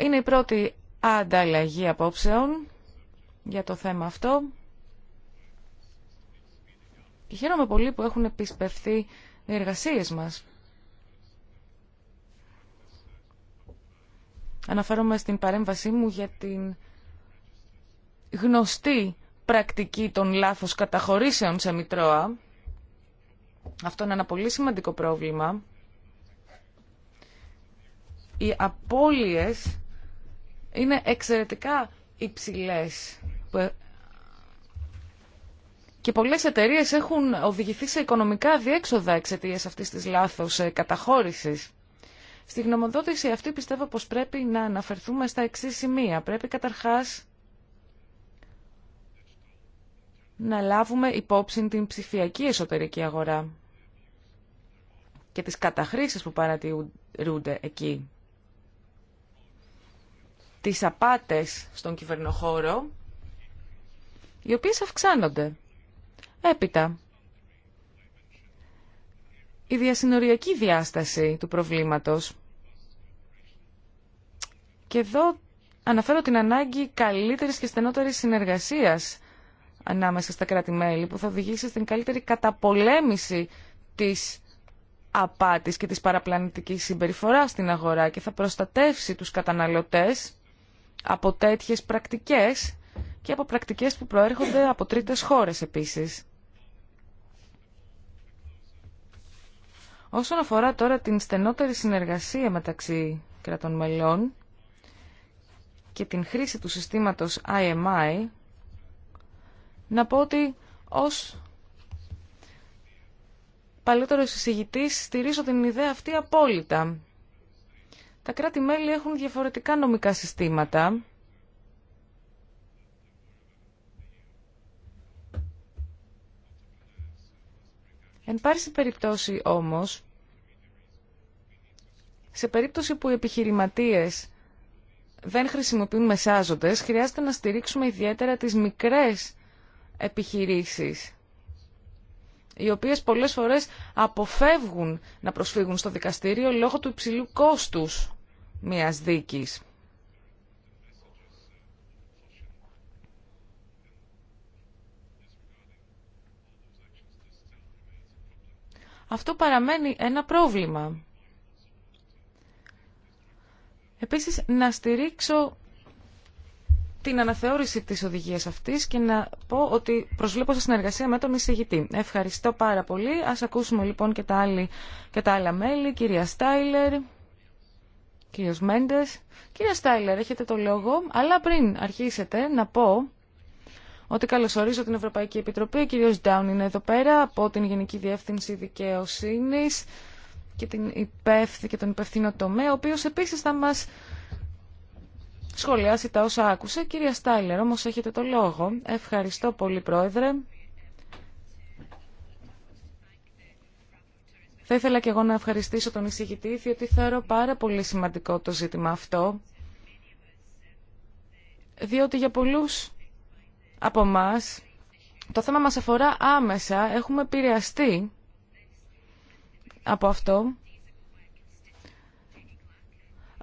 B: Είναι η πρώτη ανταλλαγή απόψεων για το θέμα αυτό. Και χαίρομαι πολύ που έχουν επισπευθεί οι εργασίες μας. Αναφέρομαι στην παρέμβασή μου για την γνωστή πρακτική των λάθος καταχωρήσεων σε Μητρώα. Αυτό είναι ένα πολύ σημαντικό πρόβλημα. Οι απώλειες είναι εξαιρετικά υψηλές ε, και πολλές εταιρείε έχουν οδηγηθεί σε οικονομικά διέξοδα εξαιτία αυτής της λάθο ε, καταχώρηση. Στη γνωμοδότηση αυτή πιστεύω πως πρέπει να αναφερθούμε στα εξή σημεία. Πρέπει καταρχάς να λάβουμε υπόψη την ψηφιακή εσωτερική αγορά και τις καταχρήσεις που παρατηρούνται εκεί. Τις απάτες στον κυβερνοχώρο οι οποίες αυξάνονται. Έπειτα, η διασυνοριακή διάσταση του προβλήματος. Και εδώ αναφέρω την ανάγκη καλύτερης και στενότερης συνεργασίας ανάμεσα στα κράτη-μέλη που θα οδηγήσει στην καλύτερη καταπολέμηση της απάτης και της παραπλανητικής συμπεριφοράς στην αγορά και θα προστατεύσει τους καταναλωτές από τέτοιες πρακτικές και από πρακτικές που προέρχονται από τρίτες χώρες επίσης. Όσον αφορά τώρα την στενότερη συνεργασία μεταξύ κρατών μελών και την χρήση του συστήματος IMI, να πω ότι ως παλαιότερο εισηγητής στηρίζω την ιδέα αυτή απόλυτα. Τα κράτη-μέλη έχουν διαφορετικά νομικά συστήματα Εν πάρει περιπτώσει όμως, σε περίπτωση που οι επιχειρηματίες δεν χρησιμοποιούν μεσάζοντες, χρειάζεται να στηρίξουμε ιδιαίτερα τις μικρές επιχειρήσεις, οι οποίες πολλές φορές αποφεύγουν να προσφύγουν στο δικαστήριο λόγω του υψηλού κόστους μιας δίκης. αυτό παραμένει ένα πρόβλημα. Επίσης, να στηρίξω την αναθεώρηση της οδηγίας αυτής και να πω ότι προσβλέπω σε συνεργασία με τον εισηγητή. Ευχαριστώ πάρα πολύ. Ας ακούσουμε λοιπόν και τα, άλλη, και τα άλλα μέλη. Κυρία Στάιλερ, κύριος Μέντες. Κυρία Στάιλερ, έχετε το λόγο, αλλά πριν αρχίσετε να πω ότι καλωσορίζω την Ευρωπαϊκή Επιτροπή. Ο κύριος Ντάουν είναι εδώ πέρα από την Γενική Διεύθυνση Δικαιοσύνης και, την υπεύθυ, και τον υπευθύνο τομέα, ο οποίος επίσης θα μας σχολιάσει τα όσα άκουσε. Κυρία Στάιλερ, όμως έχετε το λόγο. Ευχαριστώ πολύ, Πρόεδρε. Θα ήθελα και εγώ να ευχαριστήσω τον εισηγητή, διότι θεωρώ πάρα πολύ σημαντικό το ζήτημα αυτό, διότι για πολλούς από εμά, το θέμα μας αφορά άμεσα, έχουμε επηρεαστεί από αυτό.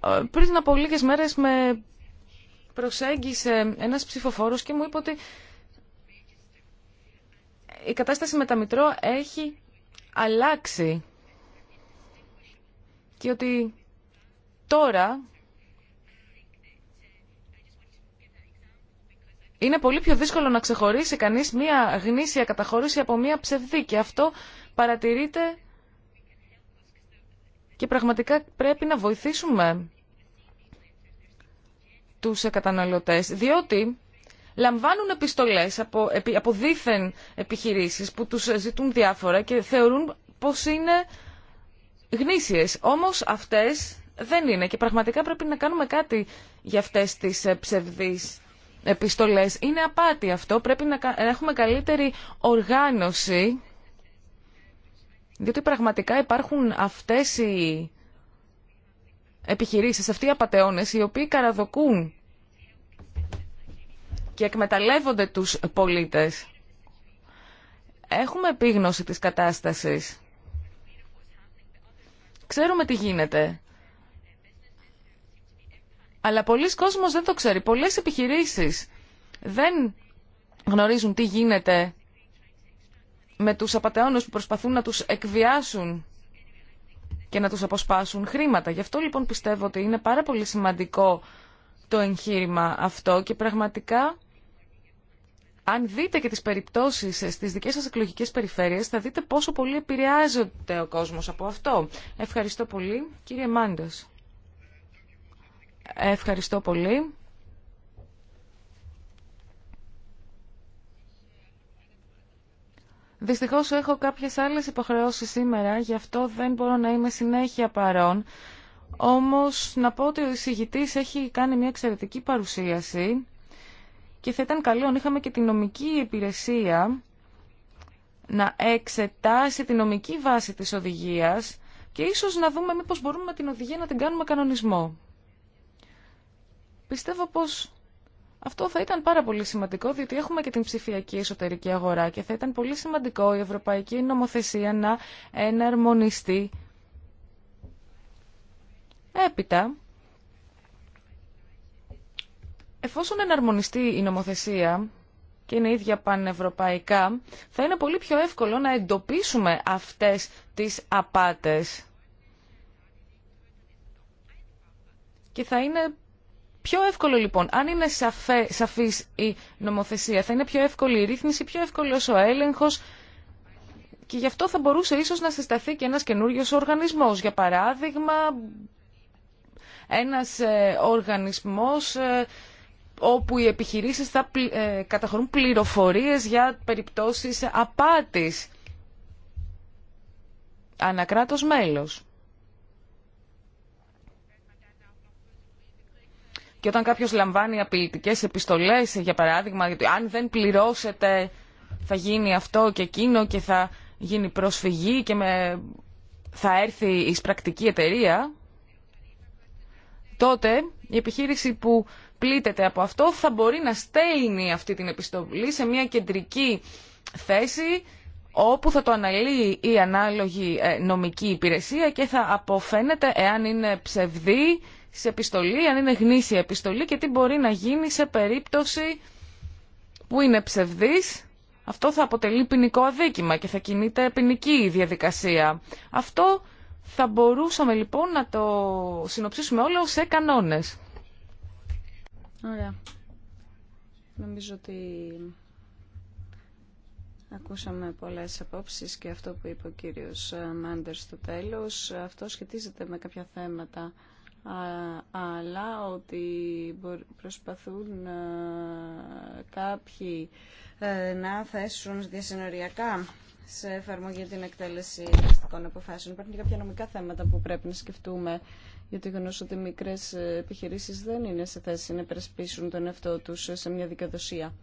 B: Ε, πριν από λίγες μέρες με προσέγγισε ένας ψηφοφόρος και μου είπε ότι η κατάσταση με τα Μητρώ έχει αλλάξει και ότι τώρα είναι πολύ πιο δύσκολο να ξεχωρίσει κανείς μία γνήσια καταχώρηση από μία ψευδή και αυτό παρατηρείται και πραγματικά πρέπει να βοηθήσουμε τους καταναλωτές, διότι λαμβάνουν επιστολές από, από δίθεν επιχειρήσεις που τους ζητούν διάφορα και θεωρούν πως είναι γνήσιες. Όμως αυτές δεν είναι και πραγματικά πρέπει να κάνουμε κάτι για αυτές τις ε, ψευδείς επιστολές. Είναι απάτη αυτό, πρέπει να έχουμε καλύτερη οργάνωση, διότι πραγματικά υπάρχουν αυτές οι επιχειρήσεις, αυτοί οι απαταιώνες, οι οποίοι καραδοκούν και εκμεταλλεύονται τους πολίτες. Έχουμε επίγνωση της κατάστασης. Ξέρουμε τι γίνεται. Αλλά πολλοί κόσμος δεν το ξέρει. Πολλές επιχειρήσεις δεν γνωρίζουν τι γίνεται με τους απαταιώνες που προσπαθούν να τους εκβιάσουν και να τους αποσπάσουν χρήματα. Γι' αυτό λοιπόν πιστεύω ότι είναι πάρα πολύ σημαντικό το εγχείρημα αυτό και πραγματικά αν δείτε και τις περιπτώσεις στις δικές σας εκλογικές περιφέρειες θα δείτε πόσο πολύ επηρεάζεται ο κόσμος από αυτό. Ευχαριστώ πολύ. Κύριε Μάντος. Ευχαριστώ πολύ. Δυστυχώς έχω κάποιες άλλες υποχρεώσεις σήμερα, γι' αυτό δεν μπορώ να είμαι συνέχεια παρόν. Όμως να πω ότι ο εισηγητής έχει κάνει μια εξαιρετική παρουσίαση και θα ήταν καλό αν είχαμε και τη νομική υπηρεσία να εξετάσει τη νομική βάση της οδηγίας και ίσως να δούμε μήπως μπορούμε την οδηγία να την κάνουμε κανονισμό. Πιστεύω πως αυτό θα ήταν πάρα πολύ σημαντικό, διότι έχουμε και την ψηφιακή εσωτερική αγορά και θα ήταν πολύ σημαντικό η ευρωπαϊκή νομοθεσία να εναρμονιστεί. Έπειτα, εφόσον εναρμονιστεί η νομοθεσία και είναι ίδια πανευρωπαϊκά, θα είναι πολύ πιο εύκολο να εντοπίσουμε αυτές τις απάτες. Και θα είναι Πιο εύκολο λοιπόν, αν είναι σαφέ, σαφής η νομοθεσία, θα είναι πιο εύκολη η ρύθμιση, πιο εύκολος ο έλεγχος και γι' αυτό θα μπορούσε ίσως να συσταθεί και ένας καινούριο οργανισμός. Για παράδειγμα, ένας ε, οργανισμός ε, όπου οι επιχειρήσεις θα ε, καταχωρούν πληροφορίες για περιπτώσεις απάτης ανακράτος μέλος. Και όταν κάποιος λαμβάνει απειλητικές επιστολές, για παράδειγμα, γιατί αν δεν πληρώσετε θα γίνει αυτό και εκείνο και θα γίνει προσφυγή και με... θα έρθει η πρακτική εταιρεία, τότε η επιχείρηση που πλήττεται από αυτό θα μπορεί να στέλνει αυτή την επιστολή σε μια κεντρική θέση όπου θα το αναλύει η ανάλογη ε, νομική υπηρεσία και θα αποφαίνεται εάν είναι ψευδή σε επιστολή, αν είναι γνήσια επιστολή και τι μπορεί να γίνει σε περίπτωση που είναι ψευδής. Αυτό θα αποτελεί ποινικό αδίκημα και θα κινείται ποινική διαδικασία. Αυτό θα μπορούσαμε λοιπόν να το συνοψίσουμε όλο σε κανόνες.
C: Ωραία. Νομίζω ότι Ακούσαμε πολλές απόψεις και αυτό που είπε ο κύριος Μάντερ στο τέλος. Αυτό σχετίζεται με κάποια θέματα αλλά ότι προσπαθούν κάποιοι ε, να θέσουν διασυνοριακά σε εφαρμογή την εκτέλεση δραστικών αποφάσεων. Υπάρχουν και κάποια νομικά θέματα που πρέπει να σκεφτούμε για το γεγονό ότι μικρέ ε, επιχειρήσει δεν είναι σε θέση να υπερασπίσουν τον εαυτό του σε μια δικαιοδοσία.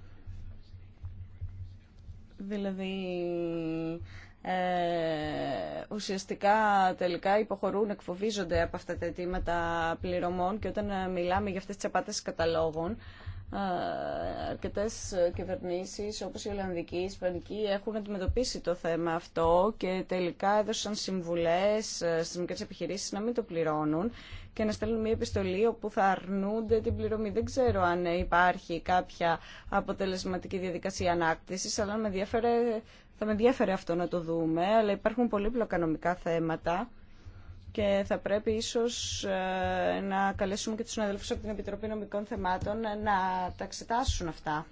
C: Δηλαδή, ε, ουσιαστικά τελικά υποχωρούν, εκφοβίζονται από αυτά τα αιτήματα πληρωμών και όταν ε, μιλάμε για αυτές τις απάτες καταλόγων, ε, Αρκετέ κυβερνήσει, όπω η Ολλανδική, η Ισπανική έχουν αντιμετωπίσει το θέμα αυτό και τελικά έδωσαν συμβουλέ ε, στι μικρέ επιχειρήσει να μην το πληρώνουν και να στέλνουν μια επιστολή όπου θα αρνούνται την πληρωμή. Δεν ξέρω αν υπάρχει κάποια αποτελεσματική διαδικασία ανάκτηση, αλλά με ενδιαφέρε θα με ενδιαφέρει αυτό να το δούμε, αλλά υπάρχουν πολύ πλοκανομικά θέματα και θα πρέπει ίσως ε, να καλέσουμε και τους συναδέλφους από την Επιτροπή Νομικών Θεμάτων ε, να τα εξετάσουν αυτά.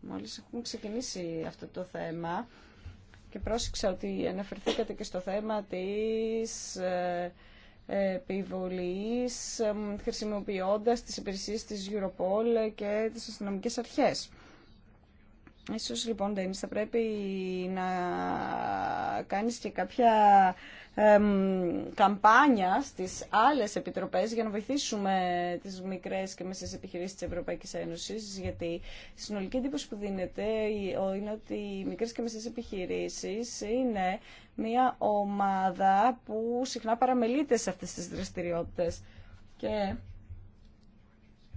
C: Μόλις έχουμε ξεκινήσει αυτό το θέμα και πρόσεξα ότι αναφερθήκατε και στο θέμα της ε, επιβολής χρησιμοποιώντας τις υπηρεσίες της Europol και τις αστυνομικές αρχές. Ίσως λοιπόν, Ντένις, θα πρέπει να κάνεις και κάποια καμπάνια στις άλλες επιτροπές για να βοηθήσουμε τις μικρές και μεσές επιχειρήσεις της Ευρωπαϊκής Ένωσης, γιατί η συνολική εντύπωση που δίνεται είναι ότι οι μικρές και μεσές επιχειρήσεις είναι μια ομάδα που συχνά παραμελείται σε αυτές τις δραστηριότητες. Και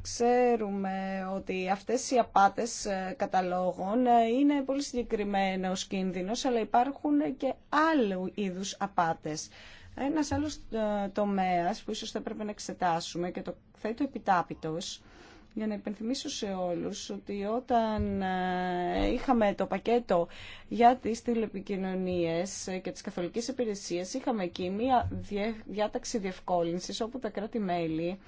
C: Ξέρουμε ότι αυτές οι απάτες ε, καταλόγων ε, είναι πολύ συγκεκριμένος κίνδυνος, αλλά υπάρχουν και άλλου είδους απάτες. Ένας άλλος ε, τομέας που ίσως θα έπρεπε να εξετάσουμε και το θέτω επιτάπητος, για να υπενθυμίσω σε όλους ότι όταν είχαμε το πακέτο για τις τηλεπικοινωνίες και τις καθολικές υπηρεσίες, είχαμε εκεί μια διάταξη διευκόλυνσης όπου τα κράτη-μέλη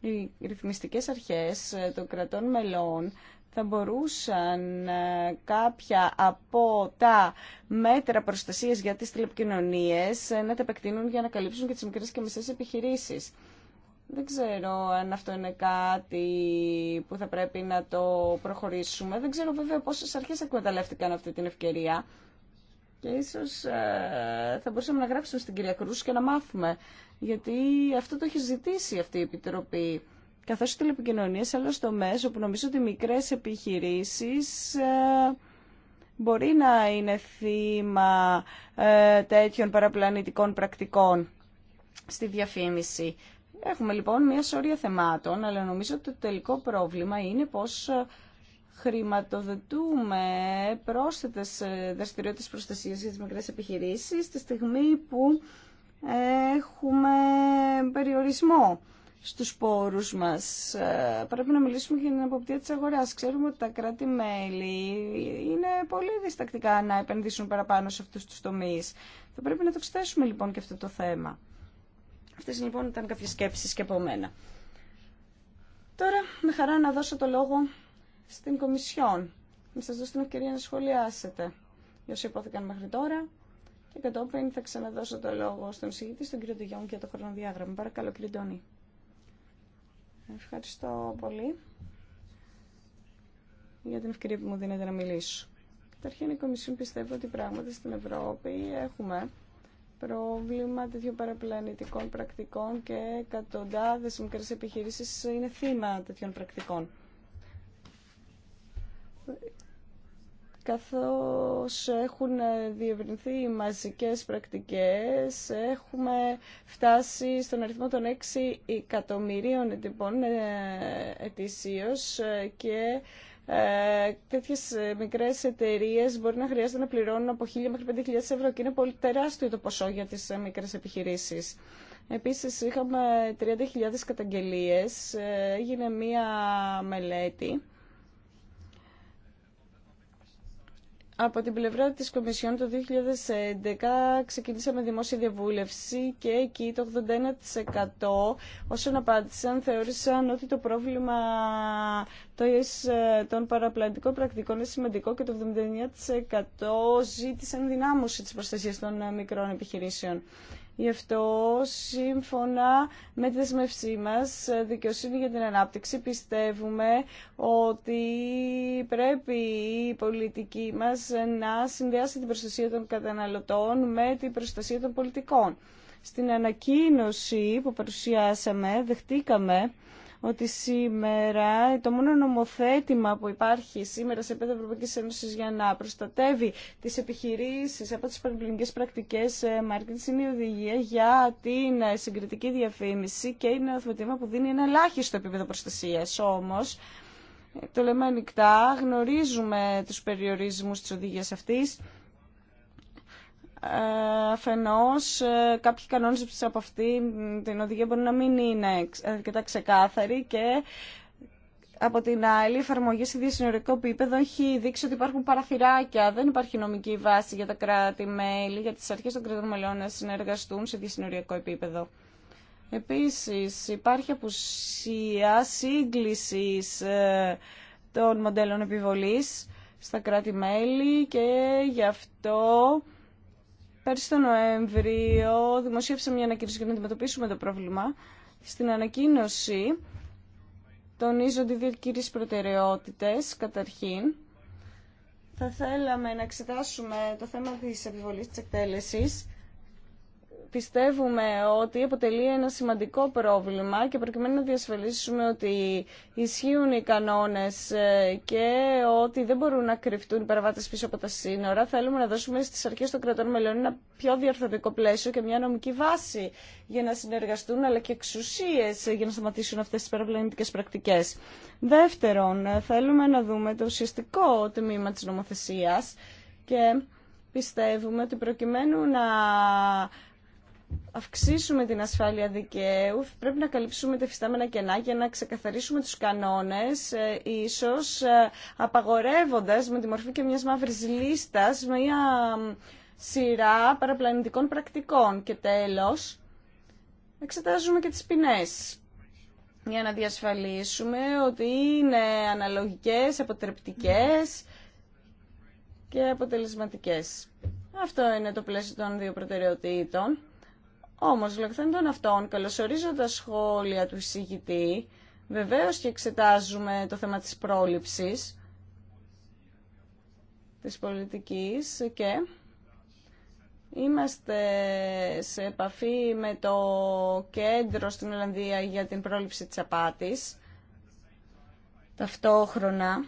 C: οι ρυθμιστικές αρχές ε, των κρατών μελών θα μπορούσαν ε, κάποια από τα μέτρα προστασίας για τις τηλεπικοινωνίες ε, να τα επεκτείνουν για να καλύψουν και τις μικρές και μεσές επιχειρήσεις. Δεν ξέρω αν αυτό είναι κάτι που θα πρέπει να το προχωρήσουμε. Δεν ξέρω βέβαια πόσες αρχές εκμεταλλεύτηκαν αυτή την ευκαιρία. Και ίσως θα μπορούσαμε να γράψουμε στην κυρία Κρούς και να μάθουμε γιατί αυτό το έχει ζητήσει αυτή η Επιτροπή Καθώ οι τηλεπικοινωνίες, αλλά στο μέσο που νομίζω ότι μικρές επιχειρήσεις ε, μπορεί να είναι θύμα ε, τέτοιων παραπλανητικών πρακτικών στη διαφήμιση. Έχουμε λοιπόν μια σωρία θεμάτων, αλλά νομίζω ότι το τελικό πρόβλημα είναι πως ε, χρηματοδοτούμε πρόσθετε δραστηριότητες προστασίας για τις μικρές επιχειρήσεις τη στιγμή που έχουμε περιορισμό στους πόρους μας. Ε, πρέπει να μιλήσουμε για την αποπτία της αγοράς. Ξέρουμε ότι τα κράτη-μέλη είναι πολύ διστακτικά να επενδύσουν παραπάνω σε αυτούς τους τομείς. Θα πρέπει να το εξετάσουμε λοιπόν και αυτό το θέμα. Αυτές λοιπόν ήταν κάποιες σκέψεις και από μένα. Τώρα με χαρά να δώσω το λόγο στην Κομισιόν. Να σας δώσω την ευκαιρία να σχολιάσετε. Για όσοι υπόθηκαν μέχρι τώρα και κατόπιν θα ξαναδώσω το λόγο στον συγητή, στον κύριο Ντεγιόν για το χρονοδιάγραμμα. Παρακαλώ, κύριε Ντόνι. Ευχαριστώ πολύ για την ευκαιρία που μου δίνετε να μιλήσω. Καταρχήν, η Κομισιόν πιστεύει ότι πράγματι στην Ευρώπη έχουμε πρόβλημα τέτοιων παραπλανητικών πρακτικών και εκατοντάδες μικρέ επιχειρήσεις είναι θύμα τέτοιων πρακτικών καθώς έχουν ε, διευρυνθεί οι μαζικές πρακτικές, έχουμε φτάσει στον αριθμό των 6 εκατομμυρίων ετυπών ε, ετησίως ε, και τέτοιε μικρέ εταιρείε μπορεί να χρειάζεται να πληρώνουν από 1.000 μέχρι 5.000 ευρώ και είναι πολύ τεράστιο το ποσό για τι μικρέ επιχειρήσει. Επίση, είχαμε 30.000 καταγγελίε. Έγινε μία μελέτη Από την πλευρά της Κομισιόν το 2011 ξεκινήσαμε δημόσια διαβούλευση και εκεί το 81% όσων απάντησαν θεώρησαν ότι το πρόβλημα ε, των παραπλανητικών πρακτικών είναι σημαντικό και το 79% ζήτησαν δυνάμωση της προστασίας των ε, μικρών επιχειρήσεων. Γι' αυτό, σύμφωνα με τη δεσμευσή μας, δικαιοσύνη για την ανάπτυξη, πιστεύουμε ότι πρέπει η πολιτική μας να συνδυάσει την προστασία των καταναλωτών με την προστασία των πολιτικών. Στην ανακοίνωση που παρουσιάσαμε, δεχτήκαμε ότι σήμερα το μόνο νομοθέτημα που υπάρχει σήμερα σε επίπεδο Ευρωπαϊκή Ένωση για να προστατεύει τι επιχειρήσει από τι παραπληκτικέ πρακτικέ ε, marketing είναι η οδηγία για την ε, συγκριτική διαφήμιση και είναι ένα θέμα που δίνει ένα ελάχιστο επίπεδο προστασία. Όμω, ε, το λέμε ανοιχτά, γνωρίζουμε του περιορισμούς τη οδηγία αυτή αφενός ε, κάποιοι κανόνες από αυτή την οδηγία μπορεί να μην είναι αρκετά ξεκάθαρη και από την άλλη, η εφαρμογή σε διασυνορικό επίπεδο έχει δείξει ότι υπάρχουν παραθυράκια. Δεν υπάρχει νομική βάση για τα κράτη-μέλη, για τι αρχέ των κρατών μελών να συνεργαστούν σε διασυνοριακό επίπεδο. Επίση, υπάρχει απουσία σύγκληση ε, των μοντέλων επιβολή στα κράτη-μέλη και γι' αυτό Πέρσι τον Νοέμβριο δημοσίευσα μια ανακοίνωση για να αντιμετωπίσουμε το πρόβλημα. Στην ανακοίνωση τονίζονται δύο κύριε προτεραιότητες. Καταρχήν, θα θέλαμε να εξετάσουμε το θέμα της επιβολής τη εκτέλεση πιστεύουμε ότι αποτελεί ένα σημαντικό πρόβλημα και προκειμένου να διασφαλίσουμε ότι ισχύουν οι κανόνες ε, και ότι δεν μπορούν να κρυφτούν οι παραβάτες πίσω από τα σύνορα, θέλουμε να δώσουμε στις αρχές των κρατών μελών ένα πιο διορθωτικό πλαίσιο και μια νομική βάση για να συνεργαστούν αλλά και εξουσίες για να σταματήσουν αυτές τις παραπλανητικές πρακτικές. Δεύτερον, θέλουμε να δούμε το ουσιαστικό τμήμα της νομοθεσίας και πιστεύουμε ότι προκειμένου να αυξήσουμε την ασφάλεια δικαίου, πρέπει να καλύψουμε τα φυστάμενα κενά για να ξεκαθαρίσουμε τους κανόνες, ε, ίσως ε, απαγορεύοντας με τη μορφή και μιας μαύρης λίστας μια σειρά παραπλανητικών πρακτικών. Και τέλος, εξετάζουμε και τις ποινές για να διασφαλίσουμε ότι είναι αναλογικές, αποτρεπτικές και αποτελεσματικές. Αυτό είναι το πλαίσιο των δύο προτεραιοτήτων Όμω, λεχθέν των αυτών, καλωσορίζω τα σχόλια του εισηγητή, βεβαίως και εξετάζουμε το θέμα της πρόληψης, της πολιτικής και είμαστε σε επαφή με το κέντρο στην Ολλανδία για την πρόληψη της απάτης. Ταυτόχρονα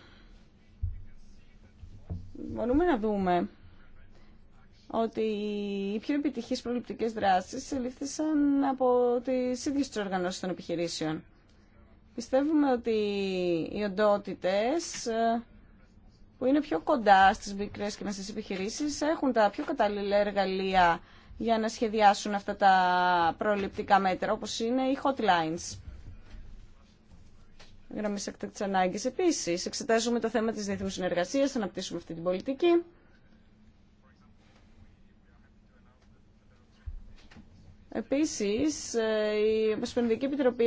C: μπορούμε να δούμε ότι οι πιο επιτυχείς προληπτικές δράσεις ελήφθησαν από τις ίδιες τις οργανώσεις των επιχειρήσεων. Πιστεύουμε ότι οι οντότητες ε, που είναι πιο κοντά στις μικρές και μεσές επιχειρήσεις έχουν τα πιο κατάλληλα εργαλεία για να σχεδιάσουν αυτά τα προληπτικά μέτρα, όπως είναι οι hotlines. Γραμμής εκτακτής ανάγκης. επίση, εξετάζουμε το θέμα της διεθνού συνεργασίας, αναπτύσσουμε αυτή την πολιτική. Επίσης, ε, η Ομοσπονδιακή Επιτροπή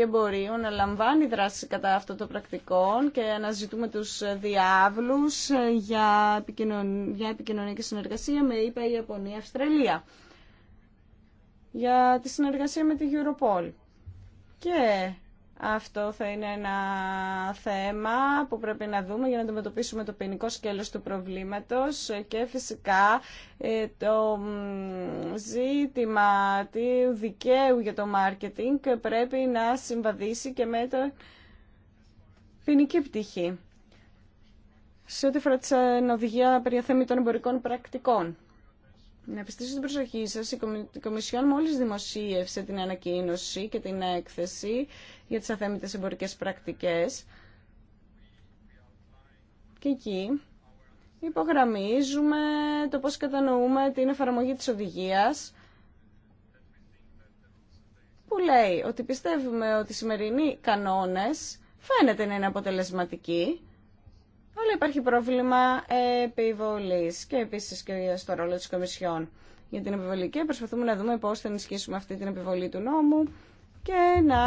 C: να λαμβάνει δράση κατά αυτό των πρακτικών και αναζητούμε τους διάβλους ε, για επικοινωνία και συνεργασία με ΙΠΑ, Ιαπωνία, Αυστραλία για τη συνεργασία με τη Europol. Και αυτό θα είναι ένα θέμα που πρέπει να δούμε για να αντιμετωπίσουμε το ποινικό σκέλος του προβλήματος και φυσικά ε, το ζήτημα του δικαίου για το μάρκετινγκ πρέπει να συμβαδίσει και με το ποινική πτυχή. Σε ό,τι αφορά την οδηγία περί των εμπορικών πρακτικών. Να επιστήσω την προσοχή σας, η Κομισιόν μόλις δημοσίευσε την ανακοίνωση και την έκθεση για τις αθέμητες εμπορικές πρακτικές. Και εκεί υπογραμμίζουμε το πώς κατανοούμε την εφαρμογή της οδηγίας που λέει ότι πιστεύουμε ότι οι σημερινοί κανόνες φαίνεται να είναι αποτελεσματικοί αλλά υπάρχει πρόβλημα επιβολής και επίσης και στο ρόλο της Κομισιόν για την επιβολή και προσπαθούμε να δούμε πώς θα ενισχύσουμε αυτή την επιβολή του νόμου και να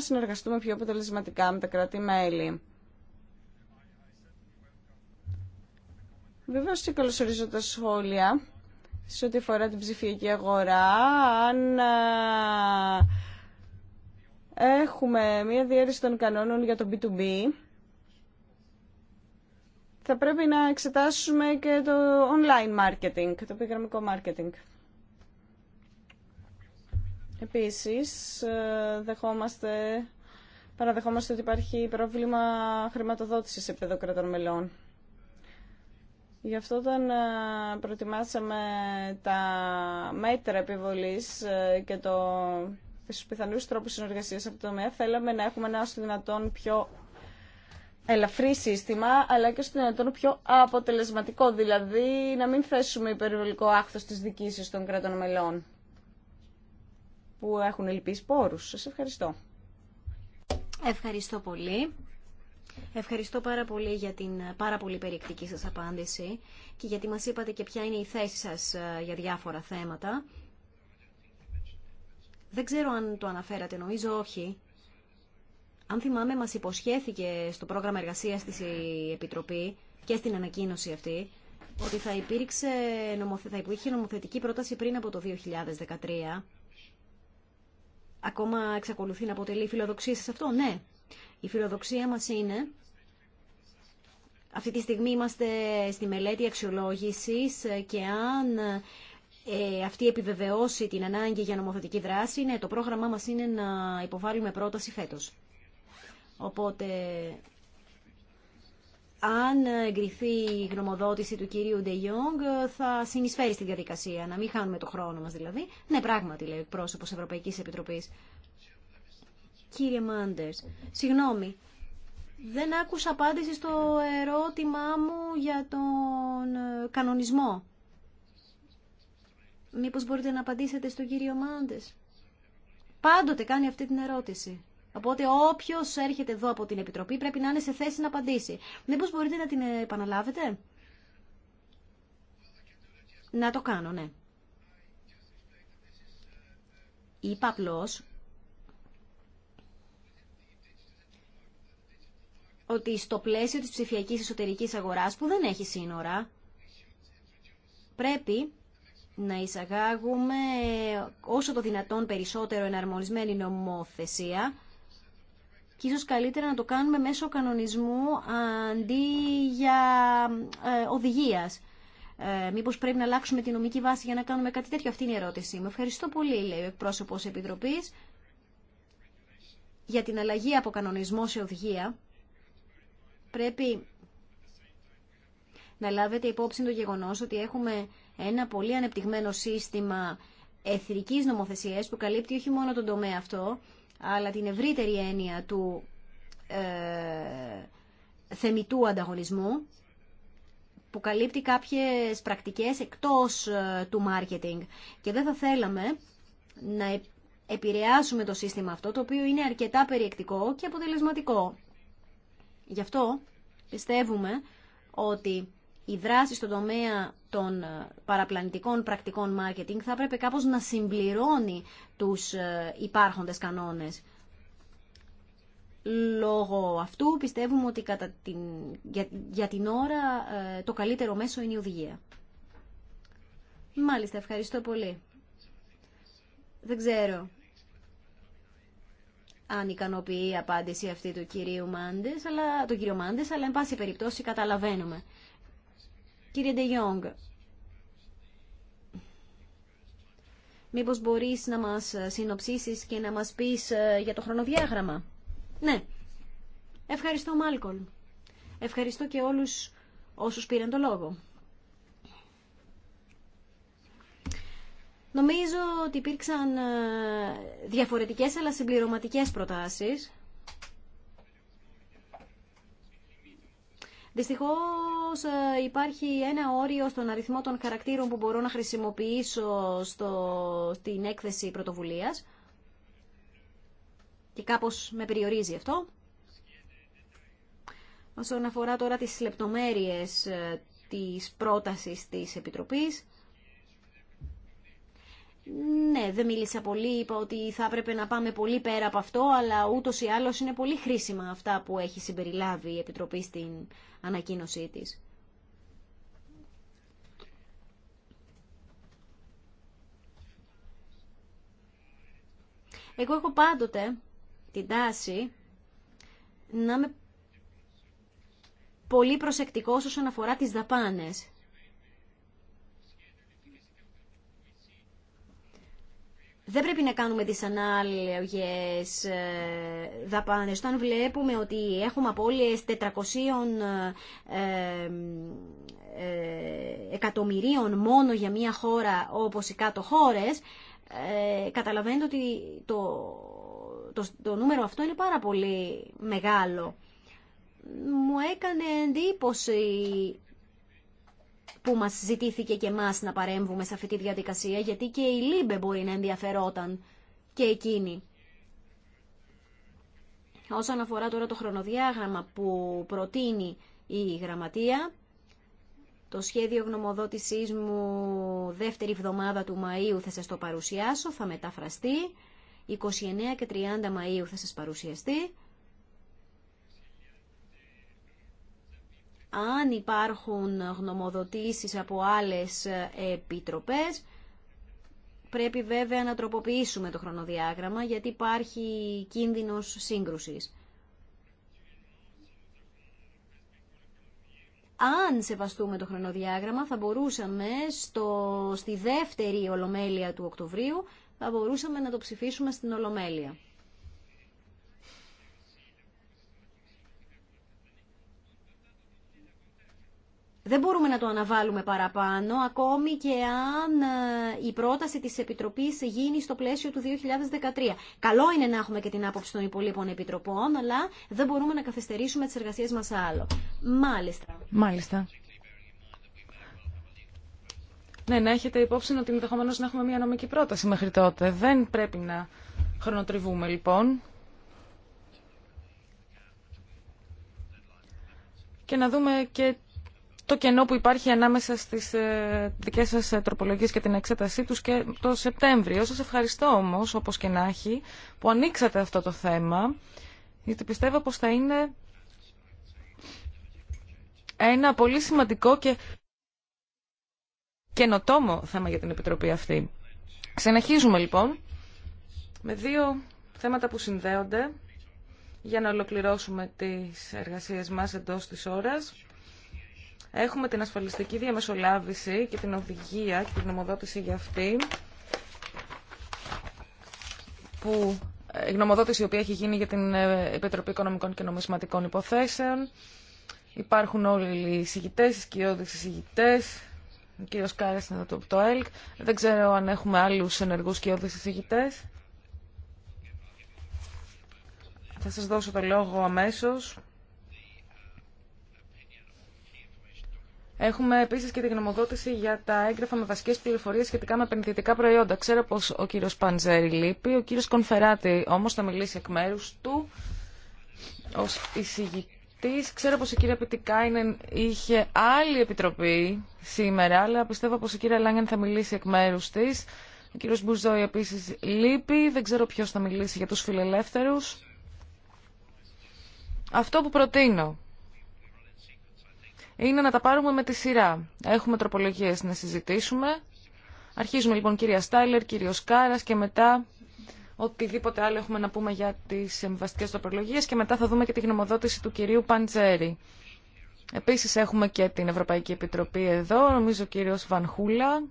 C: συνεργαστούμε πιο αποτελεσματικά με τα κράτη-μέλη. Βεβαίω και καλωσορίζω τα σχόλια σε ό,τι αφορά την ψηφιακή αγορά. Αν ε, έχουμε μία διαίρεση των κανόνων για το B2B, θα πρέπει να εξετάσουμε και το online marketing, το επιγραμμικό marketing. Επίσης, ε, δεχόμαστε, παραδεχόμαστε ότι υπάρχει πρόβλημα χρηματοδότησης επίπεδο κρατών μελών. Γι' αυτό όταν ε, προετοιμάσαμε τα μέτρα επιβολής ε, και το, τους πιθανούς τρόπους συνεργασίας από το τομέα, θέλαμε να έχουμε ένα όσο δυνατόν πιο ελαφρύ σύστημα, αλλά και στο δυνατόν πιο αποτελεσματικό, δηλαδή να μην θέσουμε υπερβολικό άχθος της δικής των κρατών μελών που έχουν ελπίσει πόρους. Σας ευχαριστώ.
A: Ευχαριστώ πολύ. Ευχαριστώ πάρα πολύ για την πάρα πολύ περιεκτική σας απάντηση και γιατί μας είπατε και ποια είναι η θέση σας ε, για διάφορα θέματα. Δεν ξέρω αν το αναφέρατε, νομίζω όχι. Αν θυμάμαι, μας υποσχέθηκε στο πρόγραμμα εργασίας της Επιτροπή και στην ανακοίνωση αυτή ότι θα υπήρξε, θα υπήρχε νομοθετική πρόταση πριν από το 2013 ακόμα εξακολουθεί να αποτελεί φιλοδοξία σε αυτό. Ναι, η φιλοδοξία μας είναι... Αυτή τη στιγμή είμαστε στη μελέτη αξιολόγησης και αν ε, αυτή επιβεβαιώσει την ανάγκη για νομοθετική δράση, ναι, το πρόγραμμά μας είναι να υποβάλουμε πρόταση φέτος. Οπότε αν εγκριθεί η γνωμοδότηση του κυρίου Ντε θα συνεισφέρει στη διαδικασία, να μην χάνουμε το χρόνο μας δηλαδή. Ναι, πράγματι, λέει ο πρόσωπος Ευρωπαϊκής Επιτροπής. Κύριε Μάντερς, συγγνώμη, δεν άκουσα απάντηση στο ερώτημά μου για τον ε, κανονισμό. Μήπως μπορείτε να απαντήσετε στον κύριο Μάντες. Πάντοτε κάνει αυτή την ερώτηση. Οπότε όποιο έρχεται εδώ από την Επιτροπή πρέπει να είναι σε θέση να απαντήσει. Μήπω μπορείτε να την επαναλάβετε. Να το κάνω, ναι. Είπα απλώ ότι στο πλαίσιο της ψηφιακής εσωτερικής αγοράς που δεν έχει σύνορα πρέπει να εισαγάγουμε όσο το δυνατόν περισσότερο εναρμονισμένη νομοθεσία και ίσως καλύτερα να το κάνουμε μέσω κανονισμού αντί για ε, οδηγίας. Ε, μήπως πρέπει να αλλάξουμε τη νομική βάση για να κάνουμε κάτι τέτοιο. Αυτή είναι η ερώτησή Με Ευχαριστώ πολύ, λέει ο εκπρόσωπος Επιτροπής, για την αλλαγή από κανονισμό σε οδηγία. Πρέπει να λάβετε υπόψη το γεγονός ότι έχουμε ένα πολύ ανεπτυγμένο σύστημα εθνικής νομοθεσίας που καλύπτει όχι μόνο τον τομέα αυτό, αλλά την ευρύτερη έννοια του ε, θεμητού ανταγωνισμού που καλύπτει κάποιες πρακτικές εκτός ε, του μάρκετινγκ. Και δεν θα θέλαμε να επηρεάσουμε το σύστημα αυτό, το οποίο είναι αρκετά περιεκτικό και αποτελεσματικό. Γι' αυτό πιστεύουμε ότι η δράση στον τομέα των ε, παραπλανητικών πρακτικών μάρκετινγκ θα έπρεπε κάπως να συμπληρώνει τους ε, υπάρχοντες κανόνες. Λόγω αυτού πιστεύουμε ότι κατά την, για, την ώρα ε, το καλύτερο μέσο είναι η οδηγία. Μάλιστα, ευχαριστώ πολύ. Δεν ξέρω αν ικανοποιεί η απάντηση αυτή του κυρίου Μάντες, αλλά, το κύριο Μάντες, αλλά εν πάση περιπτώσει καταλαβαίνουμε. Κύριε Ντε μήπως μπορείς να μας συνοψίσεις και να μας πεις ε, για το χρονοδιάγραμμα. Ναι. Ευχαριστώ Μάλκολ. Ευχαριστώ και όλους όσους πήραν το λόγο. Νομίζω ότι υπήρξαν ε, διαφορετικές αλλά συμπληρωματικές προτάσεις. Δυστυχώς ε, υπάρχει ένα όριο στον αριθμό των χαρακτήρων που μπορώ να χρησιμοποιήσω στο, στην έκθεση πρωτοβουλίας και κάπως με περιορίζει αυτό. Όσον αφορά τώρα τις λεπτομέρειες ε, της πρότασης της Επιτροπής, ναι, δεν μίλησα πολύ, είπα ότι θα έπρεπε να πάμε πολύ πέρα από αυτό, αλλά ούτως ή άλλως είναι πολύ χρήσιμα αυτά που έχει συμπεριλάβει η Επιτροπή στην ανακοίνωσή της. Εγώ έχω πάντοτε την τάση να είμαι πολύ προσεκτικός όσον αφορά τις δαπάνες. Δεν πρέπει να κάνουμε τις ανάλογες ε, δαπάνες. Όταν βλέπουμε ότι έχουμε απώλειες 400 ε, ε, εκατομμυρίων μόνο για μια χώρα όπως οι κάτω χώρες, καταλαβαίνετε ότι το, το, το νούμερο αυτό είναι πάρα πολύ μεγάλο. Μου έκανε εντύπωση που μας ζητήθηκε και μας να παρέμβουμε σε αυτή τη διαδικασία, γιατί και η Λίμπε μπορεί να ενδιαφερόταν και εκείνη. Όσον αφορά τώρα το χρονοδιάγραμμα που προτείνει η Γραμματεία, το σχέδιο γνωμοδότησής μου δεύτερη εβδομάδα του Μαΐου θα σας το παρουσιάσω, θα μεταφραστεί. 29 και 30 Μαΐου θα σας παρουσιαστεί αν υπάρχουν γνωμοδοτήσεις από άλλες επιτροπές, πρέπει βέβαια να τροποποιήσουμε το χρονοδιάγραμμα γιατί υπάρχει κίνδυνος σύγκρουσης. Αν σεβαστούμε το χρονοδιάγραμμα θα μπορούσαμε στο, στη δεύτερη Ολομέλεια του Οκτωβρίου θα μπορούσαμε να το ψηφίσουμε στην Ολομέλεια. Δεν μπορούμε να το αναβάλουμε παραπάνω, ακόμη και αν ε, η πρόταση της Επιτροπής γίνει στο πλαίσιο του 2013. Καλό είναι να έχουμε και την άποψη των υπολείπων επιτροπών, αλλά δεν μπορούμε να καθυστερήσουμε τις εργασίες μας άλλο. Μάλιστα. Μάλιστα. Ναι, να έχετε υπόψη ότι ενδεχομένω
B: να έχουμε μια νομική πρόταση μέχρι τότε. Δεν πρέπει να χρονοτριβούμε λοιπόν. Και να δούμε και το κενό που υπάρχει ανάμεσα στις ε, δικές σας ε, τροπολογίες και την εξέτασή τους και το Σεπτέμβριο. Σας ευχαριστώ όμως, όπως και να έχει, που ανοίξατε αυτό το θέμα, γιατί πιστεύω πως θα είναι ένα πολύ σημαντικό και καινοτόμο θέμα για την Επιτροπή αυτή. Συνεχίζουμε λοιπόν με δύο θέματα που συνδέονται για να ολοκληρώσουμε τις εργασίες μας εντός της ώρας. Έχουμε την ασφαλιστική διαμεσολάβηση και την οδηγία και την γνωμοδότηση για αυτή, που, ε, η γνωμοδότηση η οποία έχει γίνει για την ε, Επιτροπή Οικονομικών και Νομισματικών Υποθέσεων. Υπάρχουν όλοι οι συγητές, οι σκιώδει συγητές, ο κύριο Κάρα είναι από το ΕΛΚ. Δεν ξέρω αν έχουμε άλλου ενεργού σκιώδει Θα σα δώσω το λόγο αμέσω Έχουμε επίση και τη γνωμοδότηση για τα έγγραφα με βασικέ πληροφορίε σχετικά με επενδυτικά προϊόντα. Ξέρω πω ο κύριο Παντζέρη λείπει. Ο κύριο Κονφεράτη όμω θα μιλήσει εκ μέρου του ω εισηγητή. Ξέρω πω η κυρία Πιτικάινεν είχε άλλη επιτροπή σήμερα, αλλά πιστεύω πω η κυρία Λάγκεν θα μιλήσει εκ μέρου τη. Ο κύριο Μπουζόη επίση λείπει. Δεν ξέρω ποιο θα μιλήσει για του φιλελεύθερου. Αυτό που προτείνω είναι να τα πάρουμε με τη σειρά. Έχουμε τροπολογίες να συζητήσουμε. Αρχίζουμε λοιπόν κυρία Στάιλερ, κύριο Κάρας και μετά οτιδήποτε άλλο έχουμε να πούμε για τις εμβαστικές τροπολογίες και μετά θα δούμε και τη γνωμοδότηση του κυρίου Παντζέρη. Επίσης έχουμε και την Ευρωπαϊκή Επιτροπή εδώ, νομίζω ο κύριος Βανχούλα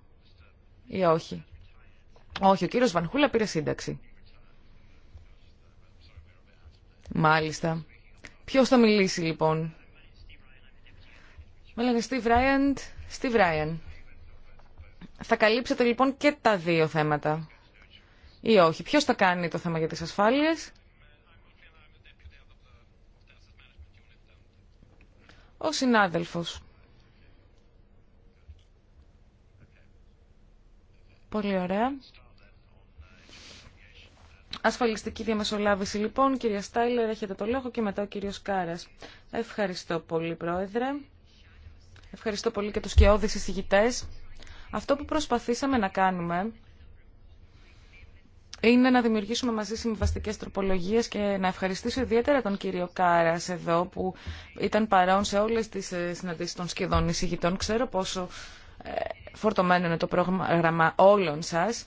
B: ή όχι. Όχι, ο κύριος Βανχούλα πήρε σύνταξη. Μάλιστα. Ποιος θα μιλήσει λοιπόν. Μου Steve Ryan, Steve Ryan. Θα καλύψετε λοιπόν και τα δύο θέματα. Ή όχι. Ποιος θα κάνει το θέμα για τις ασφάλειες. Ο συνάδελφος. Πολύ ωραία. Ασφαλιστική διαμεσολάβηση λοιπόν. Κυρία Στάιλερ, έχετε το λόγο και μετά ο κύριος Κάρας. Ευχαριστώ πολύ, Πρόεδρε. Ευχαριστώ πολύ και τους σκιώδεις εισηγητές. Αυτό που προσπαθήσαμε να κάνουμε είναι να δημιουργήσουμε μαζί συμβαστικές τροπολογίες και να ευχαριστήσω ιδιαίτερα τον κύριο Κάρας εδώ που ήταν παρόν σε όλες τις ε, συναντήσεις των σχεδόν εισηγητών. Ξέρω πόσο ε, φορτωμένο είναι το πρόγραμμα όλων σας.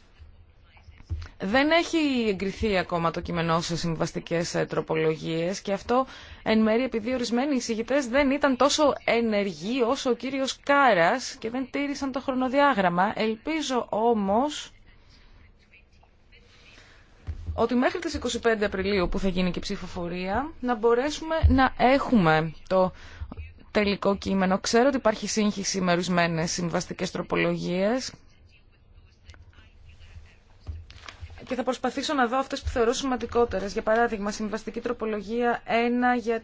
B: Δεν έχει εγκριθεί ακόμα το κείμενό σε συμβαστικέ ε, τροπολογίε και αυτό εν μέρει επειδή ορισμένοι εισηγητέ δεν ήταν τόσο ενεργοί όσο ο κύριο Κάρα και δεν τήρησαν το χρονοδιάγραμμα. Ελπίζω όμω ότι μέχρι τις 25 Απριλίου που θα γίνει και η ψηφοφορία να μπορέσουμε να έχουμε το τελικό κείμενο. Ξέρω ότι υπάρχει σύγχυση με ορισμένε συμβαστικέ τροπολογίε και θα προσπαθήσω να δω αυτές που θεωρώ σημαντικότερες. Για παράδειγμα, συμβαστική τροπολογία 1 για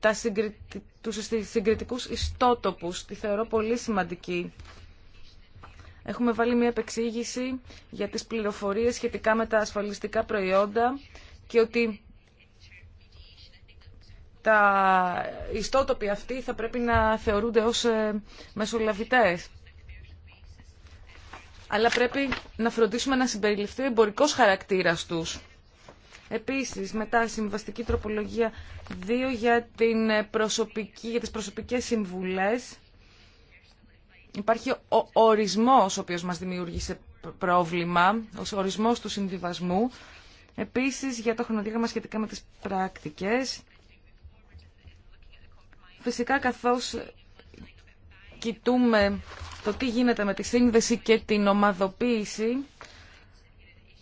B: τα συγκριτι... τους συγκριτικούς ιστότοπους. Τη θεωρώ πολύ σημαντική. Έχουμε βάλει μια επεξήγηση για τις πληροφορίες σχετικά με τα ασφαλιστικά προϊόντα και ότι τα ιστότοποι αυτοί θα πρέπει να θεωρούνται ως ε, μεσολαβητές αλλά πρέπει να φροντίσουμε να συμπεριληφθεί ο εμπορικό χαρακτήρας τους. Επίσης, μετά συμβαστική τροπολογία 2 για, την προσωπική, για τις προσωπικές συμβουλές, υπάρχει ο ορισμός ο οποίος μας δημιούργησε πρόβλημα, ο ορισμός του συμβιβασμού. Επίσης, για το χρονοδιάγραμμα σχετικά με τις πρακτικές, φυσικά καθώς κοιτούμε το τι γίνεται με τη σύνδεση και την ομαδοποίηση.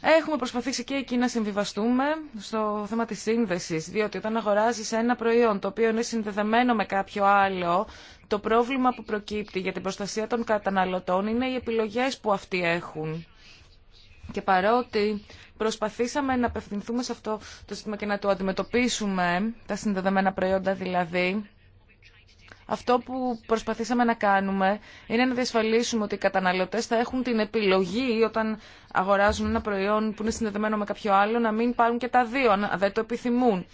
B: Έχουμε προσπαθήσει και εκεί να συμβιβαστούμε στο θέμα της σύνδεσης, διότι όταν αγοράζεις ένα προϊόν το οποίο είναι συνδεδεμένο με κάποιο άλλο, το πρόβλημα που προκύπτει για την προστασία των καταναλωτών είναι οι επιλογές που αυτοί έχουν. Και παρότι προσπαθήσαμε να απευθυνθούμε σε αυτό το ζήτημα και να το αντιμετωπίσουμε, τα συνδεδεμένα προϊόντα δηλαδή, αυτό που προσπαθήσαμε να κάνουμε είναι να διασφαλίσουμε ότι οι καταναλωτές θα έχουν την επιλογή όταν αγοράζουν ένα προϊόν που είναι συνδεδεμένο με κάποιο άλλο να μην πάρουν και τα δύο, αν δεν το επιθυμούν.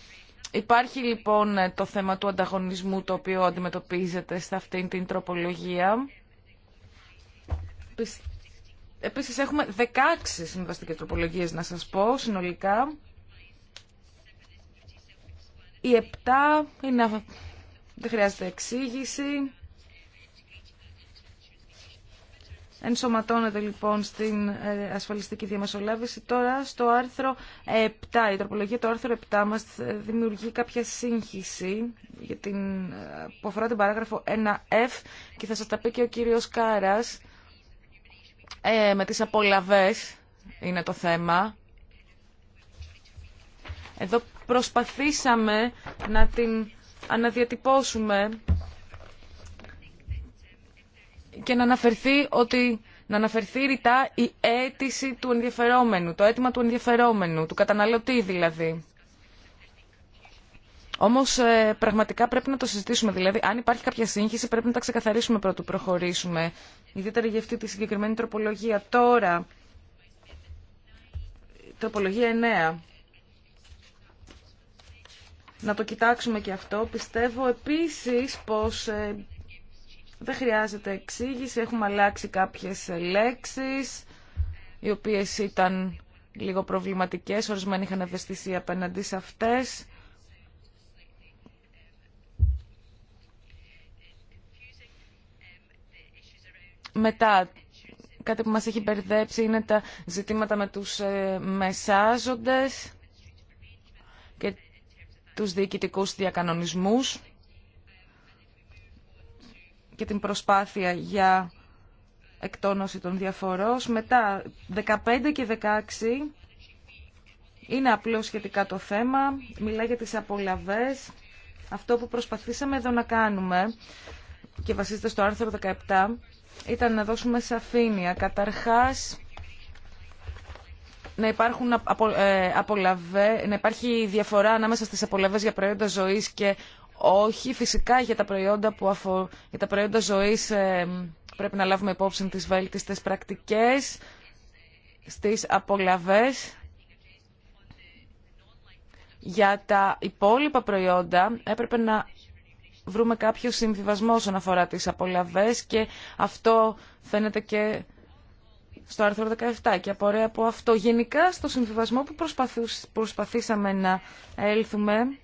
B: Υπάρχει λοιπόν το θέμα του ανταγωνισμού το οποίο αντιμετωπίζεται σε αυτήν την τροπολογία. Επίσης έχουμε 16 συμβαστικές τροπολογίες να σας πω συνολικά. Οι 7 είναι δεν χρειάζεται εξήγηση. Ενσωματώνεται λοιπόν στην ε, ασφαλιστική διαμεσολάβηση. Τώρα στο άρθρο 7, η τροπολογία του άρθρου 7 μας ε, δημιουργεί κάποια σύγχυση για την, ε, που αφορά την παράγραφο 1F και θα σας τα πει και ο κύριος Κάρας με τις απολαβές είναι το θέμα. Εδώ προσπαθήσαμε να την αναδιατυπώσουμε και να αναφερθεί ότι να αναφερθεί ρητά η αίτηση του ενδιαφερόμενου, το αίτημα του ενδιαφερόμενου, του καταναλωτή δηλαδή. Όμω ε, πραγματικά πρέπει να το συζητήσουμε. Δηλαδή, αν υπάρχει κάποια σύγχυση, πρέπει να τα ξεκαθαρίσουμε πρώτου προχωρήσουμε. Ιδιαίτερα για αυτή τη συγκεκριμένη τροπολογία. Τώρα, τροπολογία 9 να το κοιτάξουμε και αυτό. Πιστεύω επίσης πως ε, δεν χρειάζεται εξήγηση. Έχουμε αλλάξει κάποιες λέξεις, οι οποίες ήταν λίγο προβληματικές. Ορισμένοι είχαν ευαισθησία απέναντι σε αυτές. Μετά, κάτι που μας έχει μπερδέψει είναι τα ζητήματα με τους ε, μεσάζοντες τους διοικητικού διακανονισμούς και την προσπάθεια για εκτόνωση των διαφορών. Μετά 15 και 16 είναι απλό σχετικά το θέμα, μιλά για τις απολαβές. Αυτό που προσπαθήσαμε εδώ να κάνουμε και βασίζεται στο άρθρο 17 ήταν να δώσουμε σαφήνεια. Καταρχάς, να, υπάρχουν απο, ε, να υπάρχει διαφορά ανάμεσα στις απολαβές για προϊόντα ζωής και όχι. Φυσικά για τα προϊόντα, που αφο, για τα προϊόντα ζωής ε, πρέπει να λάβουμε υπόψη τις βέλτιστες πρακτικές στις απολαβές. Για τα υπόλοιπα προϊόντα έπρεπε να βρούμε κάποιο συμβιβασμό όσον αφορά τις απολαβές και αυτό φαίνεται και στο άρθρο 17 και απορρέα από αυτό. Γενικά στο συμβιβασμό που προσπαθήσαμε να έλθουμε,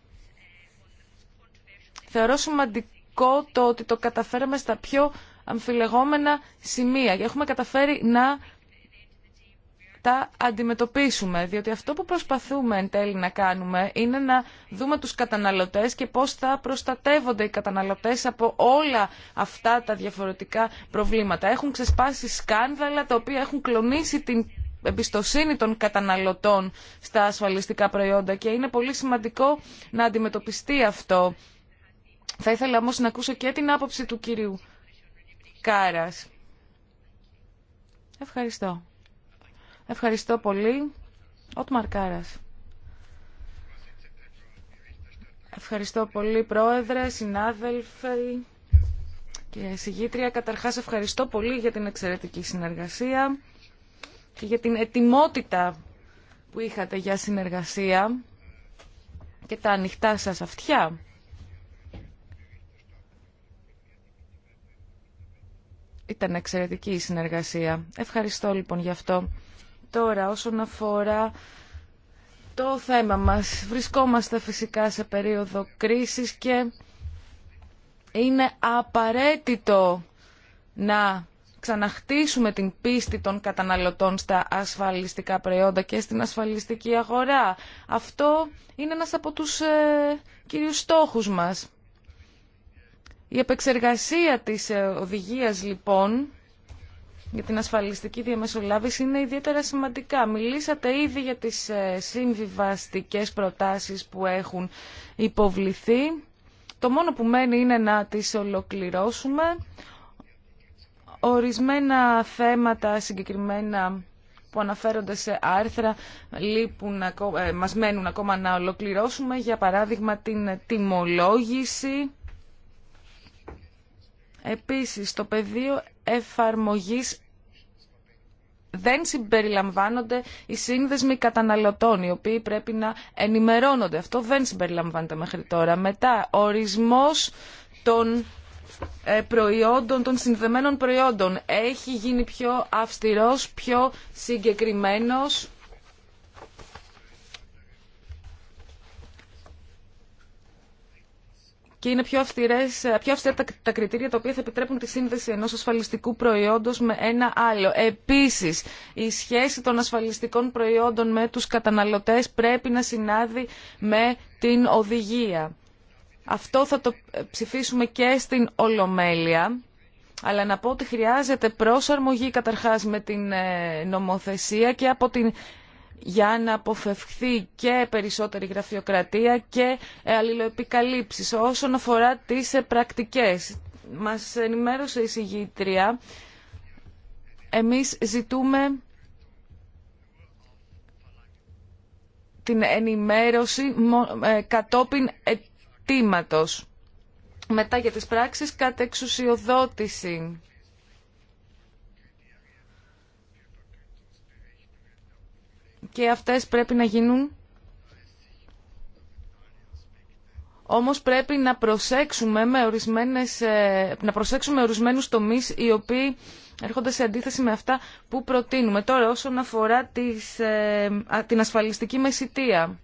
B: θεωρώ σημαντικό το ότι το καταφέραμε στα πιο αμφιλεγόμενα σημεία και έχουμε καταφέρει να τα αντιμετωπίσουμε. Διότι αυτό που προσπαθούμε εν τέλει να κάνουμε είναι να δούμε τους καταναλωτές και πώς θα προστατεύονται οι καταναλωτές από όλα αυτά τα διαφορετικά προβλήματα. Έχουν ξεσπάσει σκάνδαλα τα οποία έχουν κλονίσει την εμπιστοσύνη των καταναλωτών στα ασφαλιστικά προϊόντα και είναι πολύ σημαντικό να αντιμετωπιστεί αυτό. Θα ήθελα όμως να ακούσω και την άποψη του κυρίου Κάρας. Ευχαριστώ. Ευχαριστώ πολύ. Ότ Μαρκάρας. Ευχαριστώ πολύ, Πρόεδρε, συνάδελφοι και συγγήτρια. Καταρχάς, ευχαριστώ πολύ για την εξαιρετική συνεργασία και για την ετοιμότητα που είχατε για συνεργασία και τα ανοιχτά σας αυτιά. Ήταν εξαιρετική η συνεργασία. Ευχαριστώ λοιπόν γι' αυτό. Τώρα, όσον αφορά το θέμα μας, βρισκόμαστε φυσικά σε περίοδο κρίσης και είναι απαραίτητο να ξαναχτίσουμε την πίστη των καταναλωτών στα ασφαλιστικά προϊόντα και στην ασφαλιστική αγορά. Αυτό είναι ένας από τους ε, κυρίους στόχους μας. Η επεξεργασία της ε, οδηγίας, λοιπόν, για την ασφαλιστική διαμεσολάβηση είναι ιδιαίτερα σημαντικά. Μιλήσατε ήδη για τις ε, συμβιβαστικές προτάσεις που έχουν υποβληθεί. Το μόνο που μένει είναι να τις ολοκληρώσουμε. Ορισμένα θέματα συγκεκριμένα που αναφέρονται σε άρθρα λείπουν, ε, μας μένουν ακόμα να ολοκληρώσουμε. Για παράδειγμα την τιμολόγηση. Επίσης, το πεδίο εφαρμογής δεν συμπεριλαμβάνονται οι σύνδεσμοι καταναλωτών, οι οποίοι πρέπει να ενημερώνονται. Αυτό δεν συμπεριλαμβάνεται μέχρι τώρα. Μετά, ορισμός των ε, προϊόντων, των συνδεμένων προϊόντων έχει γίνει πιο αυστηρός, πιο συγκεκριμένος και είναι πιο, αυστηρές, πιο αυστηρά τα, τα κριτήρια τα οποία θα επιτρέπουν τη σύνδεση ενός ασφαλιστικού προϊόντος με ένα άλλο. Επίσης, η σχέση των ασφαλιστικών προϊόντων με τους καταναλωτές πρέπει να συνάδει με την οδηγία. Αυτό θα το ψηφίσουμε και στην Ολομέλεια. Αλλά να πω ότι χρειάζεται προσαρμογή καταρχάς με την ε, νομοθεσία και από την για να αποφευχθεί και περισσότερη γραφειοκρατία και ε, αλληλοεπικαλύψεις. Όσον αφορά τις ε, πρακτικές, μας ενημέρωσε η συγγήτρια, εμείς ζητούμε την ενημέρωση ε, κατόπιν αιτήματος. Μετά για τις πράξεις κατεξουσιοδότηση. και αυτές πρέπει να γίνουν. Όμως πρέπει να προσέξουμε, με ορισμένες, ε, να προσέξουμε ορισμένους τομείς οι οποίοι έρχονται σε αντίθεση με αυτά που προτείνουμε. Τώρα όσον αφορά τις, ε, την ασφαλιστική μεσητεία.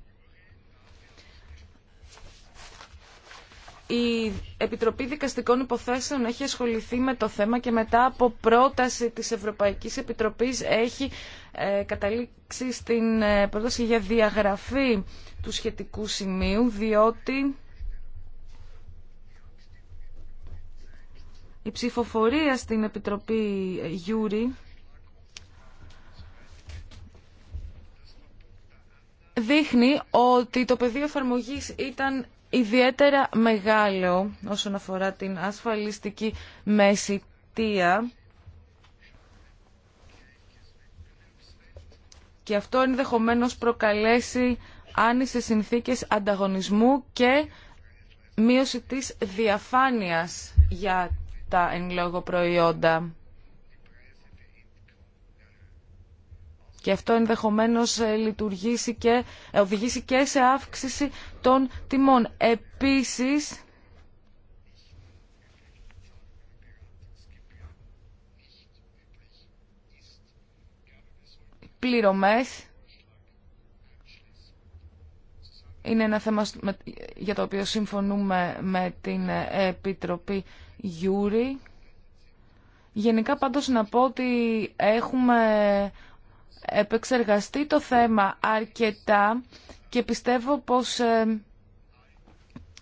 B: η Επιτροπή Δικαστικών Υποθέσεων έχει ασχοληθεί με το θέμα και μετά από πρόταση της Ευρωπαϊκής Επιτροπής έχει ε, καταλήξει στην ε, πρόταση για διαγραφή του σχετικού σημείου διότι η ψηφοφορία στην Επιτροπή ε, Γιούρι δείχνει ότι το πεδίο εφαρμογής ήταν ιδιαίτερα μεγάλο όσον αφορά την ασφαλιστική μεσητεία και αυτό ενδεχομένως προκαλέσει άνισες συνθήκες ανταγωνισμού και μείωση της διαφάνειας για τα εν λόγω προϊόντα. Και αυτό ενδεχομένως ε, λειτουργήσει και, ε, οδηγήσει και σε αύξηση των τιμών. Επίσης, πληρωμές είναι ένα θέμα για το οποίο συμφωνούμε με την ε, Επιτροπή Γιούρη. Γενικά πάντως να πω ότι έχουμε επεξεργαστεί το θέμα αρκετά και πιστεύω πως ε,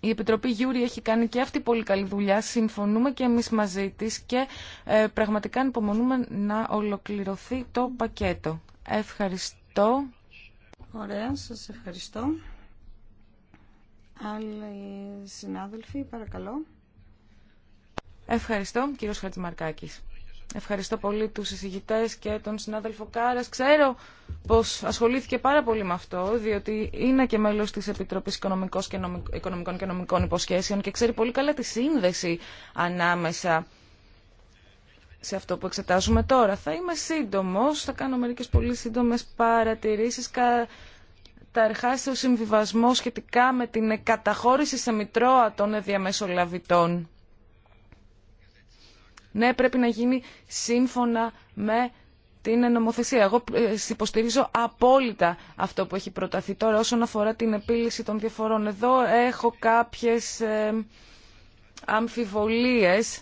B: η Επιτροπή Γιούρι έχει κάνει και αυτή πολύ καλή δουλειά. Συμφωνούμε και εμείς μαζί της και ε, πραγματικά υπομονούμε να ολοκληρωθεί το πακέτο. Ευχαριστώ. Ωραία, σας ευχαριστώ.
C: Άλλοι συνάδελφοι, παρακαλώ.
B: Ευχαριστώ, κύριος Χατζημαρκάκης. Ευχαριστώ πολύ τους συζητητές και τον συνάδελφο Κάρας. Ξέρω πως ασχολήθηκε πάρα πολύ με αυτό, διότι είναι και μέλος της Επιτροπής Οικονομικών και Νομικών, και Υποσχέσεων και ξέρει πολύ καλά τη σύνδεση ανάμεσα σε αυτό που εξετάζουμε τώρα. Θα είμαι σύντομος, θα κάνω μερικές πολύ σύντομες παρατηρήσεις. Καταρχάς, ο συμβιβασμό σχετικά με την καταχώρηση σε μητρώα των διαμεσολαβητών ναι, πρέπει να γίνει σύμφωνα με την νομοθεσία. Εγώ ε, υποστηρίζω απόλυτα αυτό που έχει προταθεί τώρα όσον αφορά την επίλυση των διαφορών. Εδώ έχω κάποιες ε, αμφιβολίες,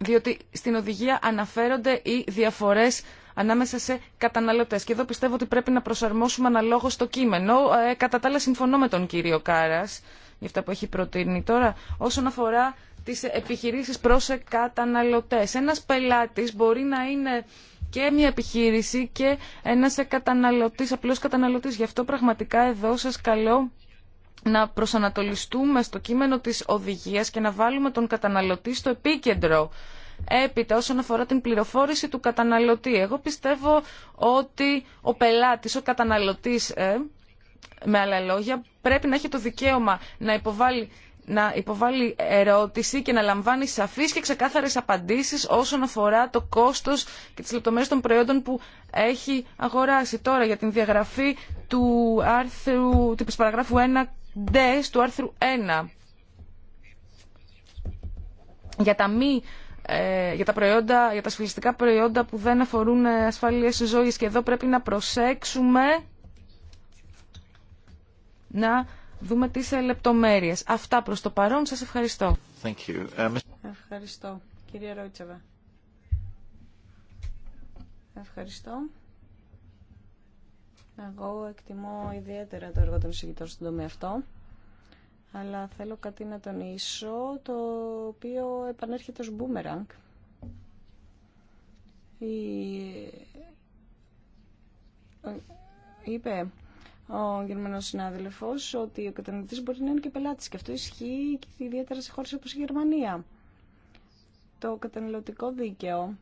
B: διότι στην οδηγία αναφέρονται οι διαφορές ανάμεσα σε καταναλωτές. Και εδώ πιστεύω ότι πρέπει να προσαρμόσουμε αναλόγως το κείμενο. Ε, κατά τα άλλα συμφωνώ με τον κύριο Κάρας για αυτά που έχει προτείνει τώρα. Όσον αφορά τι επιχειρήσης προ καταναλωτέ. Ένας πελάτης μπορεί να είναι και μια επιχείρηση και ένα καταναλωτή απλώς καταναλωτής. Γι' αυτό πραγματικά εδώ σας καλώ να προσανατολιστούμε στο κείμενο της οδηγίας και να βάλουμε τον καταναλωτή στο επίκεντρο. Έπειτα, όσον αφορά την πληροφόρηση του καταναλωτή, εγώ πιστεύω ότι ο πελάτης, ο καταναλωτής, ε, με άλλα λόγια, πρέπει να έχει το δικαίωμα να υποβάλει να υποβάλει ερώτηση και να λαμβάνει σαφείς και ξεκάθαρε απαντήσεις όσον αφορά το κόστος και τις λεπτομέρειε των προϊόντων που έχει αγοράσει. Τώρα για την διαγραφή του άρθρου, της παραγράφου 1 1D του άρθρου 1 για τα μη ε, για τα προϊόντα, για τα ασφαλιστικά προϊόντα που δεν αφορούν ε, ασφάλειες ζωής και εδώ πρέπει να προσέξουμε να δούμε τις ε, λεπτομέρειες. Αυτά προς το παρόν. Σας ευχαριστώ. Ε,
C: ευχαριστώ. Κυρία Ρόιτσεβα. Ευχαριστώ. Εγώ εκτιμώ ιδιαίτερα το έργο των συγκεκριτών στον τομέα αυτό. Αλλά θέλω κάτι να τονίσω, το οποίο επανέρχεται ως μπούμεραγκ. Η... Είπε ο γερμανό συνάδελφο ότι ο καταναλωτή μπορεί να είναι και πελάτη. και αυτό ισχύει ιδιαίτερα σε χώρε όπω η Γερμανία. Το καταναλωτικό δίκαιο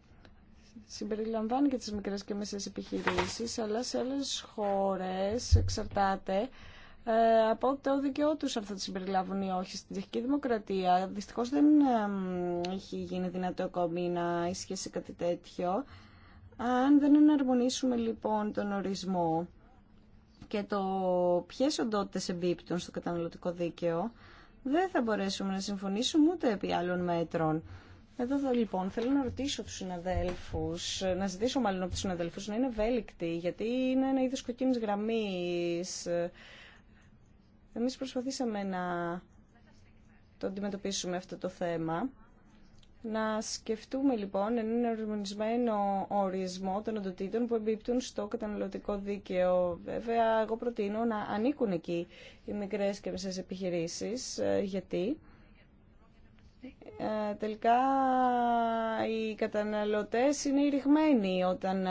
C: συμπεριλαμβάνει και τι μικρέ και μεσαίες επιχειρήσει, αλλά σε άλλε χώρε εξαρτάται ε, από το δικαιό του αν θα τι συμπεριλάβουν ή όχι στην τσεχική δημοκρατία. Δυστυχώ δεν έχει γίνει δυνατό ακόμη να ισχύσει κάτι τέτοιο. Αν δεν εναρμονίσουμε λοιπόν τον ορισμό και το ποιε οντότητε εμπίπτουν στο καταναλωτικό δίκαιο, δεν θα μπορέσουμε να συμφωνήσουμε ούτε επί άλλων μέτρων. Εδώ θα λοιπόν, θέλω να ρωτήσω του συναδέλφου, να ζητήσω μάλλον από του συναδέλφου να είναι ευέλικτοι, γιατί είναι ένα είδο κοκκίνη γραμμή. Εμεί προσπαθήσαμε να το αντιμετωπίσουμε αυτό το θέμα να σκεφτούμε λοιπόν έναν ορισμένο ορισμό των οντοτήτων που εμπίπτουν στο καταναλωτικό δίκαιο. Βέβαια, εγώ προτείνω να ανήκουν εκεί οι μικρές και μεσές επιχειρήσεις, ε, γιατί ε, τελικά οι καταναλωτές είναι ηριγμένοι όταν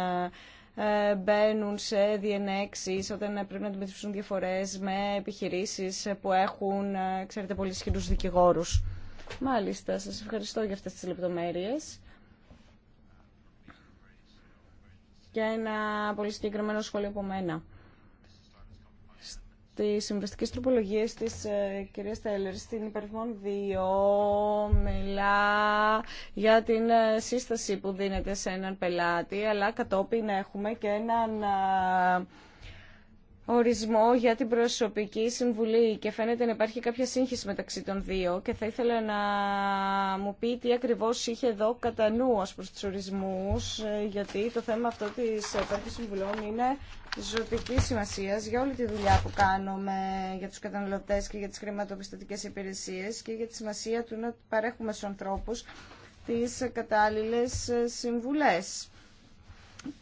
C: ε, μπαίνουν σε διενέξεις, όταν πρέπει να αντιμετωπίσουν διαφορές με επιχειρήσεις που έχουν, ξέρετε, πολύ ισχυρούς δικηγόρους. Μάλιστα, σας ευχαριστώ για αυτές τις λεπτομέρειες. Και ένα πολύ συγκεκριμένο σχόλιο από μένα. Στις συμβαστικέ τροπολογίες τη ε, κυρίας Τέλερ, στην υπερφών 2, μιλά για την ε, σύσταση που δίνεται σε έναν πελάτη, αλλά κατόπιν έχουμε και έναν ε, ορισμό για την προσωπική συμβουλή και φαίνεται να υπάρχει κάποια σύγχυση μεταξύ των δύο και θα ήθελα να μου πει τι ακριβώς είχε εδώ κατά νου ως προς τους ορισμούς ε, γιατί το θέμα αυτό της ε, της συμβουλών είναι ζωτική σημασία για όλη τη δουλειά που κάνουμε για τους καταναλωτές και για τις χρηματοπιστωτικές υπηρεσίες και για τη σημασία του να παρέχουμε στους ανθρώπους τις κατάλληλες ε, συμβουλές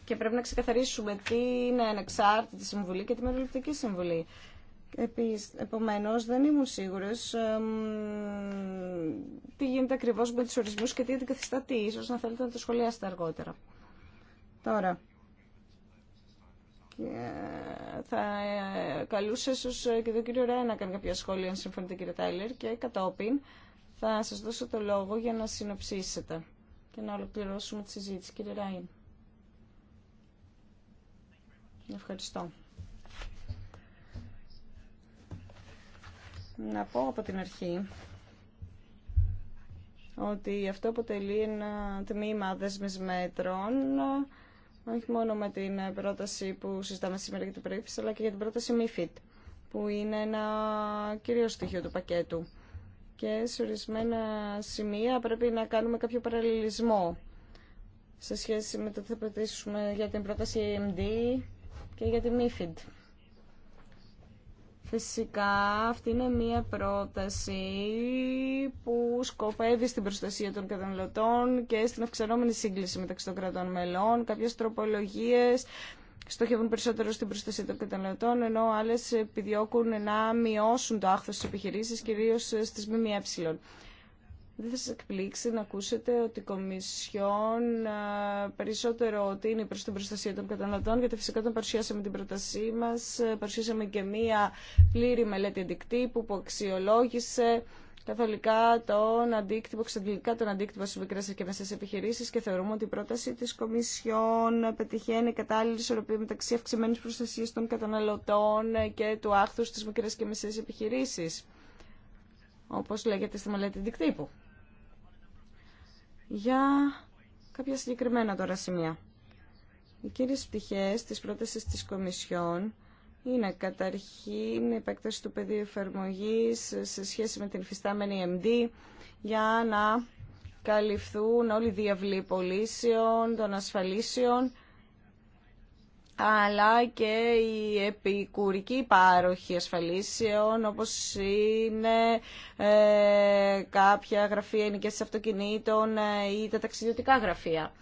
C: και πρέπει να ξεκαθαρίσουμε τι είναι ανεξάρτητη συμβουλή και τη μεροληπτική συμβουλή. Επίσης, επομένως, δεν ήμουν σίγουρος τι γίνεται ακριβώ με του ορισμού και τι αντικαθιστά τι. Ίσως να θέλετε να το σχολιάσετε αργότερα. Τώρα, και ε, θα ε, καλούσε ίσω και τον κύριο Ρέα να κάνει κάποια σχόλια, αν συμφωνείτε κύριε Τάιλερ, και κατόπιν θα σα δώσω το λόγο για να συνοψίσετε και να ολοκληρώσουμε τη συζήτηση. Κύριε Ράιν. Ευχαριστώ. Να πω από την αρχή ότι αυτό αποτελεί ένα τμήμα δέσμες μέτρων όχι μόνο με την πρόταση που συζητάμε σήμερα για την περίπτωση, αλλά και για την πρόταση MIFID, που είναι ένα κυρίως στοιχείο του πακέτου. Και σε ορισμένα σημεία πρέπει να κάνουμε κάποιο παραλληλισμό σε σχέση με το τι θα προτίσουμε για την πρόταση AMD και για τη ΜΥΦΙΔ. Φυσικά αυτή είναι μια πρόταση που σκοπεύει στην προστασία των καταναλωτών και στην αυξανόμενη σύγκληση μεταξύ των κρατών μελών. Κάποιες τροπολογίες στοχεύουν περισσότερο στην προστασία των καταναλωτών, ενώ άλλες επιδιώκουν να μειώσουν το άχθος στις επιχειρήσεις, κυρίως στις ΜΜΕ. Δεν θα σας εκπλήξει να ακούσετε ότι η Κομισιόν ε, περισσότερο ότι είναι προς την προστασία των καταναλωτών, γιατί φυσικά όταν παρουσιάσαμε την πρότασή μας, ε, παρουσιάσαμε και μία πλήρη μελέτη αντικτύπου που αξιολόγησε καθολικά τον αντίκτυπο, εξαντλητικά τον αντίκτυπο στι μικρέ και μεσαίε επιχειρήσει και θεωρούμε ότι η πρόταση τη Κομισιόν πετυχαίνει κατάλληλη ισορροπία μεταξύ αυξημένη προστασία των καταναλωτών και του άχθου στι μικρέ και μεσαίε επιχειρήσει. Όπω λέγεται στη μελέτη δικτύπου για κάποια συγκεκριμένα τώρα σημεία. Οι κύριες πτυχές της πρότασης της Κομισιόν είναι καταρχήν η επέκταση του πεδίου εφαρμογή σε σχέση με την φυστάμενη MD για να καλυφθούν όλοι οι διαβλοί πωλήσεων, των ασφαλίσεων αλλά και η επικουρική υπάροχη παροχή ασφαλίσεων, όπως είναι ε, κάποια γραφεία ενοικίασης αυτοκινήτων ε, ή τα ταξιδιωτικά γραφεία.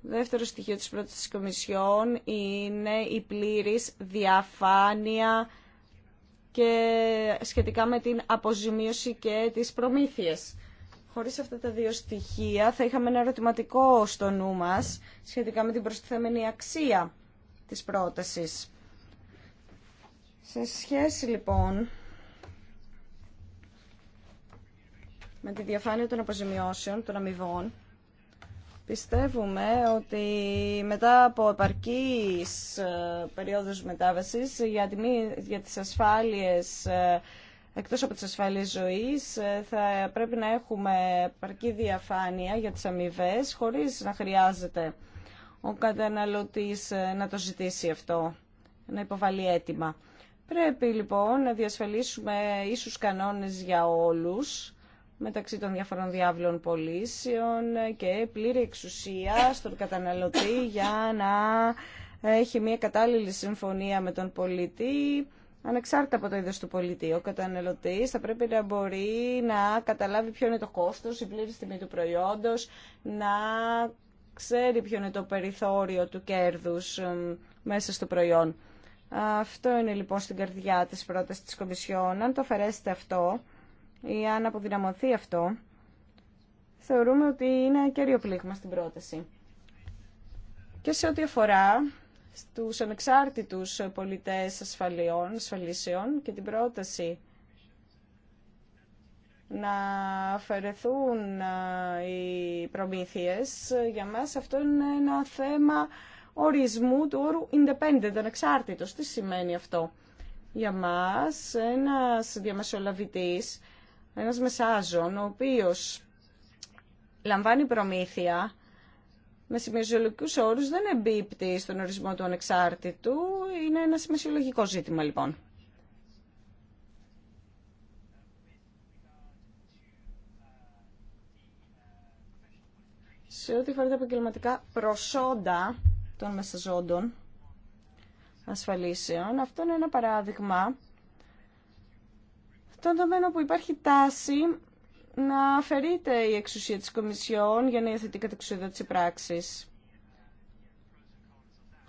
C: Δεύτερο στοιχείο της πρότασης της Κομισιόν είναι η τα ταξιδιωτικα γραφεια δευτερο στοιχειο της πρωτης διαφάνεια και σχετικά με την αποζημίωση και τις προμήθειες. Χωρίς αυτά τα δύο στοιχεία θα είχαμε ένα ερωτηματικό στο νου μας σχετικά με την προστιθέμενη αξία της πρότασης. Σε σχέση λοιπόν με τη διαφάνεια των αποζημιώσεων, των αμοιβών, Πιστεύουμε ότι μετά από επαρκής ε, περίοδους μετάβασης για, τι για τις ασφάλειες, ε, εκτός από τις ασφάλειες ζωής, ε, θα πρέπει να έχουμε επαρκή διαφάνεια για τις αμοιβέ χωρίς να χρειάζεται ο καταναλωτής ε, να το ζητήσει αυτό, να υποβάλει αίτημα. Πρέπει λοιπόν να διασφαλίσουμε ίσους κανόνες για όλους μεταξύ των διαφορών διάβλων πωλήσεων και πλήρη εξουσία στον καταναλωτή για να έχει μια κατάλληλη συμφωνία με τον πολίτη ανεξάρτητα από το είδος του πολίτη. Ο καταναλωτής θα πρέπει να μπορεί να καταλάβει ποιο είναι το κόστος, η πλήρη τιμή του προϊόντος, να ξέρει ποιο είναι το περιθώριο του κέρδους ε, μέσα στο προϊόν. Αυτό είναι λοιπόν στην καρδιά της πρότασης της Κομισιόν. Αν το αφαιρέσετε αυτό ή αν αποδυναμωθεί αυτό, θεωρούμε ότι είναι κέριο πλήγμα στην πρόταση. Και σε ό,τι αφορά στους ανεξάρτητους πολιτές ασφαλιών, ασφαλίσεων και την πρόταση να αφαιρεθούν οι προμήθειες. Για μας αυτό είναι ένα θέμα ορισμού του όρου independent, ανεξάρτητος. Τι σημαίνει αυτό. Για μας ένας διαμεσολαβητής, ένας μεσάζων, ο οποίος λαμβάνει προμήθεια, με σημεριζολογικούς όρους δεν εμπίπτει στον ορισμό του ανεξάρτητου. Είναι ένα σημεριζολογικό ζήτημα λοιπόν. Σε ό,τι αφορά τα επαγγελματικά προσόντα των μεσαζόντων ασφαλίσεων, αυτό είναι ένα παράδειγμα των τομέα που υπάρχει τάση να αφαιρείται η εξουσία της Κομισιόν για να υιοθετεί κατεξουδότηση πράξης.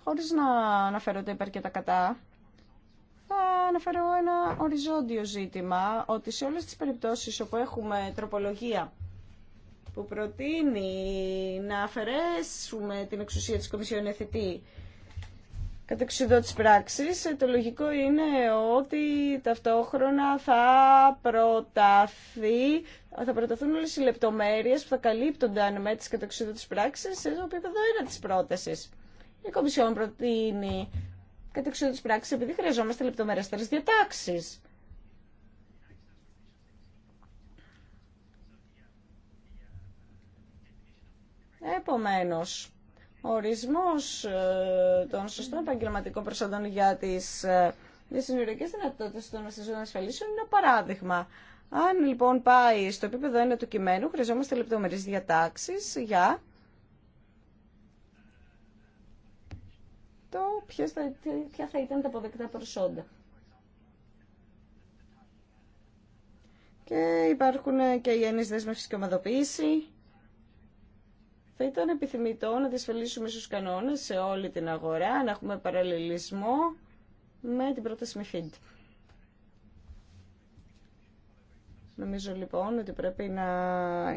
C: Χωρίς να αναφέρω τα υπέρ και τα κατά, θα αναφέρω ένα οριζόντιο ζήτημα, ότι σε όλες τις περιπτώσεις όπου έχουμε τροπολογία που προτείνει να αφαιρέσουμε την εξουσία της Κομισιόν Εθετή κατά εξουσιοδότης πράξης, το λογικό είναι ότι ταυτόχρονα θα, προταθεί, θα προταθούν όλες οι λεπτομέρειες που θα καλύπτονταν με τις κατά εξουσιοδότης πράξης σε επίπεδο ένα της πρότασης. Η Κομισιόν προτείνει κατά εξουσιοδότης πράξης επειδή χρειαζόμαστε λεπτομέρειες διατάξεις Επομένως, ορισμός ε, των σωστών επαγγελματικών προσόντων για τις δυσυνοριακές ε, δυνατότητες των αστυνομικών ασφαλίσεων είναι ένα παράδειγμα. Αν λοιπόν πάει στο επίπεδο 1 του κειμένου, χρειαζόμαστε λεπτομερείς διατάξεις για το ποια θα ήταν τα αποδεκτά προσόντα. Και υπάρχουν και οι έννοιες δέσμευσης και ομαδοποίηση θα ήταν επιθυμητό να διασφαλίσουμε στους κανόνες σε όλη την αγορά, να έχουμε παραλληλισμό με την πρόταση MIFID. Νομίζω λοιπόν ότι πρέπει να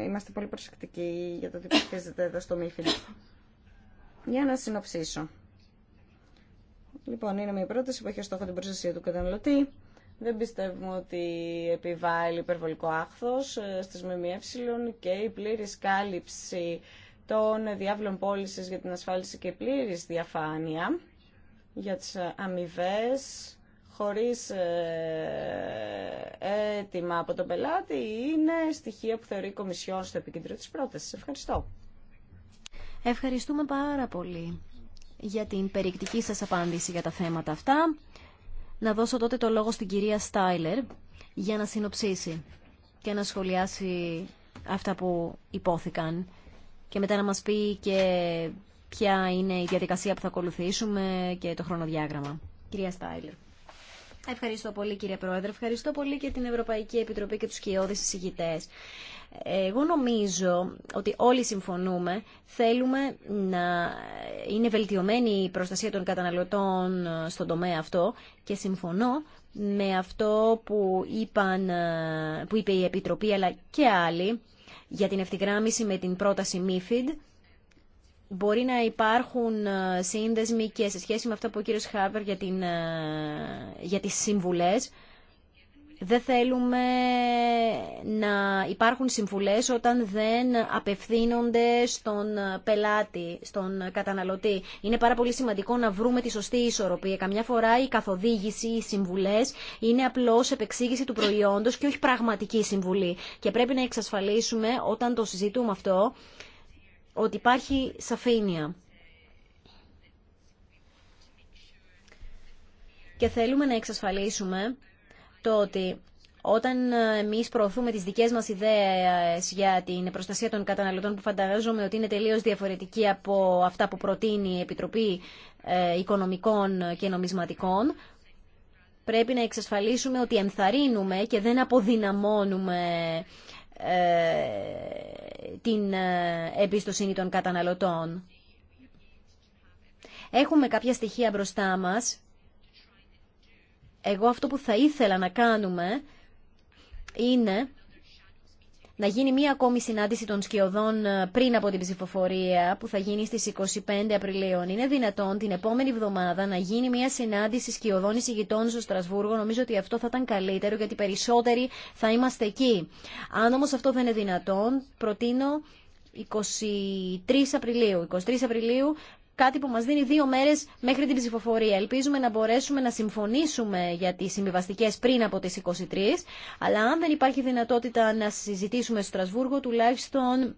C: είμαστε πολύ προσεκτικοί για το τι προσθέζεται εδώ στο MIFID. Για να συνοψίσω. Λοιπόν, είναι μια πρόταση που έχει ως στόχο την προστασία του καταναλωτή. Δεν πιστεύουμε ότι επιβάλλει υπερβολικό άχθος ε, στις ΜΜΕ και η πλήρης κάλυψη των διάβλων πώληση για την ασφάλιση και πλήρη διαφάνεια για τις αμοιβέ χωρίς έτοιμα ε, από τον πελάτη είναι στοιχεία που θεωρεί η Κομισιόν στο επίκεντρο της πρότασης.
A: Ευχαριστώ. Ευχαριστούμε πάρα πολύ για την περιεκτική σας απάντηση για τα θέματα αυτά. Να δώσω τότε το λόγο στην κυρία Στάιλερ για να συνοψίσει και να σχολιάσει αυτά που υπόθηκαν και μετά να μας πει και ποια είναι η διαδικασία που θα ακολουθήσουμε και το χρονοδιάγραμμα. Κυρία Στάιλερ. Ευχαριστώ πολύ κύριε Πρόεδρε, ευχαριστώ πολύ και την Ευρωπαϊκή Επιτροπή και τους κοιόδες εισηγητές. Εγώ νομίζω ότι όλοι συμφωνούμε, θέλουμε να είναι βελτιωμένη η προστασία των καταναλωτών στον τομέα αυτό και συμφωνώ με αυτό που, είπαν, που είπε η Επιτροπή αλλά και άλλοι για την ευθυγράμμιση με την πρόταση MIFID. Μπορεί να υπάρχουν ε, σύνδεσμοι και σε σχέση με αυτό που ο κύριος Χάβερ για, την, ε, για τις συμβουλές. Δεν θέλουμε να υπάρχουν συμβουλές όταν δεν απευθύνονται στον πελάτη, στον καταναλωτή. Είναι πάρα πολύ σημαντικό να βρούμε τη σωστή ισορροπία. Καμιά φορά η καθοδήγηση, οι συμβουλές είναι απλώς επεξήγηση του προϊόντος και όχι πραγματική συμβουλή. Και πρέπει να εξασφαλίσουμε όταν το συζητούμε αυτό ότι υπάρχει σαφήνεια. Και θέλουμε να εξασφαλίσουμε το ότι όταν εμείς προωθούμε τις δικές μας ιδέες για την προστασία των καταναλωτών, που φανταζόμαι ότι είναι τελείως διαφορετική από αυτά που προτείνει η Επιτροπή ε, Οικονομικών και Νομισματικών, πρέπει να εξασφαλίσουμε ότι ενθαρρύνουμε και δεν αποδυναμώνουμε ε, την ε, εμπιστοσύνη των καταναλωτών. Έχουμε κάποια στοιχεία μπροστά μας εγώ αυτό που θα ήθελα να κάνουμε είναι να γίνει μία ακόμη συνάντηση των σκιωδών ε, πριν από την ψηφοφορία που θα γίνει στις 25 Απριλίου. Είναι δυνατόν την επόμενη εβδομάδα να γίνει μία συνάντηση σκιωδών εισηγητών στο Στρασβούργο. Νομίζω ότι αυτό θα ήταν καλύτερο γιατί περισσότεροι θα είμαστε εκεί. Αν όμως αυτό δεν είναι δυνατόν, προτείνω 23 Απριλίου. 23 Απριλίου κάτι που μας δίνει δύο μέρες μέχρι την ψηφοφορία. Ελπίζουμε να μπορέσουμε να συμφωνήσουμε για τις συμβιβαστικέ πριν από τις 23, αλλά αν δεν υπάρχει δυνατότητα να συζητήσουμε στο Στρασβούργο, τουλάχιστον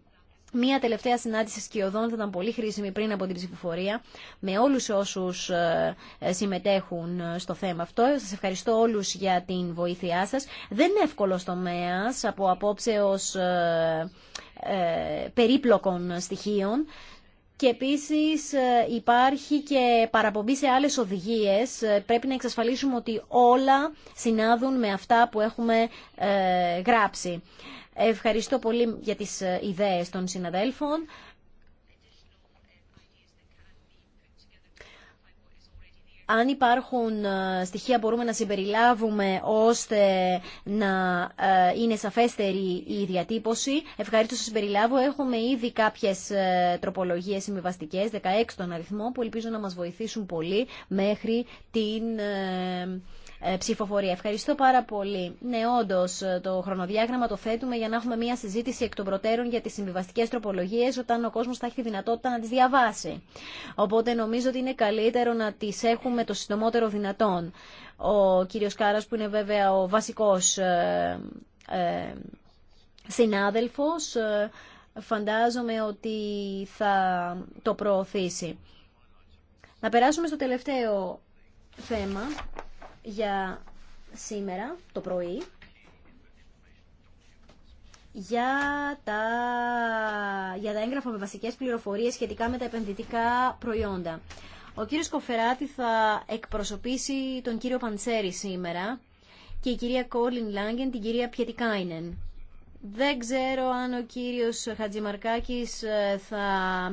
A: Μία τελευταία συνάντηση σκιωδών θα ήταν πολύ χρήσιμη πριν από την ψηφοφορία με όλους όσους ε, ε, συμμετέχουν ε, στο θέμα αυτό. Σας ευχαριστώ όλους για την βοήθειά σας. Δεν είναι εύκολο τομέας από απόψε ως περίπλοκων στοιχείων. Και επίσης ε, υπάρχει και παραπομπή σε άλλες οδηγίες. Ε, πρέπει να εξασφαλίσουμε ότι όλα συνάδουν με αυτά που έχουμε ε, γράψει. Ευχαριστώ πολύ για τις ιδέες των συναδέλφων. αν υπάρχουν ε, στοιχεία μπορούμε να συμπεριλάβουμε ώστε να ε, είναι σαφέστερη η διατύπωση. ευχαριστώ να συμπεριλάβω. Έχουμε ήδη κάποιες ε, τροπολογίες συμβιβαστικέ, 16 τον αριθμό, που ελπίζω να μας βοηθήσουν πολύ μέχρι την ε, ψηφοφορία. Ευχαριστώ πάρα πολύ. Ναι, όντω ε, το χρονοδιάγραμμα το θέτουμε για να έχουμε μια συζήτηση εκ των προτέρων για τι συμβιβαστικέ τροπολογίε όταν ο κόσμο θα έχει τη δυνατότητα να τι διαβάσει. Οπότε νομίζω ότι είναι καλύτερο να τι έχουμε το συντομότερο δυνατόν. Ο κύριος Κάρας που είναι βέβαια ο βασικό ε, ε, φαντάζομαι ότι θα το προωθήσει. Να περάσουμε στο τελευταίο θέμα για σήμερα το πρωί για τα, για τα έγγραφα με βασικές πληροφορίες σχετικά με τα επενδυτικά προϊόντα. Ο κύριος Κοφεράτη θα εκπροσωπήσει τον κύριο Παντσέρη σήμερα και η κυρία Κόλιν Λάγκεν την κυρία Πιετικάινεν. Δεν ξέρω αν ο κύριος Χατζημαρκάκης ε, θα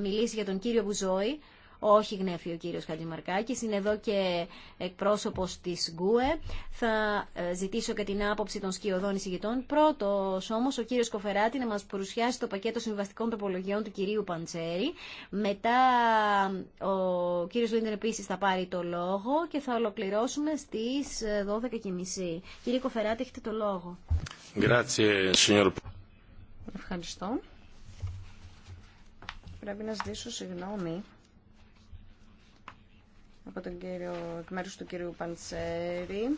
A: μιλήσει για τον κύριο Μπουζόη. Όχι γνέφει ο κύριος Χατζημαρκάκης, είναι εδώ και εκπρόσωπο τη ΓΚΟΕ. Θα ε, ζητήσω και την άποψη των σκιωδών εισηγητών. Πρώτο όμω, ο κύριος Κοφεράτη να μας παρουσιάσει το πακέτο συμβαστικών τροπολογιών του κυρίου Παντσέρη. Μετά ο κύριος Λίντερ Επίση θα πάρει το λόγο και θα ολοκληρώσουμε στις 12.30. Ε, Κύριε Κοφεράτη, έχετε το λόγο. Ευχαριστώ.
C: Πρέπει να ζητήσω συγγνώμη από τον κύριο, εκ μέρους του κύριου Παλτσέρη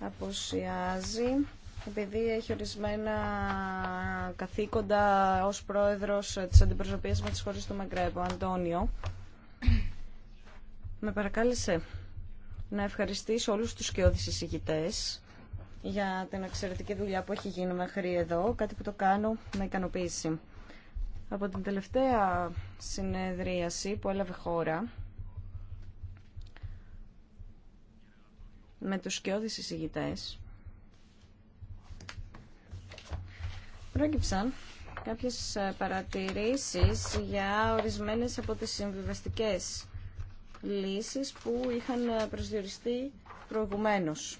C: αποσιάζει επειδή έχει ορισμένα καθήκοντα ως πρόεδρος της αντιπροσωπείας με τις χώρες του Μαγκρέπο. Αντώνιο. Με παρακάλεσε να ευχαριστήσω όλους τους σκιώδεις εισηγητές για την εξαιρετική δουλειά που έχει γίνει μέχρι εδώ, κάτι που το κάνω με ικανοποίηση. Από την τελευταία συνεδρίαση που έλαβε χώρα, με τους σκιώδεις εισηγητές πρόκειψαν κάποιες ε, παρατηρήσεις για ορισμένες από τις συμβιβαστικές λύσεις που είχαν ε, προσδιοριστεί προηγουμένως.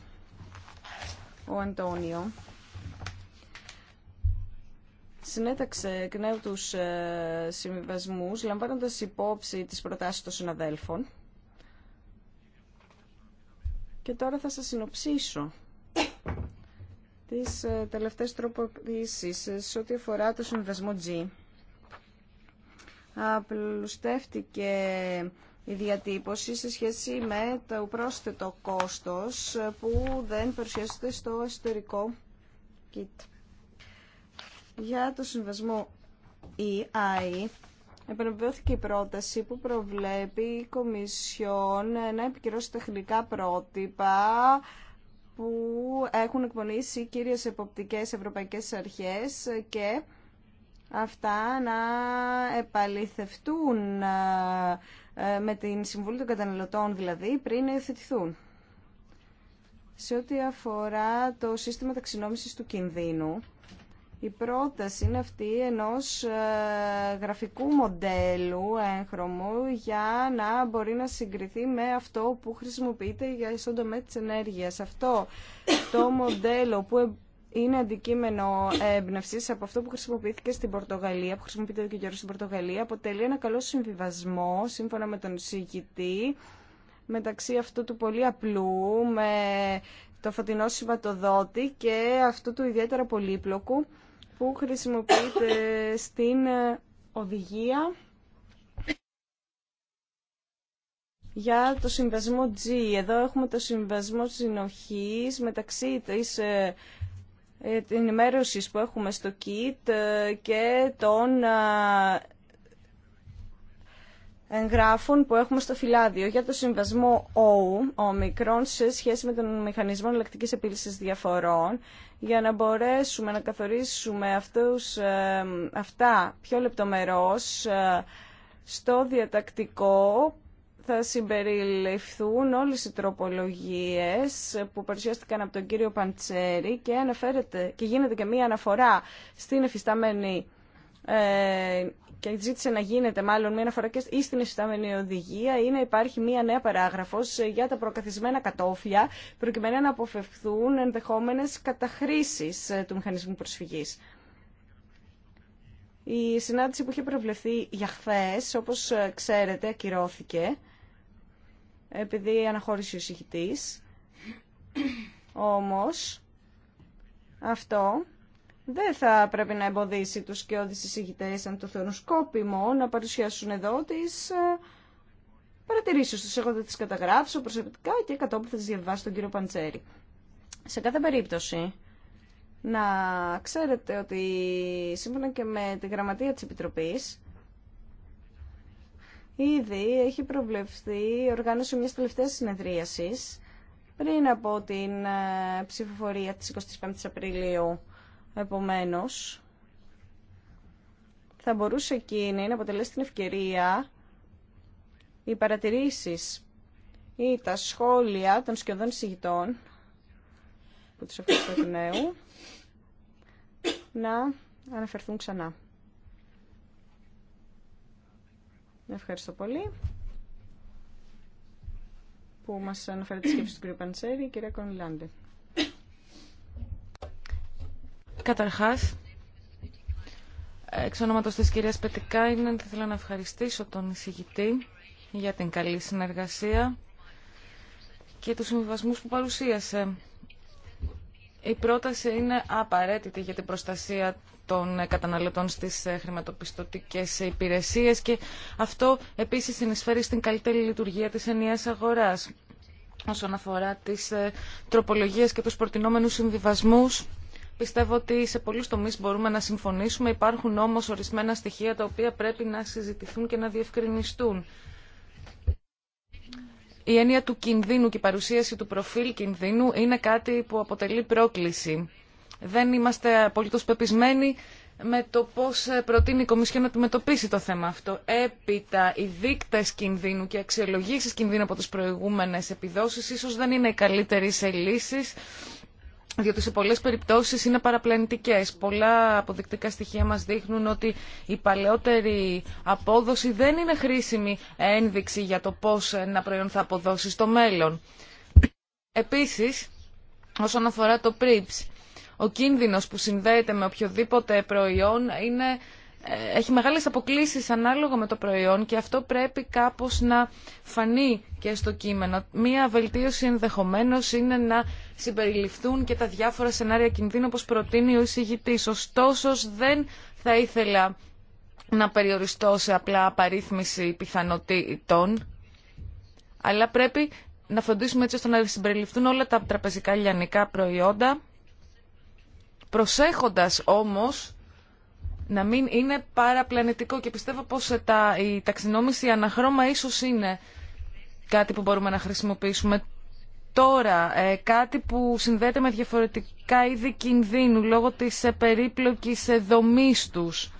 C: Ο Αντώνιο συνέταξε εκ νέου τους ε, συμβιβασμούς λαμβάνοντας υπόψη τις προτάσεις των συναδέλφων και τώρα θα σας συνοψίσω τις ε, τελευταίες τροποποιήσεις σε ό,τι αφορά το συνδεσμό G. Απλουστεύτηκε η διατύπωση σε σχέση με το πρόσθετο κόστος που δεν παρουσιάζεται στο εσωτερικό kit. Για το Συνδεσμό EI επαναβεβαιώθηκε η πρόταση που προβλέπει η Κομισιόν να επικυρώσει τεχνικά πρότυπα που έχουν εκπονήσει κύριες εποπτικές ευρωπαϊκές αρχές και αυτά να επαληθευτούν ε, με την Συμβουλή των Καταναλωτών δηλαδή πριν υιοθετηθούν. Σε ό,τι αφορά το σύστημα ταξινόμησης του κινδύνου, η πρόταση είναι αυτή ενός ε, γραφικού μοντέλου έγχρωμου για να μπορεί να συγκριθεί με αυτό που χρησιμοποιείται για στον τομέα της ενέργειας. Αυτό το μοντέλο που ε, είναι αντικείμενο έμπνευση από αυτό που χρησιμοποιήθηκε στην Πορτογαλία, που χρησιμοποιείται και καιρό στην Πορτογαλία, αποτελεί ένα καλό συμβιβασμό, σύμφωνα με τον συγκητή μεταξύ αυτού του πολύ απλού, με το φωτεινό συμβατοδότη και αυτού του ιδιαίτερα πολύπλοκου που χρησιμοποιείται στην ε, οδηγία για το συμβασμό G. Εδώ έχουμε το συμβασμό συνοχής μεταξύ της ε, ε, ενημέρωσης που έχουμε στο KIT και των εγγράφων που έχουμε στο φυλάδιο για το συμβασμό ο ομικρών, σε σχέση με τον μηχανισμό Ελεκτική επίλυση διαφορών, για να μπορέσουμε να καθορίσουμε αυτούς, ε, αυτά πιο λεπτομερώς ε, στο διατακτικό θα συμπεριληφθούν όλες οι τροπολογίες που παρουσιάστηκαν από τον κύριο Παντσέρη και, και γίνεται και μία αναφορά στην εφιστάμενη ε, και ζήτησε να γίνεται μάλλον μια αναφορά και στην ειστάμενη οδηγία είναι υπάρχει μια νέα παράγραφος για τα προκαθισμένα κατόφλια προκειμένου να αποφευθούν ενδεχόμενες καταχρήσεις ε, του μηχανισμού προσφυγής. Η συνάντηση που είχε προβλεφθεί για χθε, όπως ε, ξέρετε, ακυρώθηκε επειδή αναχώρησε ο συγχυτής. Όμως, αυτό δεν θα πρέπει να εμποδίσει τους και όδης αν το θεωρούν σκόπιμο να παρουσιάσουν εδώ τις ε, παρατηρήσεις τους. Εγώ δεν τις καταγράψω προσωπικά και κατόπιν θα τις διαβάσω τον κύριο Παντσέρη. Σε κάθε περίπτωση, να ξέρετε ότι σύμφωνα και με τη γραμματεία της Επιτροπής, ήδη έχει προβλεφθεί η οργάνωση μιας τελευταίας συνεδρίασης πριν από την ε, ψηφοφορία της 25ης Απριλίου Επομένως, θα μπορούσε εκείνη να αποτελέσει την ευκαιρία οι παρατηρήσεις ή τα σχόλια των σκιωδών εισηγητών που τους ευχαριστώ του νέου να αναφερθούν ξανά. Ευχαριστώ πολύ που μας αναφέρετε τη σκέψη του κ. Παντσέρη, η κ. Κονιλάντη.
B: Καταρχάς, εξ ονόματος της κυρίας είναι θα να ευχαριστήσω τον εισηγητή για την καλή συνεργασία και τους συμβιβασμούς που παρουσίασε. Η πρόταση είναι απαραίτητη για την προστασία των καταναλωτών στις ε, χρηματοπιστωτικές υπηρεσίες και αυτό επίσης συνεισφέρει στην καλύτερη λειτουργία της ενιαίας αγοράς. Όσον αφορά τις ε, τροπολογίες και τους προτινόμενους συμβιβασμούς, Πιστεύω ότι σε πολλούς τομείς μπορούμε να συμφωνήσουμε, υπάρχουν όμως ορισμένα στοιχεία τα οποία πρέπει να συζητηθούν και να διευκρινιστούν. Η έννοια του κινδύνου και η παρουσίαση του προφίλ κινδύνου είναι κάτι που αποτελεί πρόκληση. Δεν είμαστε απολύτω πεπισμένοι με το πώ προτείνει η Κομισιόν να αντιμετωπίσει το θέμα αυτό. Έπειτα, οι δείκτε κινδύνου και αξιολογήσει κινδύνου από τι προηγούμενε επιδόσει ίσω δεν είναι οι καλύτερε σε διότι σε πολλές περιπτώσεις είναι παραπλανητικές. Πολλά αποδεικτικά στοιχεία μας δείχνουν ότι η παλαιότερη απόδοση δεν είναι χρήσιμη ένδειξη για το πώς ένα προϊόν θα αποδώσει στο μέλλον. Επίσης, όσον αφορά το PRIPS, ο κίνδυνος που συνδέεται με οποιοδήποτε προϊόν είναι έχει μεγάλες αποκλίσεις ανάλογα με το προϊόν και αυτό πρέπει κάπως να φανεί και στο κείμενο. Μία βελτίωση ενδεχομένως είναι να συμπεριληφθούν και τα διάφορα σενάρια κινδύνου όπως προτείνει ο εισηγητής. Ωστόσο δεν θα ήθελα να περιοριστώ σε απλά απαρίθμηση πιθανότητων, αλλά πρέπει να φροντίσουμε έτσι ώστε να συμπεριληφθούν όλα τα τραπεζικά λιανικά προϊόντα, προσέχοντας όμως να μην είναι παραπλανητικό και πιστεύω πως ε, τα, η ταξινόμηση αναχρώμα ίσως είναι κάτι που μπορούμε να χρησιμοποιήσουμε τώρα, ε, κάτι που συνδέεται με διαφορετικά είδη κινδύνου λόγω της ε, περίπλοκης ε, τους.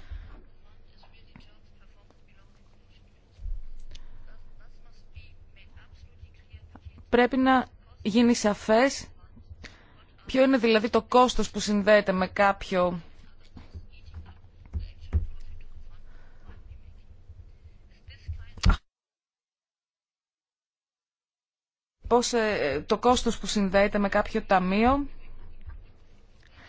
B: Πρέπει να γίνει σαφές ποιο είναι δηλαδή το κόστος που συνδέεται με κάποιο πώς, ε, το κόστος που συνδέεται με κάποιο ταμείο.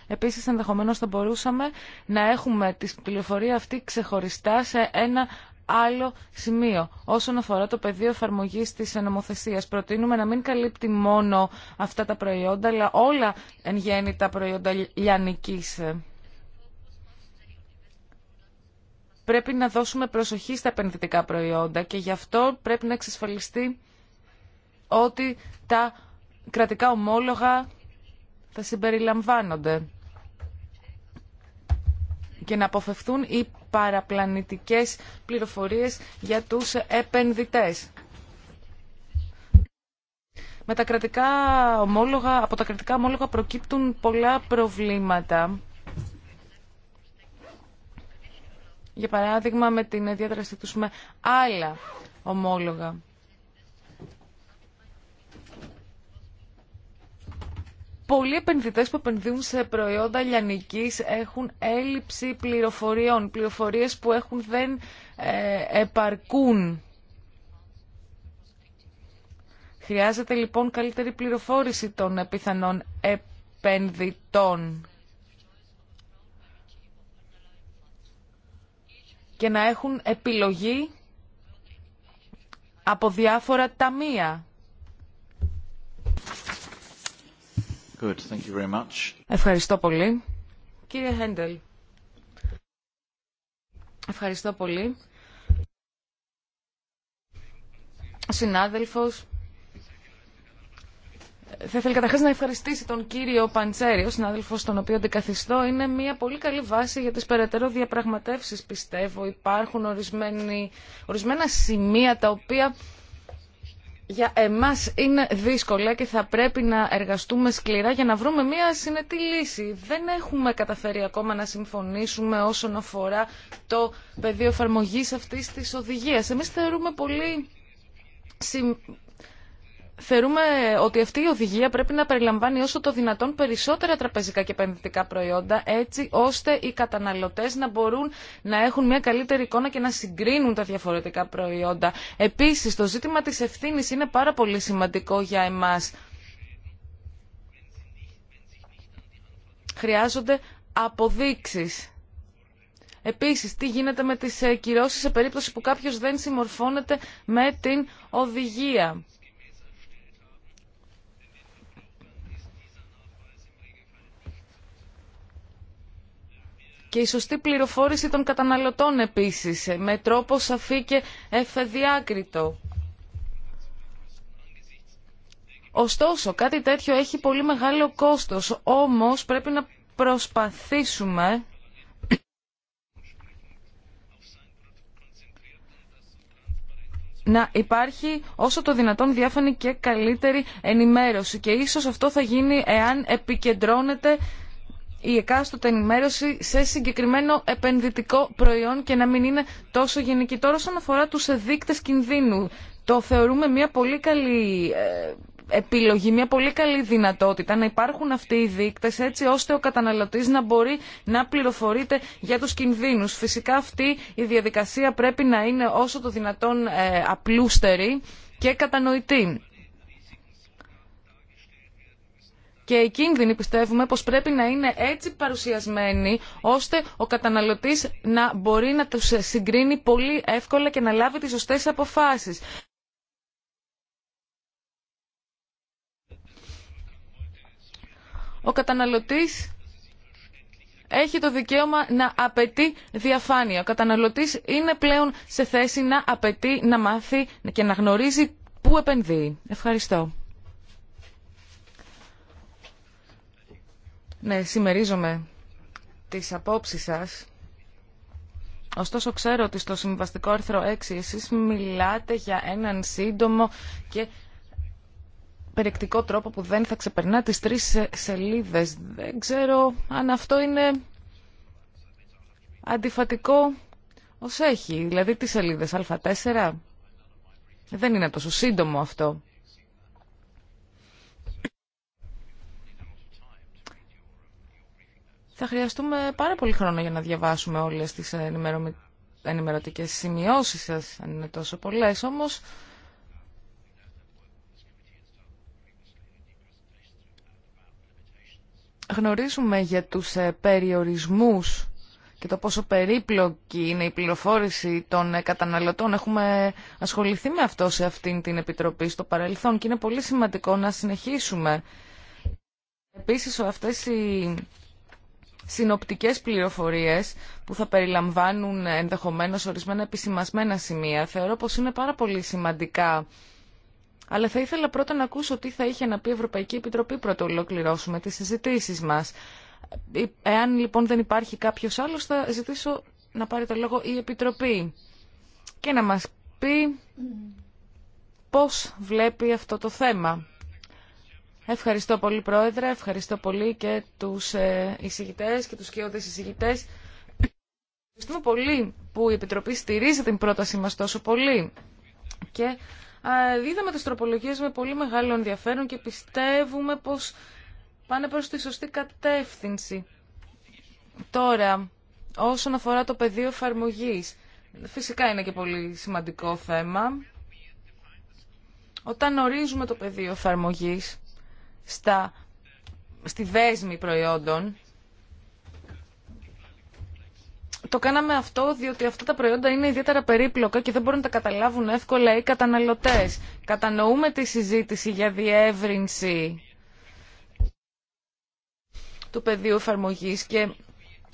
B: Επίσης, ενδεχομένως θα μπορούσαμε να έχουμε τη πληροφορία αυτή ξεχωριστά σε ένα άλλο σημείο. Όσον αφορά το πεδίο εφαρμογή της νομοθεσία, προτείνουμε να μην καλύπτει μόνο αυτά τα προϊόντα, αλλά όλα εν γέννη τα προϊόντα λιανικής. Πρέπει να δώσουμε προσοχή στα επενδυτικά προϊόντα και γι' αυτό πρέπει να εξασφαλιστεί ότι τα κρατικά ομόλογα θα συμπεριλαμβάνονται και να αποφευθούν οι παραπλανητικές πληροφορίες για τους επενδυτές. Με τα κρατικά ομόλογα, από τα κρατικά ομόλογα προκύπτουν πολλά προβλήματα. Για παράδειγμα με την διάδρασή τους με άλλα ομόλογα. πολλοί επενδυτές που επενδύουν σε προϊόντα λιανικής έχουν έλλειψη πληροφοριών. Πληροφορίες που έχουν δεν ε, επαρκούν. Χρειάζεται λοιπόν καλύτερη πληροφόρηση των πιθανών επενδυτών. Και να έχουν επιλογή από διάφορα ταμεία. Ευχαριστώ πολύ. Κύριε Χέντελ. Ευχαριστώ πολύ. Συνάδελφος. Θα ήθελα καταρχάς να ευχαριστήσω τον κύριο Παντσέρη, ο συνάδελφος τον οποίο αντικαθιστώ. Είναι μια πολύ καλή βάση για τις περαιτέρω διαπραγματεύσεις, πιστεύω. Υπάρχουν ορισμένοι, ορισμένα σημεία τα οποία για εμάς είναι δύσκολα και θα πρέπει να εργαστούμε σκληρά για να βρούμε μια συνετή λύση. Δεν έχουμε καταφέρει ακόμα να συμφωνήσουμε όσον αφορά το πεδίο εφαρμογή αυτής της οδηγίας. Εμείς θεωρούμε πολύ Θεωρούμε ότι αυτή η οδηγία πρέπει να περιλαμβάνει όσο το δυνατόν περισσότερα τραπεζικά και επενδυτικά προϊόντα, έτσι ώστε οι καταναλωτές να μπορούν να έχουν μια καλύτερη εικόνα και να συγκρίνουν τα διαφορετικά προϊόντα. Επίσης, το ζήτημα της ευθύνη είναι πάρα πολύ σημαντικό για εμάς. Χρειάζονται αποδείξει. Επίση, τι γίνεται με τι ε, κυρώσει σε περίπτωση που κάποιο δεν συμμορφώνεται με την οδηγία. και η σωστή πληροφόρηση των καταναλωτών επίσης, ε, με τρόπο σαφή και εφεδιάκριτο. Ωστόσο, κάτι τέτοιο έχει πολύ μεγάλο κόστος, όμως πρέπει να προσπαθήσουμε να υπάρχει όσο το δυνατόν διάφανη και καλύτερη ενημέρωση και ίσως αυτό θα γίνει εάν επικεντρώνεται η εκάστοτε ενημέρωση σε συγκεκριμένο επενδυτικό προϊόν και να μην είναι τόσο γενική. Τώρα όσον αφορά τους δείκτε κινδύνου, το θεωρούμε μια πολύ καλή ε, επιλογή, μια πολύ καλή δυνατότητα να υπάρχουν αυτοί οι δείκτες έτσι ώστε ο καταναλωτής να μπορεί να πληροφορείται για τους κινδύνους. Φυσικά αυτή η διαδικασία πρέπει να είναι όσο το δυνατόν ε, απλούστερη και κατανοητή. και οι κίνδυνοι πιστεύουμε πως πρέπει να είναι έτσι παρουσιασμένοι ώστε ο καταναλωτής να μπορεί να τους συγκρίνει πολύ εύκολα και να λάβει τις σωστές αποφάσεις. Ο καταναλωτής έχει το δικαίωμα να απαιτεί διαφάνεια. Ο καταναλωτής είναι πλέον σε θέση να απαιτεί, να μάθει και να γνωρίζει πού επενδύει. Ευχαριστώ. Ναι, συμμερίζομαι τις απόψεις σας. Ωστόσο ξέρω ότι στο συμβαστικό άρθρο 6 εσείς μιλάτε για έναν σύντομο και περιεκτικό τρόπο που δεν θα ξεπερνά τις τρεις σελίδες. Δεν ξέρω αν αυτό είναι αντιφατικό ως έχει. Δηλαδή τις σελίδες α4. Δεν είναι τόσο σύντομο αυτό. θα χρειαστούμε πάρα πολύ χρόνο για να διαβάσουμε όλες τις ενημερω... ενημερωτικές σημειώσεις σας, αν είναι τόσο πολλές. Όμως, γνωρίζουμε για τους ε, περιορισμούς και το πόσο περίπλοκη είναι η πληροφόρηση των ε, καταναλωτών. Έχουμε ασχοληθεί με αυτό σε αυτήν την Επιτροπή στο παρελθόν και είναι πολύ σημαντικό να συνεχίσουμε. Επίσης, αυτές οι συνοπτικές πληροφορίες που θα περιλαμβάνουν ενδεχομένως ορισμένα επισημασμένα σημεία. Θεωρώ πως είναι πάρα πολύ σημαντικά. Αλλά θα ήθελα πρώτα να ακούσω τι θα είχε να πει η Ευρωπαϊκή Επιτροπή πρώτα ολοκληρώσουμε τις συζητήσεις μας. Ε, εάν λοιπόν δεν υπάρχει κάποιος άλλος θα ζητήσω να πάρει το λόγο η Επιτροπή και να μας πει πώς βλέπει αυτό το θέμα. Ευχαριστώ πολύ Πρόεδρε, ευχαριστώ πολύ και τους ε, εισηγητές και τους κοιόδες εισηγητές. Ευχαριστούμε πολύ που η Επιτροπή στηρίζει την πρότασή μας τόσο πολύ. Και είδαμε τις τροπολογίες με πολύ μεγάλο ενδιαφέρον και πιστεύουμε πως πάνε προς τη σωστή κατεύθυνση. Τώρα, όσον αφορά το πεδίο εφαρμογή. φυσικά είναι και πολύ σημαντικό θέμα. Όταν ορίζουμε το πεδίο εφαρμογή στα, στη δέσμη προϊόντων. Το κάναμε αυτό διότι αυτά τα προϊόντα είναι ιδιαίτερα περίπλοκα και δεν μπορούν να τα καταλάβουν εύκολα οι καταναλωτές. Κατανοούμε τη συζήτηση για διεύρυνση του πεδίου εφαρμογή και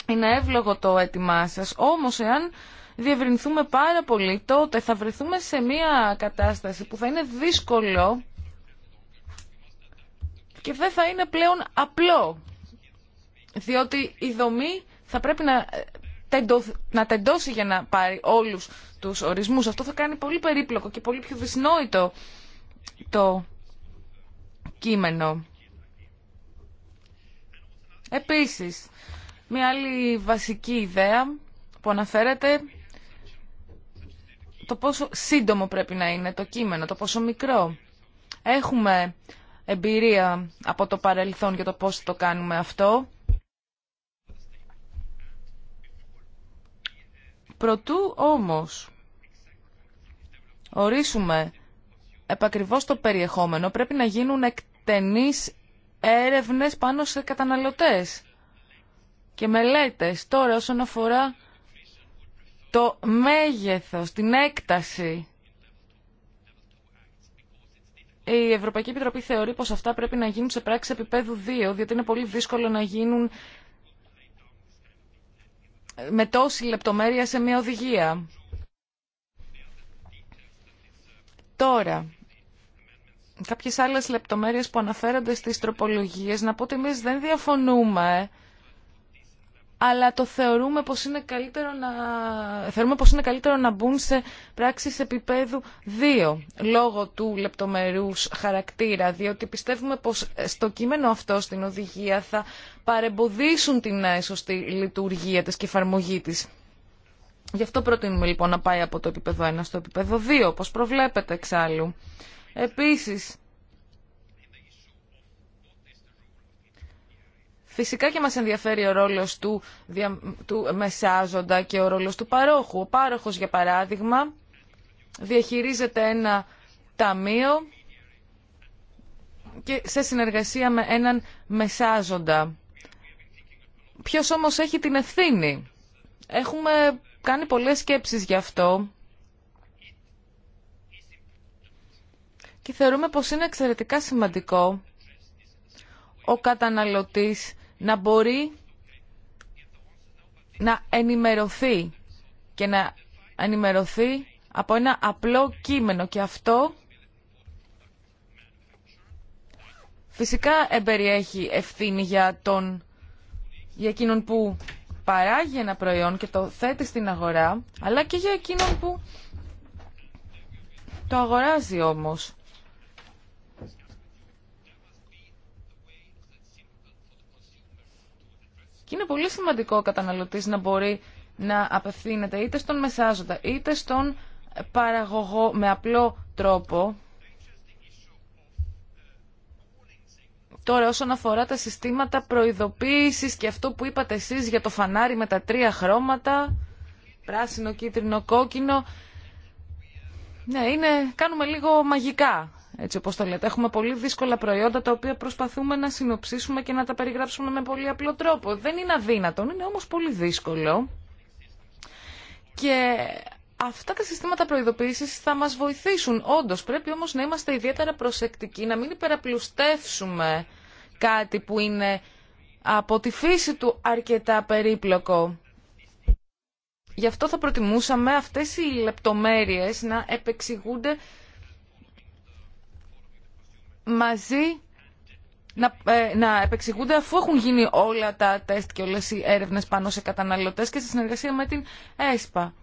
B: είναι εύλογο το έτοιμά σας. Όμως εάν διευρυνθούμε πάρα πολύ τότε θα βρεθούμε σε μια κατάσταση που θα είναι δύσκολο και δεν θα είναι πλέον απλό, διότι η δομή θα πρέπει να, ε, να τεντώσει για να πάρει όλους τους ορισμούς. Αυτό θα κάνει πολύ περίπλοκο και πολύ πιο δυσνόητο το κείμενο. Επίσης, μια άλλη βασική ιδέα που αναφέρεται το πόσο σύντομο πρέπει να είναι το κείμενο, το πόσο μικρό. Έχουμε εμπειρία από το παρελθόν για το πώς το κάνουμε αυτό. Προτού όμως ορίσουμε επακριβώς το περιεχόμενο, πρέπει να γίνουν εκτενείς έρευνες πάνω σε καταναλωτές και μελέτες τώρα όσον αφορά το μέγεθος, την έκταση η Ευρωπαϊκή Επιτροπή θεωρεί πως αυτά πρέπει να γίνουν σε πράξη επίπεδου 2, διότι είναι πολύ δύσκολο να γίνουν με τόση λεπτομέρεια σε μια οδηγία. Τώρα, κάποιες άλλες λεπτομέρειες που αναφέρονται στις τροπολογίες, να πω ότι εμείς δεν διαφωνούμε αλλά το θεωρούμε πως είναι καλύτερο να, θεωρούμε πως είναι καλύτερο να μπουν σε πράξεις επίπεδου 2 λόγω του λεπτομερούς χαρακτήρα, διότι πιστεύουμε πως στο κείμενο αυτό στην οδηγία θα παρεμποδίσουν την σωστή λειτουργία της και εφαρμογή της. Γι' αυτό προτείνουμε λοιπόν να πάει από το επίπεδο 1 στο επίπεδο 2, όπως προβλέπετε εξάλλου. Επίσης, Φυσικά και μας ενδιαφέρει ο ρόλος του, του μεσάζοντα και ο ρόλος του παρόχου. Ο πάροχος, για παράδειγμα, διαχειρίζεται ένα ταμείο και σε συνεργασία με έναν μεσάζοντα. Ποιος όμως έχει την ευθύνη. Έχουμε κάνει πολλές σκέψεις γι' αυτό. Και θεωρούμε πως είναι εξαιρετικά σημαντικό ο καταναλωτής να μπορεί να ενημερωθεί και να ενημερωθεί από ένα απλό κείμενο και αυτό φυσικά εμπεριέχει ευθύνη για, τον, εκείνον που παράγει ένα προϊόν και το θέτει στην αγορά αλλά και για εκείνον που το αγοράζει όμως. Και είναι πολύ σημαντικό ο καταναλωτής να μπορεί να απευθύνεται είτε στον μεσάζοντα είτε στον παραγωγό με απλό τρόπο. Τώρα όσον αφορά τα συστήματα προειδοποίησης και αυτό που είπατε εσείς για το φανάρι με τα τρία χρώματα, πράσινο, κίτρινο, κόκκινο, ναι, είναι, κάνουμε λίγο μαγικά έτσι όπως το λέτε. Έχουμε πολύ δύσκολα προϊόντα τα οποία προσπαθούμε να συνοψίσουμε και να τα περιγράψουμε με πολύ απλό τρόπο. Δεν είναι αδύνατον, είναι όμως πολύ δύσκολο. Και αυτά τα συστήματα προειδοποίησης θα μας βοηθήσουν. Όντως, πρέπει όμως να είμαστε ιδιαίτερα προσεκτικοί, να μην υπεραπλουστεύσουμε κάτι που είναι από τη φύση του αρκετά περίπλοκο. Γι' αυτό θα προτιμούσαμε αυτές οι λεπτομέρειες να επεξηγούνται μαζί να, ε, να επεξηγούνται αφού έχουν γίνει όλα τα τεστ και όλες οι έρευνες πάνω σε καταναλωτές και σε συνεργασία με την ΕΣΠΑ.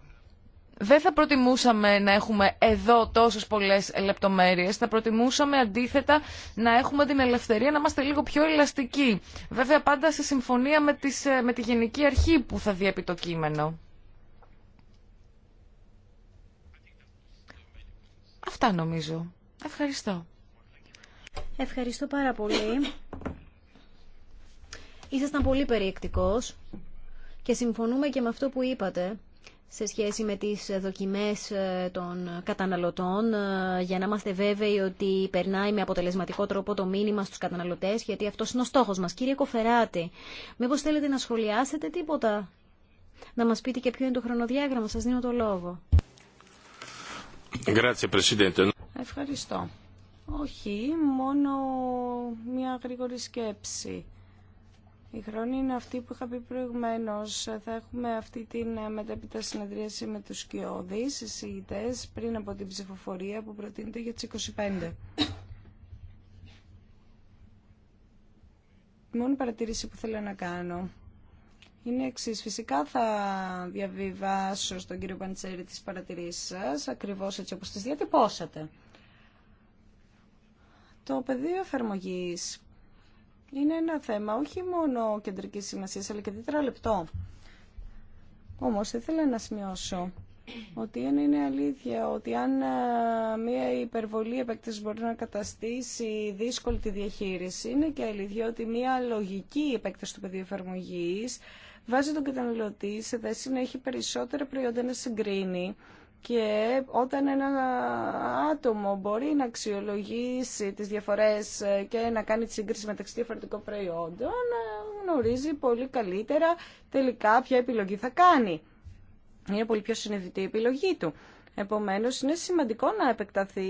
B: Δεν θα προτιμούσαμε να έχουμε εδώ τόσες πολλές λεπτομέρειες, θα προτιμούσαμε αντίθετα να έχουμε την ελευθερία να είμαστε λίγο πιο ελαστικοί. Βέβαια πάντα σε συμφωνία με, τις, ε, με τη Γενική Αρχή που θα διέπει το κείμενο. Αυτά νομίζω.
A: Ευχαριστώ. Ευχαριστώ πάρα πολύ. Ήσασταν πολύ περιεκτικός και συμφωνούμε και με αυτό που είπατε σε σχέση με τις δοκιμές ε, των καταναλωτών ε, για να είμαστε βέβαιοι ότι περνάει με αποτελεσματικό τρόπο το μήνυμα στους καταναλωτές γιατί αυτός είναι ο στόχος μας. Κύριε Κοφεράτη, μήπως θέλετε να σχολιάσετε τίποτα, να μας πείτε και ποιο είναι το χρονοδιάγραμμα, σας δίνω το λόγο. Ευχαριστώ.
C: Όχι, μόνο μια γρήγορη σκέψη. Η χρόνη είναι αυτή που είχα πει προηγουμένως. Θα έχουμε αυτή την μετέπειτα συνεδρίαση με τους κοιόδης, εισηγητές, πριν από την ψηφοφορία που προτείνεται για τις 25. Η μόνη παρατήρηση που θέλω να κάνω είναι εξή. Φυσικά θα διαβιβάσω στον κύριο Παντσέρη τις παρατηρήσεις σας, ακριβώς έτσι όπως τις διατυπώσατε. Το πεδίο εφαρμογή είναι ένα θέμα όχι μόνο κεντρική σημασία, αλλά και λεπτό. Όμως ήθελα να σημειώσω ότι αν είναι αλήθεια ότι αν ε, μια υπερβολή επέκταση μπορεί να καταστήσει δύσκολη τη διαχείριση, είναι και αλήθεια ότι μια λογική επέκταση του πεδίου εφαρμογή βάζει τον καταναλωτή σε θέση να έχει περισσότερα προϊόντα να συγκρίνει και όταν ένα άτομο μπορεί να αξιολογήσει τις διαφορές ε, και να κάνει τη σύγκριση μεταξύ διαφορετικών προϊόντων, ε, γνωρίζει πολύ καλύτερα τελικά ποια επιλογή θα κάνει. Είναι πολύ πιο συνειδητή η επιλογή του. Επομένως, είναι σημαντικό να επεκταθεί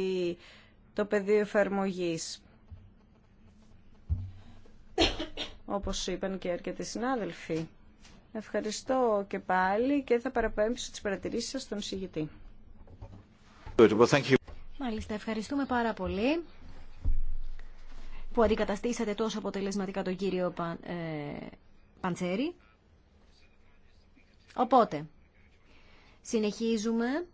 C: το πεδίο εφαρμογή. Όπως είπαν και αρκετοί συνάδελφοι. Ευχαριστώ και πάλι και θα παραπέμψω τις παρατηρήσεις σας στον συγητή.
A: Μάλιστα, ευχαριστούμε πάρα πολύ που αντικαταστήσατε τόσο αποτελεσματικά τον κύριο Παν, ε, Παντσέρη. Οπότε, συνεχίζουμε.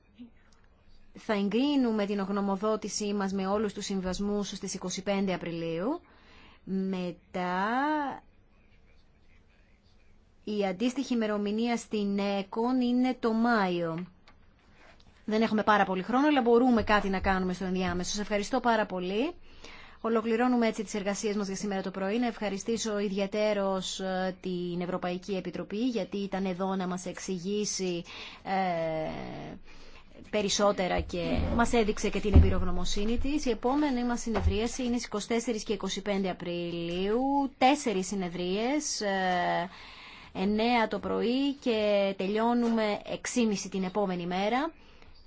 A: Θα εγκρίνουμε την ογνωμοδότησή μας με όλους τους συμβασμούς στις 25 Απριλίου. Μετά η αντίστοιχη ημερομηνία στην ΕΚΟΝ είναι το Μάιο. Δεν έχουμε πάρα πολύ χρόνο, αλλά μπορούμε κάτι να κάνουμε στον διάμεσο. Σας ευχαριστώ πάρα πολύ. Ολοκληρώνουμε έτσι τις εργασίες μας για σήμερα το πρωί. Να ευχαριστήσω ιδιαίτερος ε, την Ευρωπαϊκή Επιτροπή, γιατί ήταν εδώ να μας εξηγήσει ε, περισσότερα και μας έδειξε και την εμπειρογνωμοσύνη της. Η επόμενη μας συνεδρίαση είναι στις 24 και 25 Απριλίου, τέσσερις συνεδρίες ε, 9 το πρωί και τελειώνουμε 6.30 την επόμενη μέρα.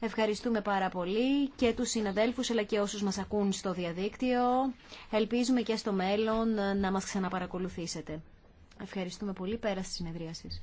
A: Ευχαριστούμε πάρα πολύ και τους συναδέλφους αλλά και όσους μας ακούν στο διαδίκτυο. Ελπίζουμε και στο μέλλον να μας ξαναπαρακολουθήσετε. Ευχαριστούμε πολύ. Πέρα τη συνεδρίαση.